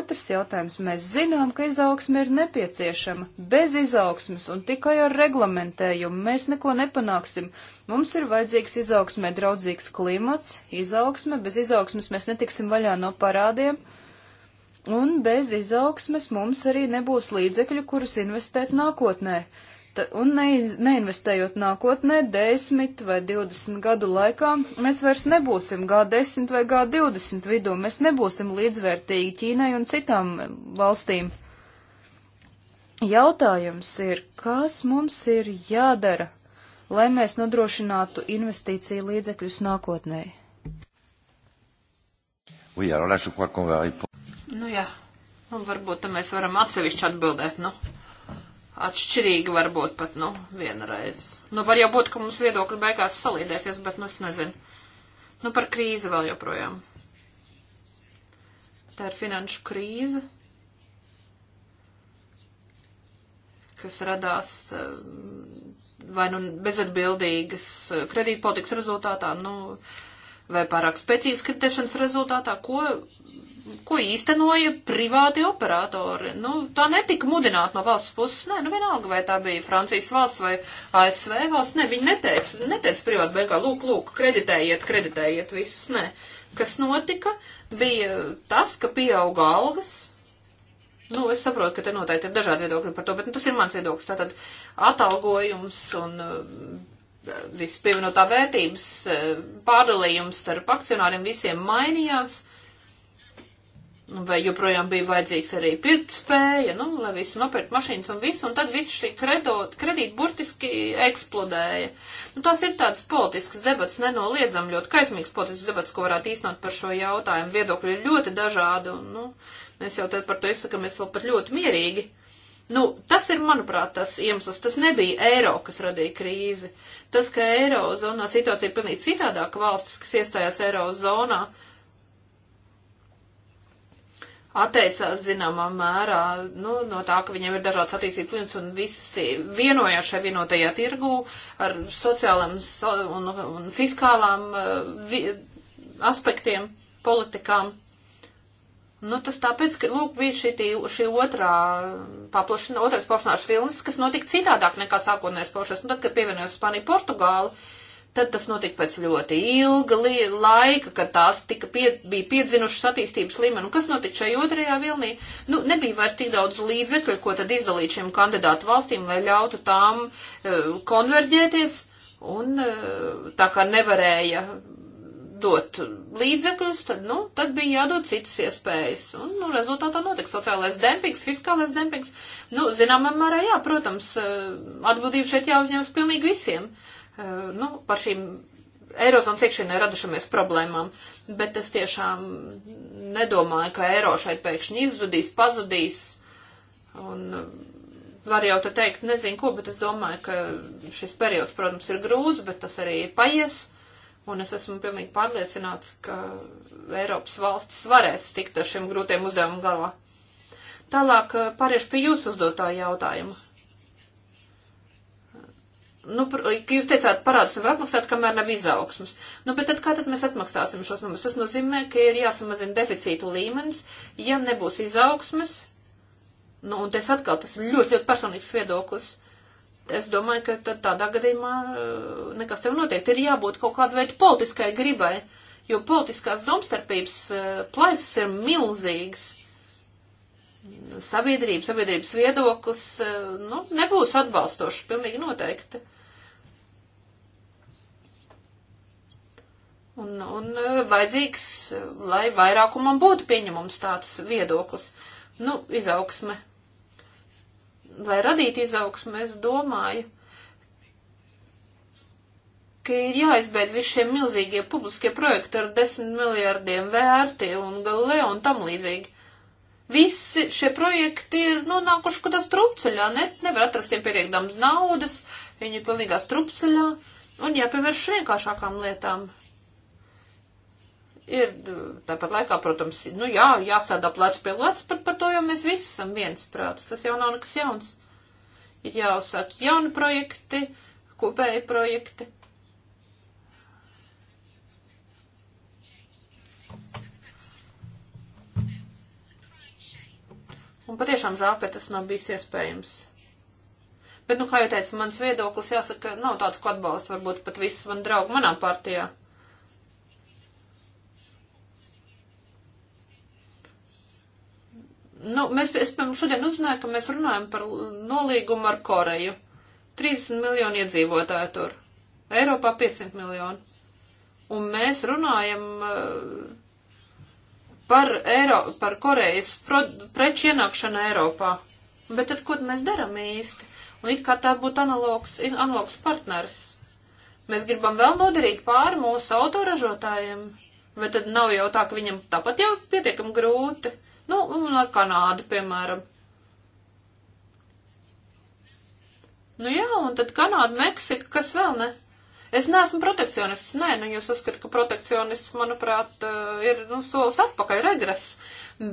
otrs jautājums - mēs zinām, ka izaugsme ir nepieciešama. Bez izaugsmes un tikai ar reglamentējumu mēs neko nepanāksim. Mums ir vajadzīgs izaugsmē draudzīgs klimats, izaugsme, bez izaugsmes mēs netiksim vaļā no parādiem. Un bez izaugsmes mums arī nebūs līdzekļu, kurus investēt nākotnē un neiz, neinvestējot nākotnē 10 vai 20 gadu laikā, mēs vairs nebūsim G10 vai G20 vidū, mēs nebūsim līdzvērtīgi Ķīnai un citām valstīm. Jautājums ir, kas mums ir jādara, lai mēs nodrošinātu investīciju līdzekļus nākotnē? Oui, alors là, je crois qu'on va répondre. Nu jā, nu, varbūt mēs varam atsevišķi atbildēt, nu. No? atšķirīgi varbūt pat, nu, vienreiz. Nu, var jau būt, ka mums viedokļi beigās salīdēsies, bet, nu, es nezinu. Nu, par krīzi vēl joprojām. Tā ir finanšu krīze, kas radās eh, vai nu bezatbildīgas eh, kredītpolitikas rezultātā, nu, vai pārāk spēcīgas kreditēšanas rezultātā, ko ko īstenoja privāti operatori. Nu, tā netika mudināta no valsts puses, nē, nu vienalga, vai tā bija Francijas valsts vai ASV valsts, nē, viņi neteica, neteica privāti bankā, lūk, lūk, kreditējiet, kreditējiet visus, nē. Kas notika, bija tas, ka pieauga algas. Nu, es saprotu, ka te noteikti ir dažādi viedokļi par to, bet nu, tas ir mans viedoklis. Tātad atalgojums un uh, vispievienotā vērtības uh, pārdalījums starp akcionāriem visiem mainījās vai joprojām bija vajadzīgs arī pirkt spēja, nu, lai visu nopirkt mašīnas un visu, un tad visu šī kredot, kredīt burtiski eksplodēja. Nu, tās ir tāds politisks debats, nenoliedzam ļoti kaismīgs politisks debats, ko varētu īstenot par šo jautājumu. Viedokļi ir ļoti dažādi, un, nu, mēs jau tad par to izsakamies vēl pat ļoti mierīgi. Nu, tas ir, manuprāt, tas iemesls. Tas nebija eiro, kas radīja krīzi. Tas, ka eirozonā situācija ir pilnīgi citādāka valstis, kas iestājās eirozonā, uh, atteicās zināmā mērā nu, no tā, ka viņiem ir dažādas attīstības līnijas un visi vienojās šajā vienotajā tirgu ar sociālām so, un, un fiskālām eh, vi, aspektiem, politikām. Nu, tas tāpēc, ka, lūk, bija šī, tī, šī otrā paplašana, otrais paplašanās vilnis, kas notika citādāk nekā sākotnēs paušos. Un nu, tad, kad pievienojos Spāniju Portugāli, uh, Tad tas notika pēc ļoti ilga laika, kad tās tika pie, bija piedzinušas attīstības līmeni. Un kas notika šajā otrajā vilnī? Nu, nebija vairs tik daudz līdzekļu, ko tad izdalīt šiem kandidātu valstīm, lai ļautu tām uh, konverģēties. Un uh, tā kā nevarēja dot līdzekļus, tad, nu, tad bija jādod citas iespējas. Un, nu, rezultātā notika sociālais dempings, fiskālais dempings. Nu, zināmā mērā, jā, protams, e, atbildību šeit jāuzņemas pilnīgi visiem. Uh, Eh, nu, par šīm Eirozonas iekšienē radušamies problēmām, bet es tiešām nedomāju, ka eiro šeit pēkšņi izzudīs, pazudīs. Un eh, var jau te teikt, nezinu ko, bet es domāju, ka šis periods, protams, ir grūts, bet tas arī paies. Un es esmu pilnīgi pārliecināts, ka Eiropas valstis varēs tikt ar šiem grūtiem uzdevumiem galā. Tālāk eh, pāriešu pie jūsu uzdotā jautājuma nu, jūs teicāt, parādus var atmaksāt, kamēr nav izaugsmas. Nu, bet tad kā tad mēs atmaksāsim šos numurus? Tas nozīmē, ka ir jāsamazina deficītu līmenis, ja nebūs izaugsmas. Nu, un tas atkal, tas ir ļoti, ļoti personīgs viedoklis. Es domāju, ka tad tādā gadījumā eh, nekas tev noteikti ir jābūt kaut kādu veidu politiskai gribai, jo politiskās domstarpības eh, plaisas ir milzīgas sabiedrība, sabiedrības viedoklis eh, nu, nebūs atbalstošs pilnīgi noteikti. Un, un uh, vajadzīgs, uh, lai vairākumam būtu pieņemums tāds viedoklis. Nu, izaugsme. Lai radītu izaugsme, es domāju, ka ir jāizbeidz visi šie milzīgie publiskie projekti ar desmit miljārdiem vērti un galileo un tam līdzīgi. Visi šie projekti ir nonākuši kaut kādā strupceļā, ne, nevar atrast tiem pietiekams naudas, viņi ir pilnīgā strupceļā un jāpievērš vienkāršākām lietām. Ir tāpat laikā, protams, nu jā, jāsādā plec pie lec, par, par to jau mēs visi esam viens prāts. Tas jau nav nekas jauns. Ir jāuzsāk jauni projekti, kopēji projekti. Un patiešām žēl, ka tas nav bijis iespējams. Bet, nu, kā jau teicu, mans viedoklis jāsaka, nav tāds, ko atbalsta varbūt pat visi mani draugi manā partijā. Nu, mēs, es, piemēram, šodien uzzināju, ka mēs runājam par nolīgumu ar Koreju. 30 miljoni iedzīvotāji tur. Eiropā 500 miljoni. Un mēs runājam eh, par, Eiro, par Korejas preču ienākšanu Eiropā. Bet tad, ko mēs darām īsti? Un it kā tā būtu analogs, analogs partners. Mēs gribam vēl nodarīt pāri mūsu autoražotājiem. Vai tad nav jau tā, ka viņam tāpat jau pietiekam grūti? Nu, un ar Kanādu, piemēram. Nu jā, un tad Kanāda, Meksika, kas vēl ne? Es neesmu protekcionists, nē, nu jūs uzskatāt, ka protekcionists, manuprāt, eh, ir, nu, solis atpakaļ, regress.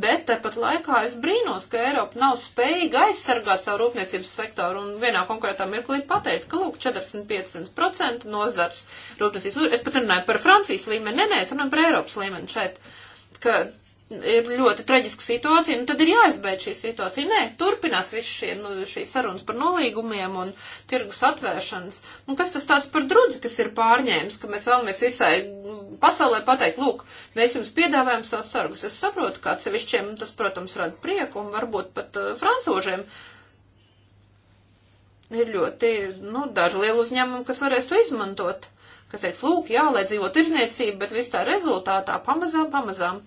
Bet tāpat laikā es brīnos, ka Eiropa nav spējīga aizsargāt savu rūpniecības sektoru un vienā konkrētā mirklī pateikt, ka lūk, 45% nozars rūpniecības. Es pat runāju par Francijas līmeni, nē, nē, es runāju par Eiropas līmeni šeit. Ka ir ļoti traģiska situācija, nu tad ir jāizbeidz šī situācija. Nē, turpinās viss šie, nu, šīs sarunas par nolīgumiem un tirgus atvēršanas. Un nu, kas tas tāds par drudzi, kas ir pārņēmis, ka mēs vēlamies visai nu, pasaulē pateikt, lūk, mēs jums piedāvājam savus tirgus. Es saprotu, ka atsevišķiem tas, protams, rada prieku un varbūt pat uh, francūžiem. Ir ļoti, nu, daži lieli uzņēmumi, kas varēs to izmantot, kas teiks, lūk, jā, lai dzīvo tirzniecība, bet viss tā rezultātā pamazām, pamazām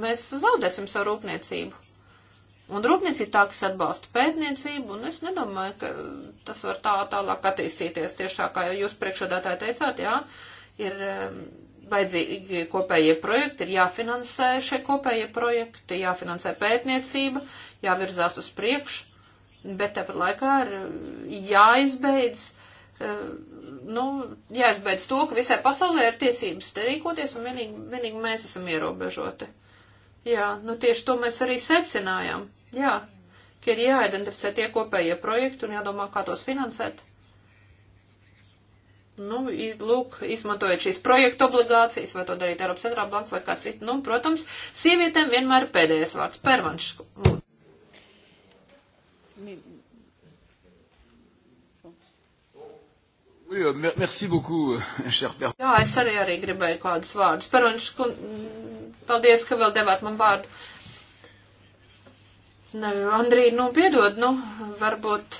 mēs zaudēsim savu rūpniecību. Un rūpniecība tā, kas atbalsta pētniecību, un es nedomāju, ka tas var tā tālāk attīstīties tieši tā, kā jūs priekšādātāji teicāt, jā, ir um, vajadzīgi kopējie projekti, ir jāfinansē šie kopējie projekti, jāfinansē pētniecība, jāvirzās uz priekšu, bet tāpat laikā ir um, jāizbeidz, um, nu, jāizbeidz to, ka visai pasaulē ir tiesības te rīkoties, un vienīgi, vienīgi mēs esam ierobežoti. Jā, nu tieši to mēs arī secinājām. Jā, ka ir jāidentificē tie kopējie projekti un jādomā, kā tos finansēt. Nu, iz, lūk, izmantojot šīs projektu obligācijas, vai to darīt Eiropas centrālā banka vai kāds cits. Nu, protams, sievietēm vienmēr pēdējais vārds - pervanšs. Euh, merci beaucoup, euh, cher Pēr. Jā, es arī, arī gribēju kādus vārdus. Peronš, paldies, ka vēl devāt man vārdu. Ne, Andrī, nu, piedod, nu, varbūt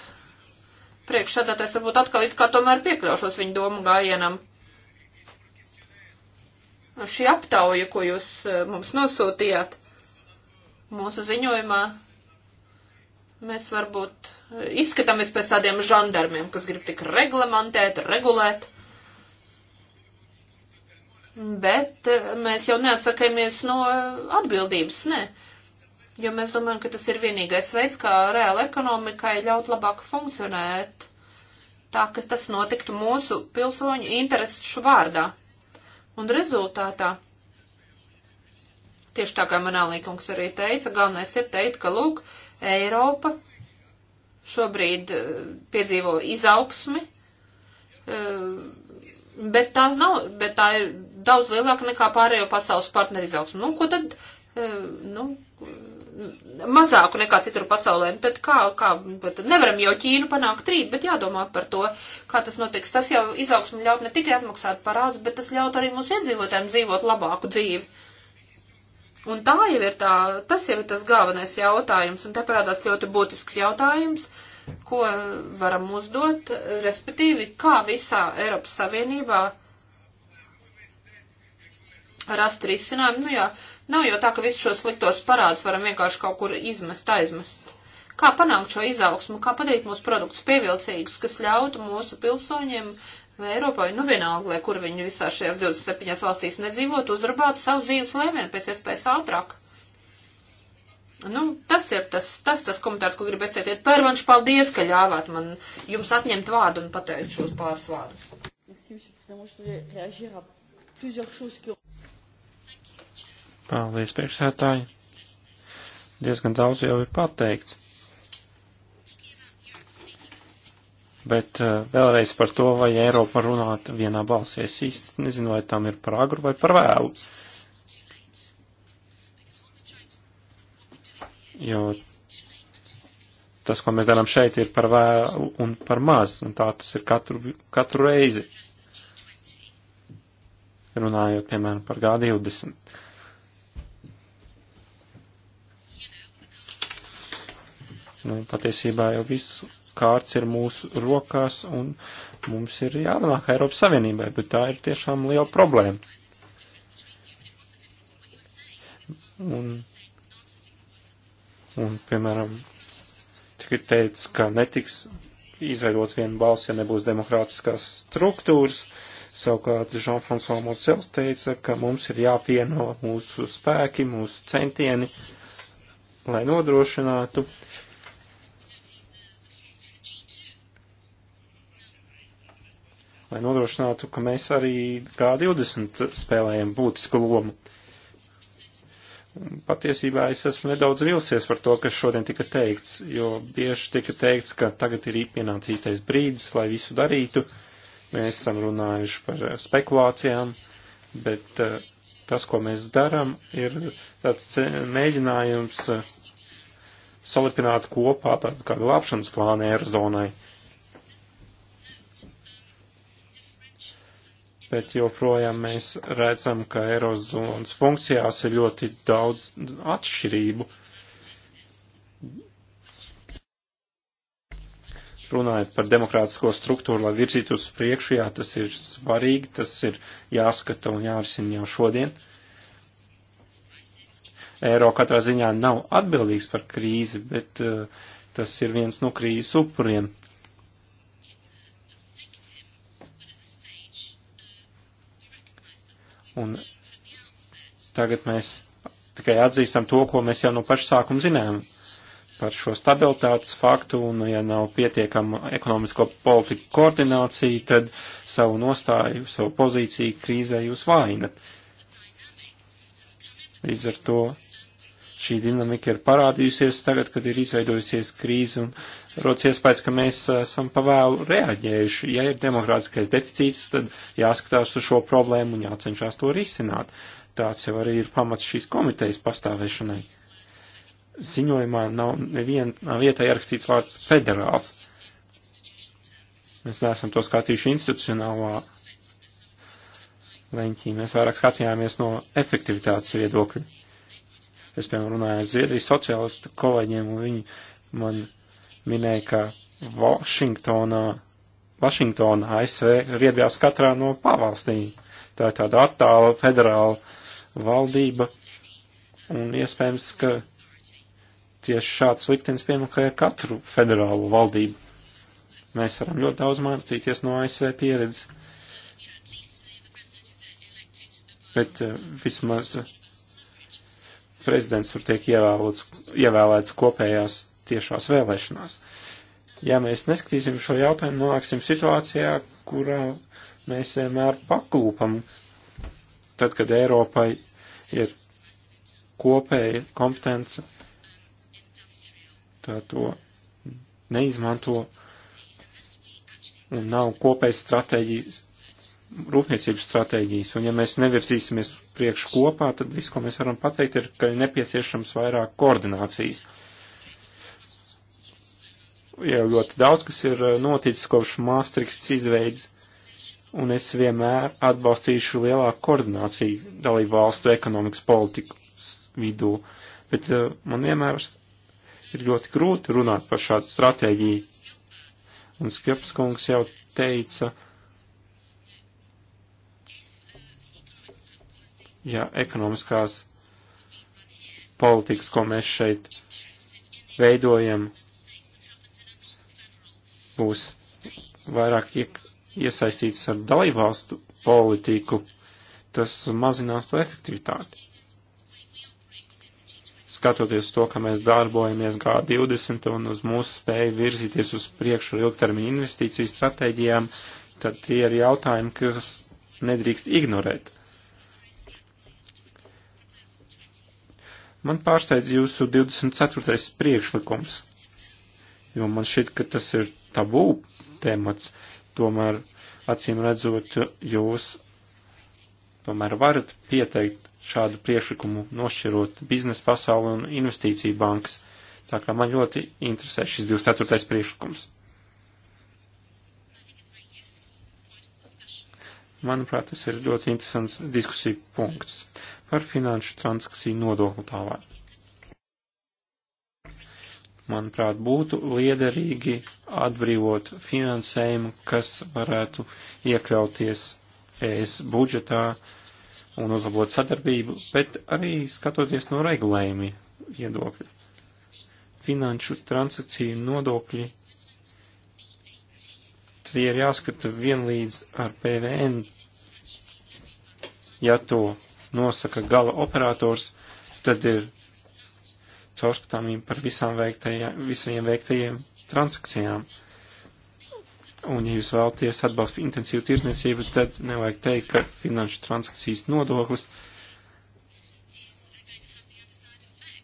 priekšsādātais varbūt atkal it kā tomēr piekļaušos viņu domu gājienam. Šī aptauja, ko jūs eh, mums nosūtījāt mūsu ziņojumā, mēs varbūt izskatāmies pēc tādiem žandarmiem, kas grib tik reglamentēt, regulēt. Bet eh, mēs jau neatsakāmies no eh, atbildības, ne. Jo mēs domājam, ka tas ir vienīgais veids, kā reāla ekonomikai ļaut labāk funkcionēt. Tā, ka tas notiktu mūsu pilsoņu interesu vārdā. Un rezultātā, tieši tā kā manā līkums arī teica, galvenais ir teikt, ka, lūk, Eiropa šobrīd eh, piedzīvo izaugsmi, eh, bet tās nav, bet tā ir daudz lielāka nekā pārējo pasaules partneru izaugsmi. Nu, ko tad, eh, nu, mazāku nekā citur pasaulē. Tad kā, kā tad nevaram jau Ķīnu panākt rīt, bet jādomā par to, kā tas notiks. Tas jau izaugsmu ļaut ne tikai atmaksāt parādus, bet tas ļaut arī mūsu iedzīvotājiem dzīvot labāku dzīvi. Un tā jau ir tā, tas jau ir tas galvenais jautājums, un te parādās ļoti būtisks jautājums, ko varam uzdot, respektīvi, kā visā Eiropas Savienībā rast risinājumu. Nu jā, nav jau tā, ka visus šos sliktos parādus varam vienkārši kaut kur izmest, aizmest. Kā panākt šo izaugsmu, kā padarīt mūsu produktus pievilcīgus, kas ļautu mūsu pilsoņiem vai Eiropā, vai nu vienalga, lai kur viņi visā šajās 27 valstīs nedzīvot, uzrabātu savu dzīves lēmēnu pēc iespējas ātrāk. Nu, tas ir tas, tas, tas komentārs, ko gribu izteikt. Pērvanš, paldies, ka ļāvāt man jums atņemt vārdu un pateikt šos pāris vārdus. Paldies, priekšsētāji. Diezgan daudz jau ir pateikts. Bet eh, vēlreiz par to, vai Eiropa runāt vienā balsī. Es īsti nezinu, vai tam ir par agru vai par vēlu. Jo tas, ko mēs darām šeit, ir par vēlu un par maz, un tā tas ir katru, katru reizi. Runājot, piemēram, par G20. Nu, patiesībā jau visu kārts ir mūsu rokās un mums ir jānonāk Eiropas Savienībai, bet tā ir tiešām liela problēma. Un, un piemēram, tikai teica, ka netiks izveidot vienu balsi, ja nebūs demokrātiskās struktūras. Savukārt Jean-François Mosels teica, ka mums ir jāpieno mūsu spēki, mūsu centieni, lai nodrošinātu, lai nodrošinātu, ka mēs arī G20 spēlējam būtisku lomu. Patiesībā es esmu nedaudz vilsies par to, kas šodien tika teikts, jo bieži tika teikts, ka tagad ir pienācis īstais brīdis, lai visu darītu. Mēs esam runājuši par spekulācijām, bet eh, tas, ko mēs darām, ir tāds mēģinājums eh, salipināt kopā tādu kā glābšanas plānu Eirozonai. zonai bet joprojām mēs redzam, ka Eirozonas funkcijās ir ļoti daudz atšķirību. Runājot par demokrātisko struktūru, lai virzītu uz priekšu, jā, tas ir svarīgi, tas ir jāskata un jārisina jau šodien. Eiro katrā ziņā nav atbildīgs par krīzi, bet uh, tas ir viens no krīzes upuriem. Un tagad mēs tikai atzīstam to, ko mēs jau no paša sākuma zinājām par šo stabilitātes faktu, un ja nav pietiekama ekonomisko politiku koordinācija, tad savu nostāju, savu pozīciju krīzē jūs vainat. Līdz ar to šī dinamika ir parādījusies tagad, kad ir izveidojusies krīze, un rodas iespējas, ka mēs eh, esam pavēlu reaģējuši. Ja ir demokrātiskais deficīts, tad jāskatās uz šo problēmu un jācenšas to risināt. Tāds jau arī ir pamats šīs komitejas pastāvēšanai. Ziņojumā nav nevienā vietā ierakstīts vārds federāls. Mēs neesam to skatījuši institucionālā leņķī. Mēs vairāk skatījāmies no efektivitātes viedokļa. Es, piemēram, runāju ar Zviedrijas sociālistu kolēģiem, un viņi man minēja, ka Vašingtonā, Vašingtona ASV riebjās katrā no pavalstīm. Tā ir tāda attāla federāla valdība, un iespējams, ka tieši šāds liktenis piemeklē katru federālo valdību. Mēs varam ļoti daudz mācīties no ASV pieredzes, bet eh, vismaz prezidents tur tiek ievēlots, ievēlēts kopējās tiešās vēlēšanās. Ja mēs neskatīsim šo jautājumu, nonāksim situācijā, kurā mēs vienmēr paklūpam, tad, kad Eiropai ir kopēja kompetence, tā to neizmanto un nav kopējas stratēģijas, rūpniecības stratēģijas. Un ja mēs nevirzīsimies priekš kopā, tad viss, ko mēs varam pateikt, ir, ka ir nepieciešams vairāk koordinācijas. Uh, jau ļoti daudz, kas ir eh, noticis kopš Maastrichts izveids, un es vienmēr atbalstīšu lielāku koordināciju dalību valstu ekonomikas politiku vidū, bet uh, man vienmēr ir ļoti grūti runāt par šādu stratēģiju. Un Skjops kungs jau teica, ja ekonomiskās politikas, ko mēs šeit veidojam, būs vairāk iesaistītas ar dalībvalstu politiku, tas mazinās to efektivitāti. Skatoties to, ka mēs darbojamies G20 un uz mūsu spēju virzīties uz priekšu ar ilgtermiņu investīciju stratēģijām, tad tie ir jautājumi, kas nedrīkst ignorēt. Man pārsteidz jūsu 24. priekšlikums, jo man šķiet, ka tas ir tabū temats, tomēr acīm redzot, jūs tomēr varat pieteikt šādu priešlikumu nošķirot biznesa pasauli un investīciju bankas. Tā kā man ļoti interesē šis 24. priešlikums. Manuprāt, tas ir ļoti interesants diskusiju punkts par finanšu transakciju nodokli tālāk manuprāt, būtu liederīgi atbrīvot finansējumu, kas varētu iekļauties ES budžetā un uzlabot sadarbību, bet arī skatoties no regulējumi viedokļa. Finanšu transakciju nodokļi tie ir jāskata vienlīdz ar PVN. Ja to nosaka gala operators, tad ir caurskatāmību par visām veiktajā, visiem veiktajiem transakcijām. Un, ja jūs vēlaties atbalstu intensīvu tirsniecību, tad nevajag teikt, ka finanšu transakcijas nodoklis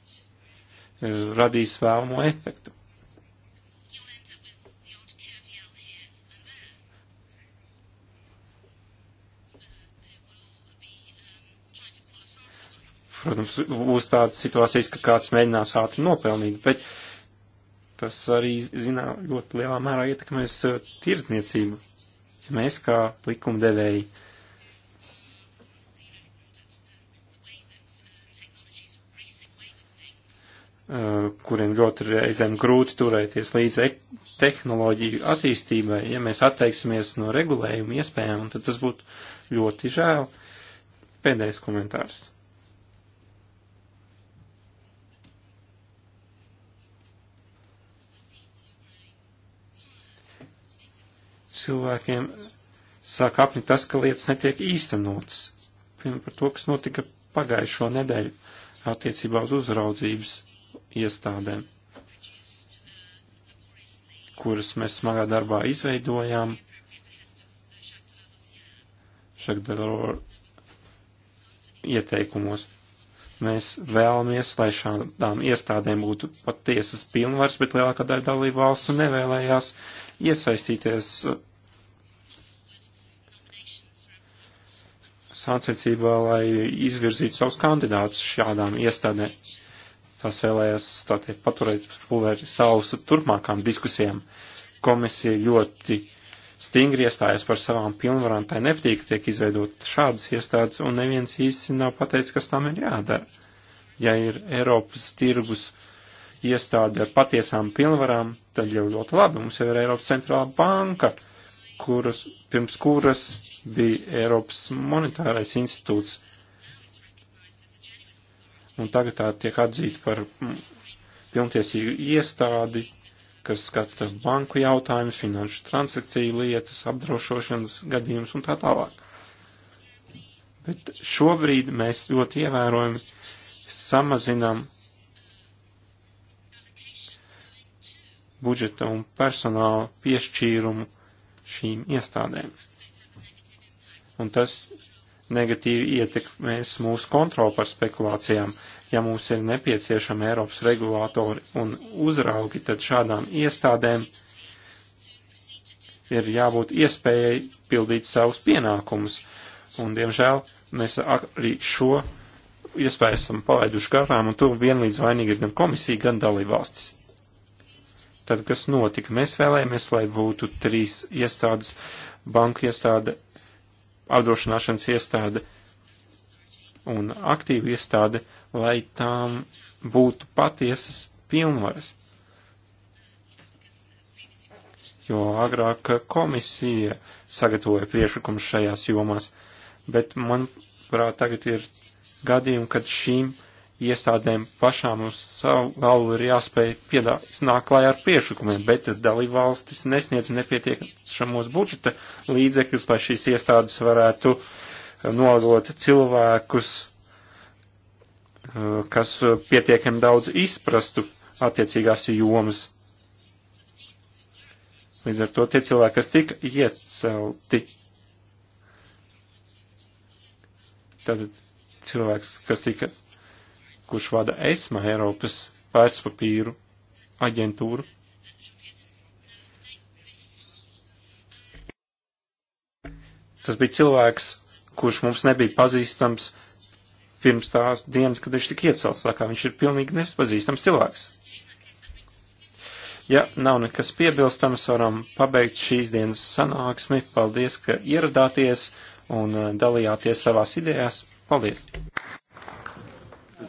eh, radīs vēlamo efektu. Protams, būs tādas situācijas, ka kāds mēģinās ātri nopelnīt, bet tas arī, zinām, ļoti lielā mērā ietekmēs uh, tirdzniecību. Ja mēs kā likumdevēji uh, kuriem ļoti reizēm grūti turēties līdz tehnoloģiju attīstībai, ja mēs atteiksimies no regulējuma iespējām, tad tas būtu ļoti žēl. Pēdējais komentārs. cilvēkiem sāk apni tas, ka lietas netiek īstenotas. Piemēram, par to, kas notika pagājušo nedēļu attiecībā uz uzraudzības iestādēm, kuras mēs smagā darbā izveidojām. Šakdelor ieteikumos. Mēs vēlamies, lai šādām iestādēm būtu patiesas pilnvars, bet lielākā daļa dalību valstu nevēlējās iesaistīties sācensībā, lai izvirzītu savus kandidātus šādām iestādēm. Tas vēlējās tātad paturēt pulveri sausu turpmākām diskusijām. Komisija ļoti stingri iestājas par savām pilnvarām, tai nepatīk, ka tiek izveidot šādas iestādes, un neviens īsti nav pateicis, kas tam ir jādara. Ja ir Eiropas tirgus iestāde ar patiesām pilnvarām, tad jau ļoti labi. Mums jau ir Eiropas centrālā banka, kuras, pirms kuras bija Eiropas monetārais institūts. Un tagad tā tiek atzīta par pilntiesīgu iestādi, kas skata banku jautājumus, finanšu transakciju lietas, apdrošošanas gadījumus un tā tālāk. Bet šobrīd mēs ļoti ievērojami samazinām budžeta un personāla piešķīrumu šīm iestādēm un tas negatīvi ietekmēs mūsu kontroli par spekulācijām. Ja mums ir nepieciešama Eiropas regulātori un uzraugi, tad šādām iestādēm ir jābūt iespējai pildīt savus pienākumus. Un, diemžēl, mēs arī šo iespēju esam palaiduši garām, un tur vienlīdz vainīgi ir gan komisija, gan dalībvalstis. Tad, kas notika? Mēs vēlējāmies, lai būtu trīs iestādes - banku iestāde, apdrošināšanas iestāde un aktīvu iestāde, lai tām būtu patiesas pilnvaras. Jo agrāk komisija sagatavoja priešlikumus šajās jomās, bet, manuprāt, tagad ir gadījumi, kad šīm uh, iestādēm pašām uz savu galvu ir jāspēj piedāvāt klājā ar priekšlikumiem, bet dalība valstis nesniedz nepietiekamos budžeta līdzekļus, lai šīs iestādes varētu eh, nodot cilvēkus, eh, kas pietiekami daudz izprastu attiecīgās jomas. Līdz ar to tie cilvēki, kas tika iecelti, tad cilvēks, kas tika kurš vada ESMA Eiropas vērtspapīru aģentūru. Tas bija cilvēks, kurš mums nebija pazīstams pirms tās dienas, kad viņš tika iecelts, tā kā viņš ir pilnīgi nepazīstams cilvēks. Ja nav nekas piebilstams, varam pabeigt šīs dienas sanāksmi. Paldies, ka ieradāties un eh, dalījāties savās idejās. Paldies!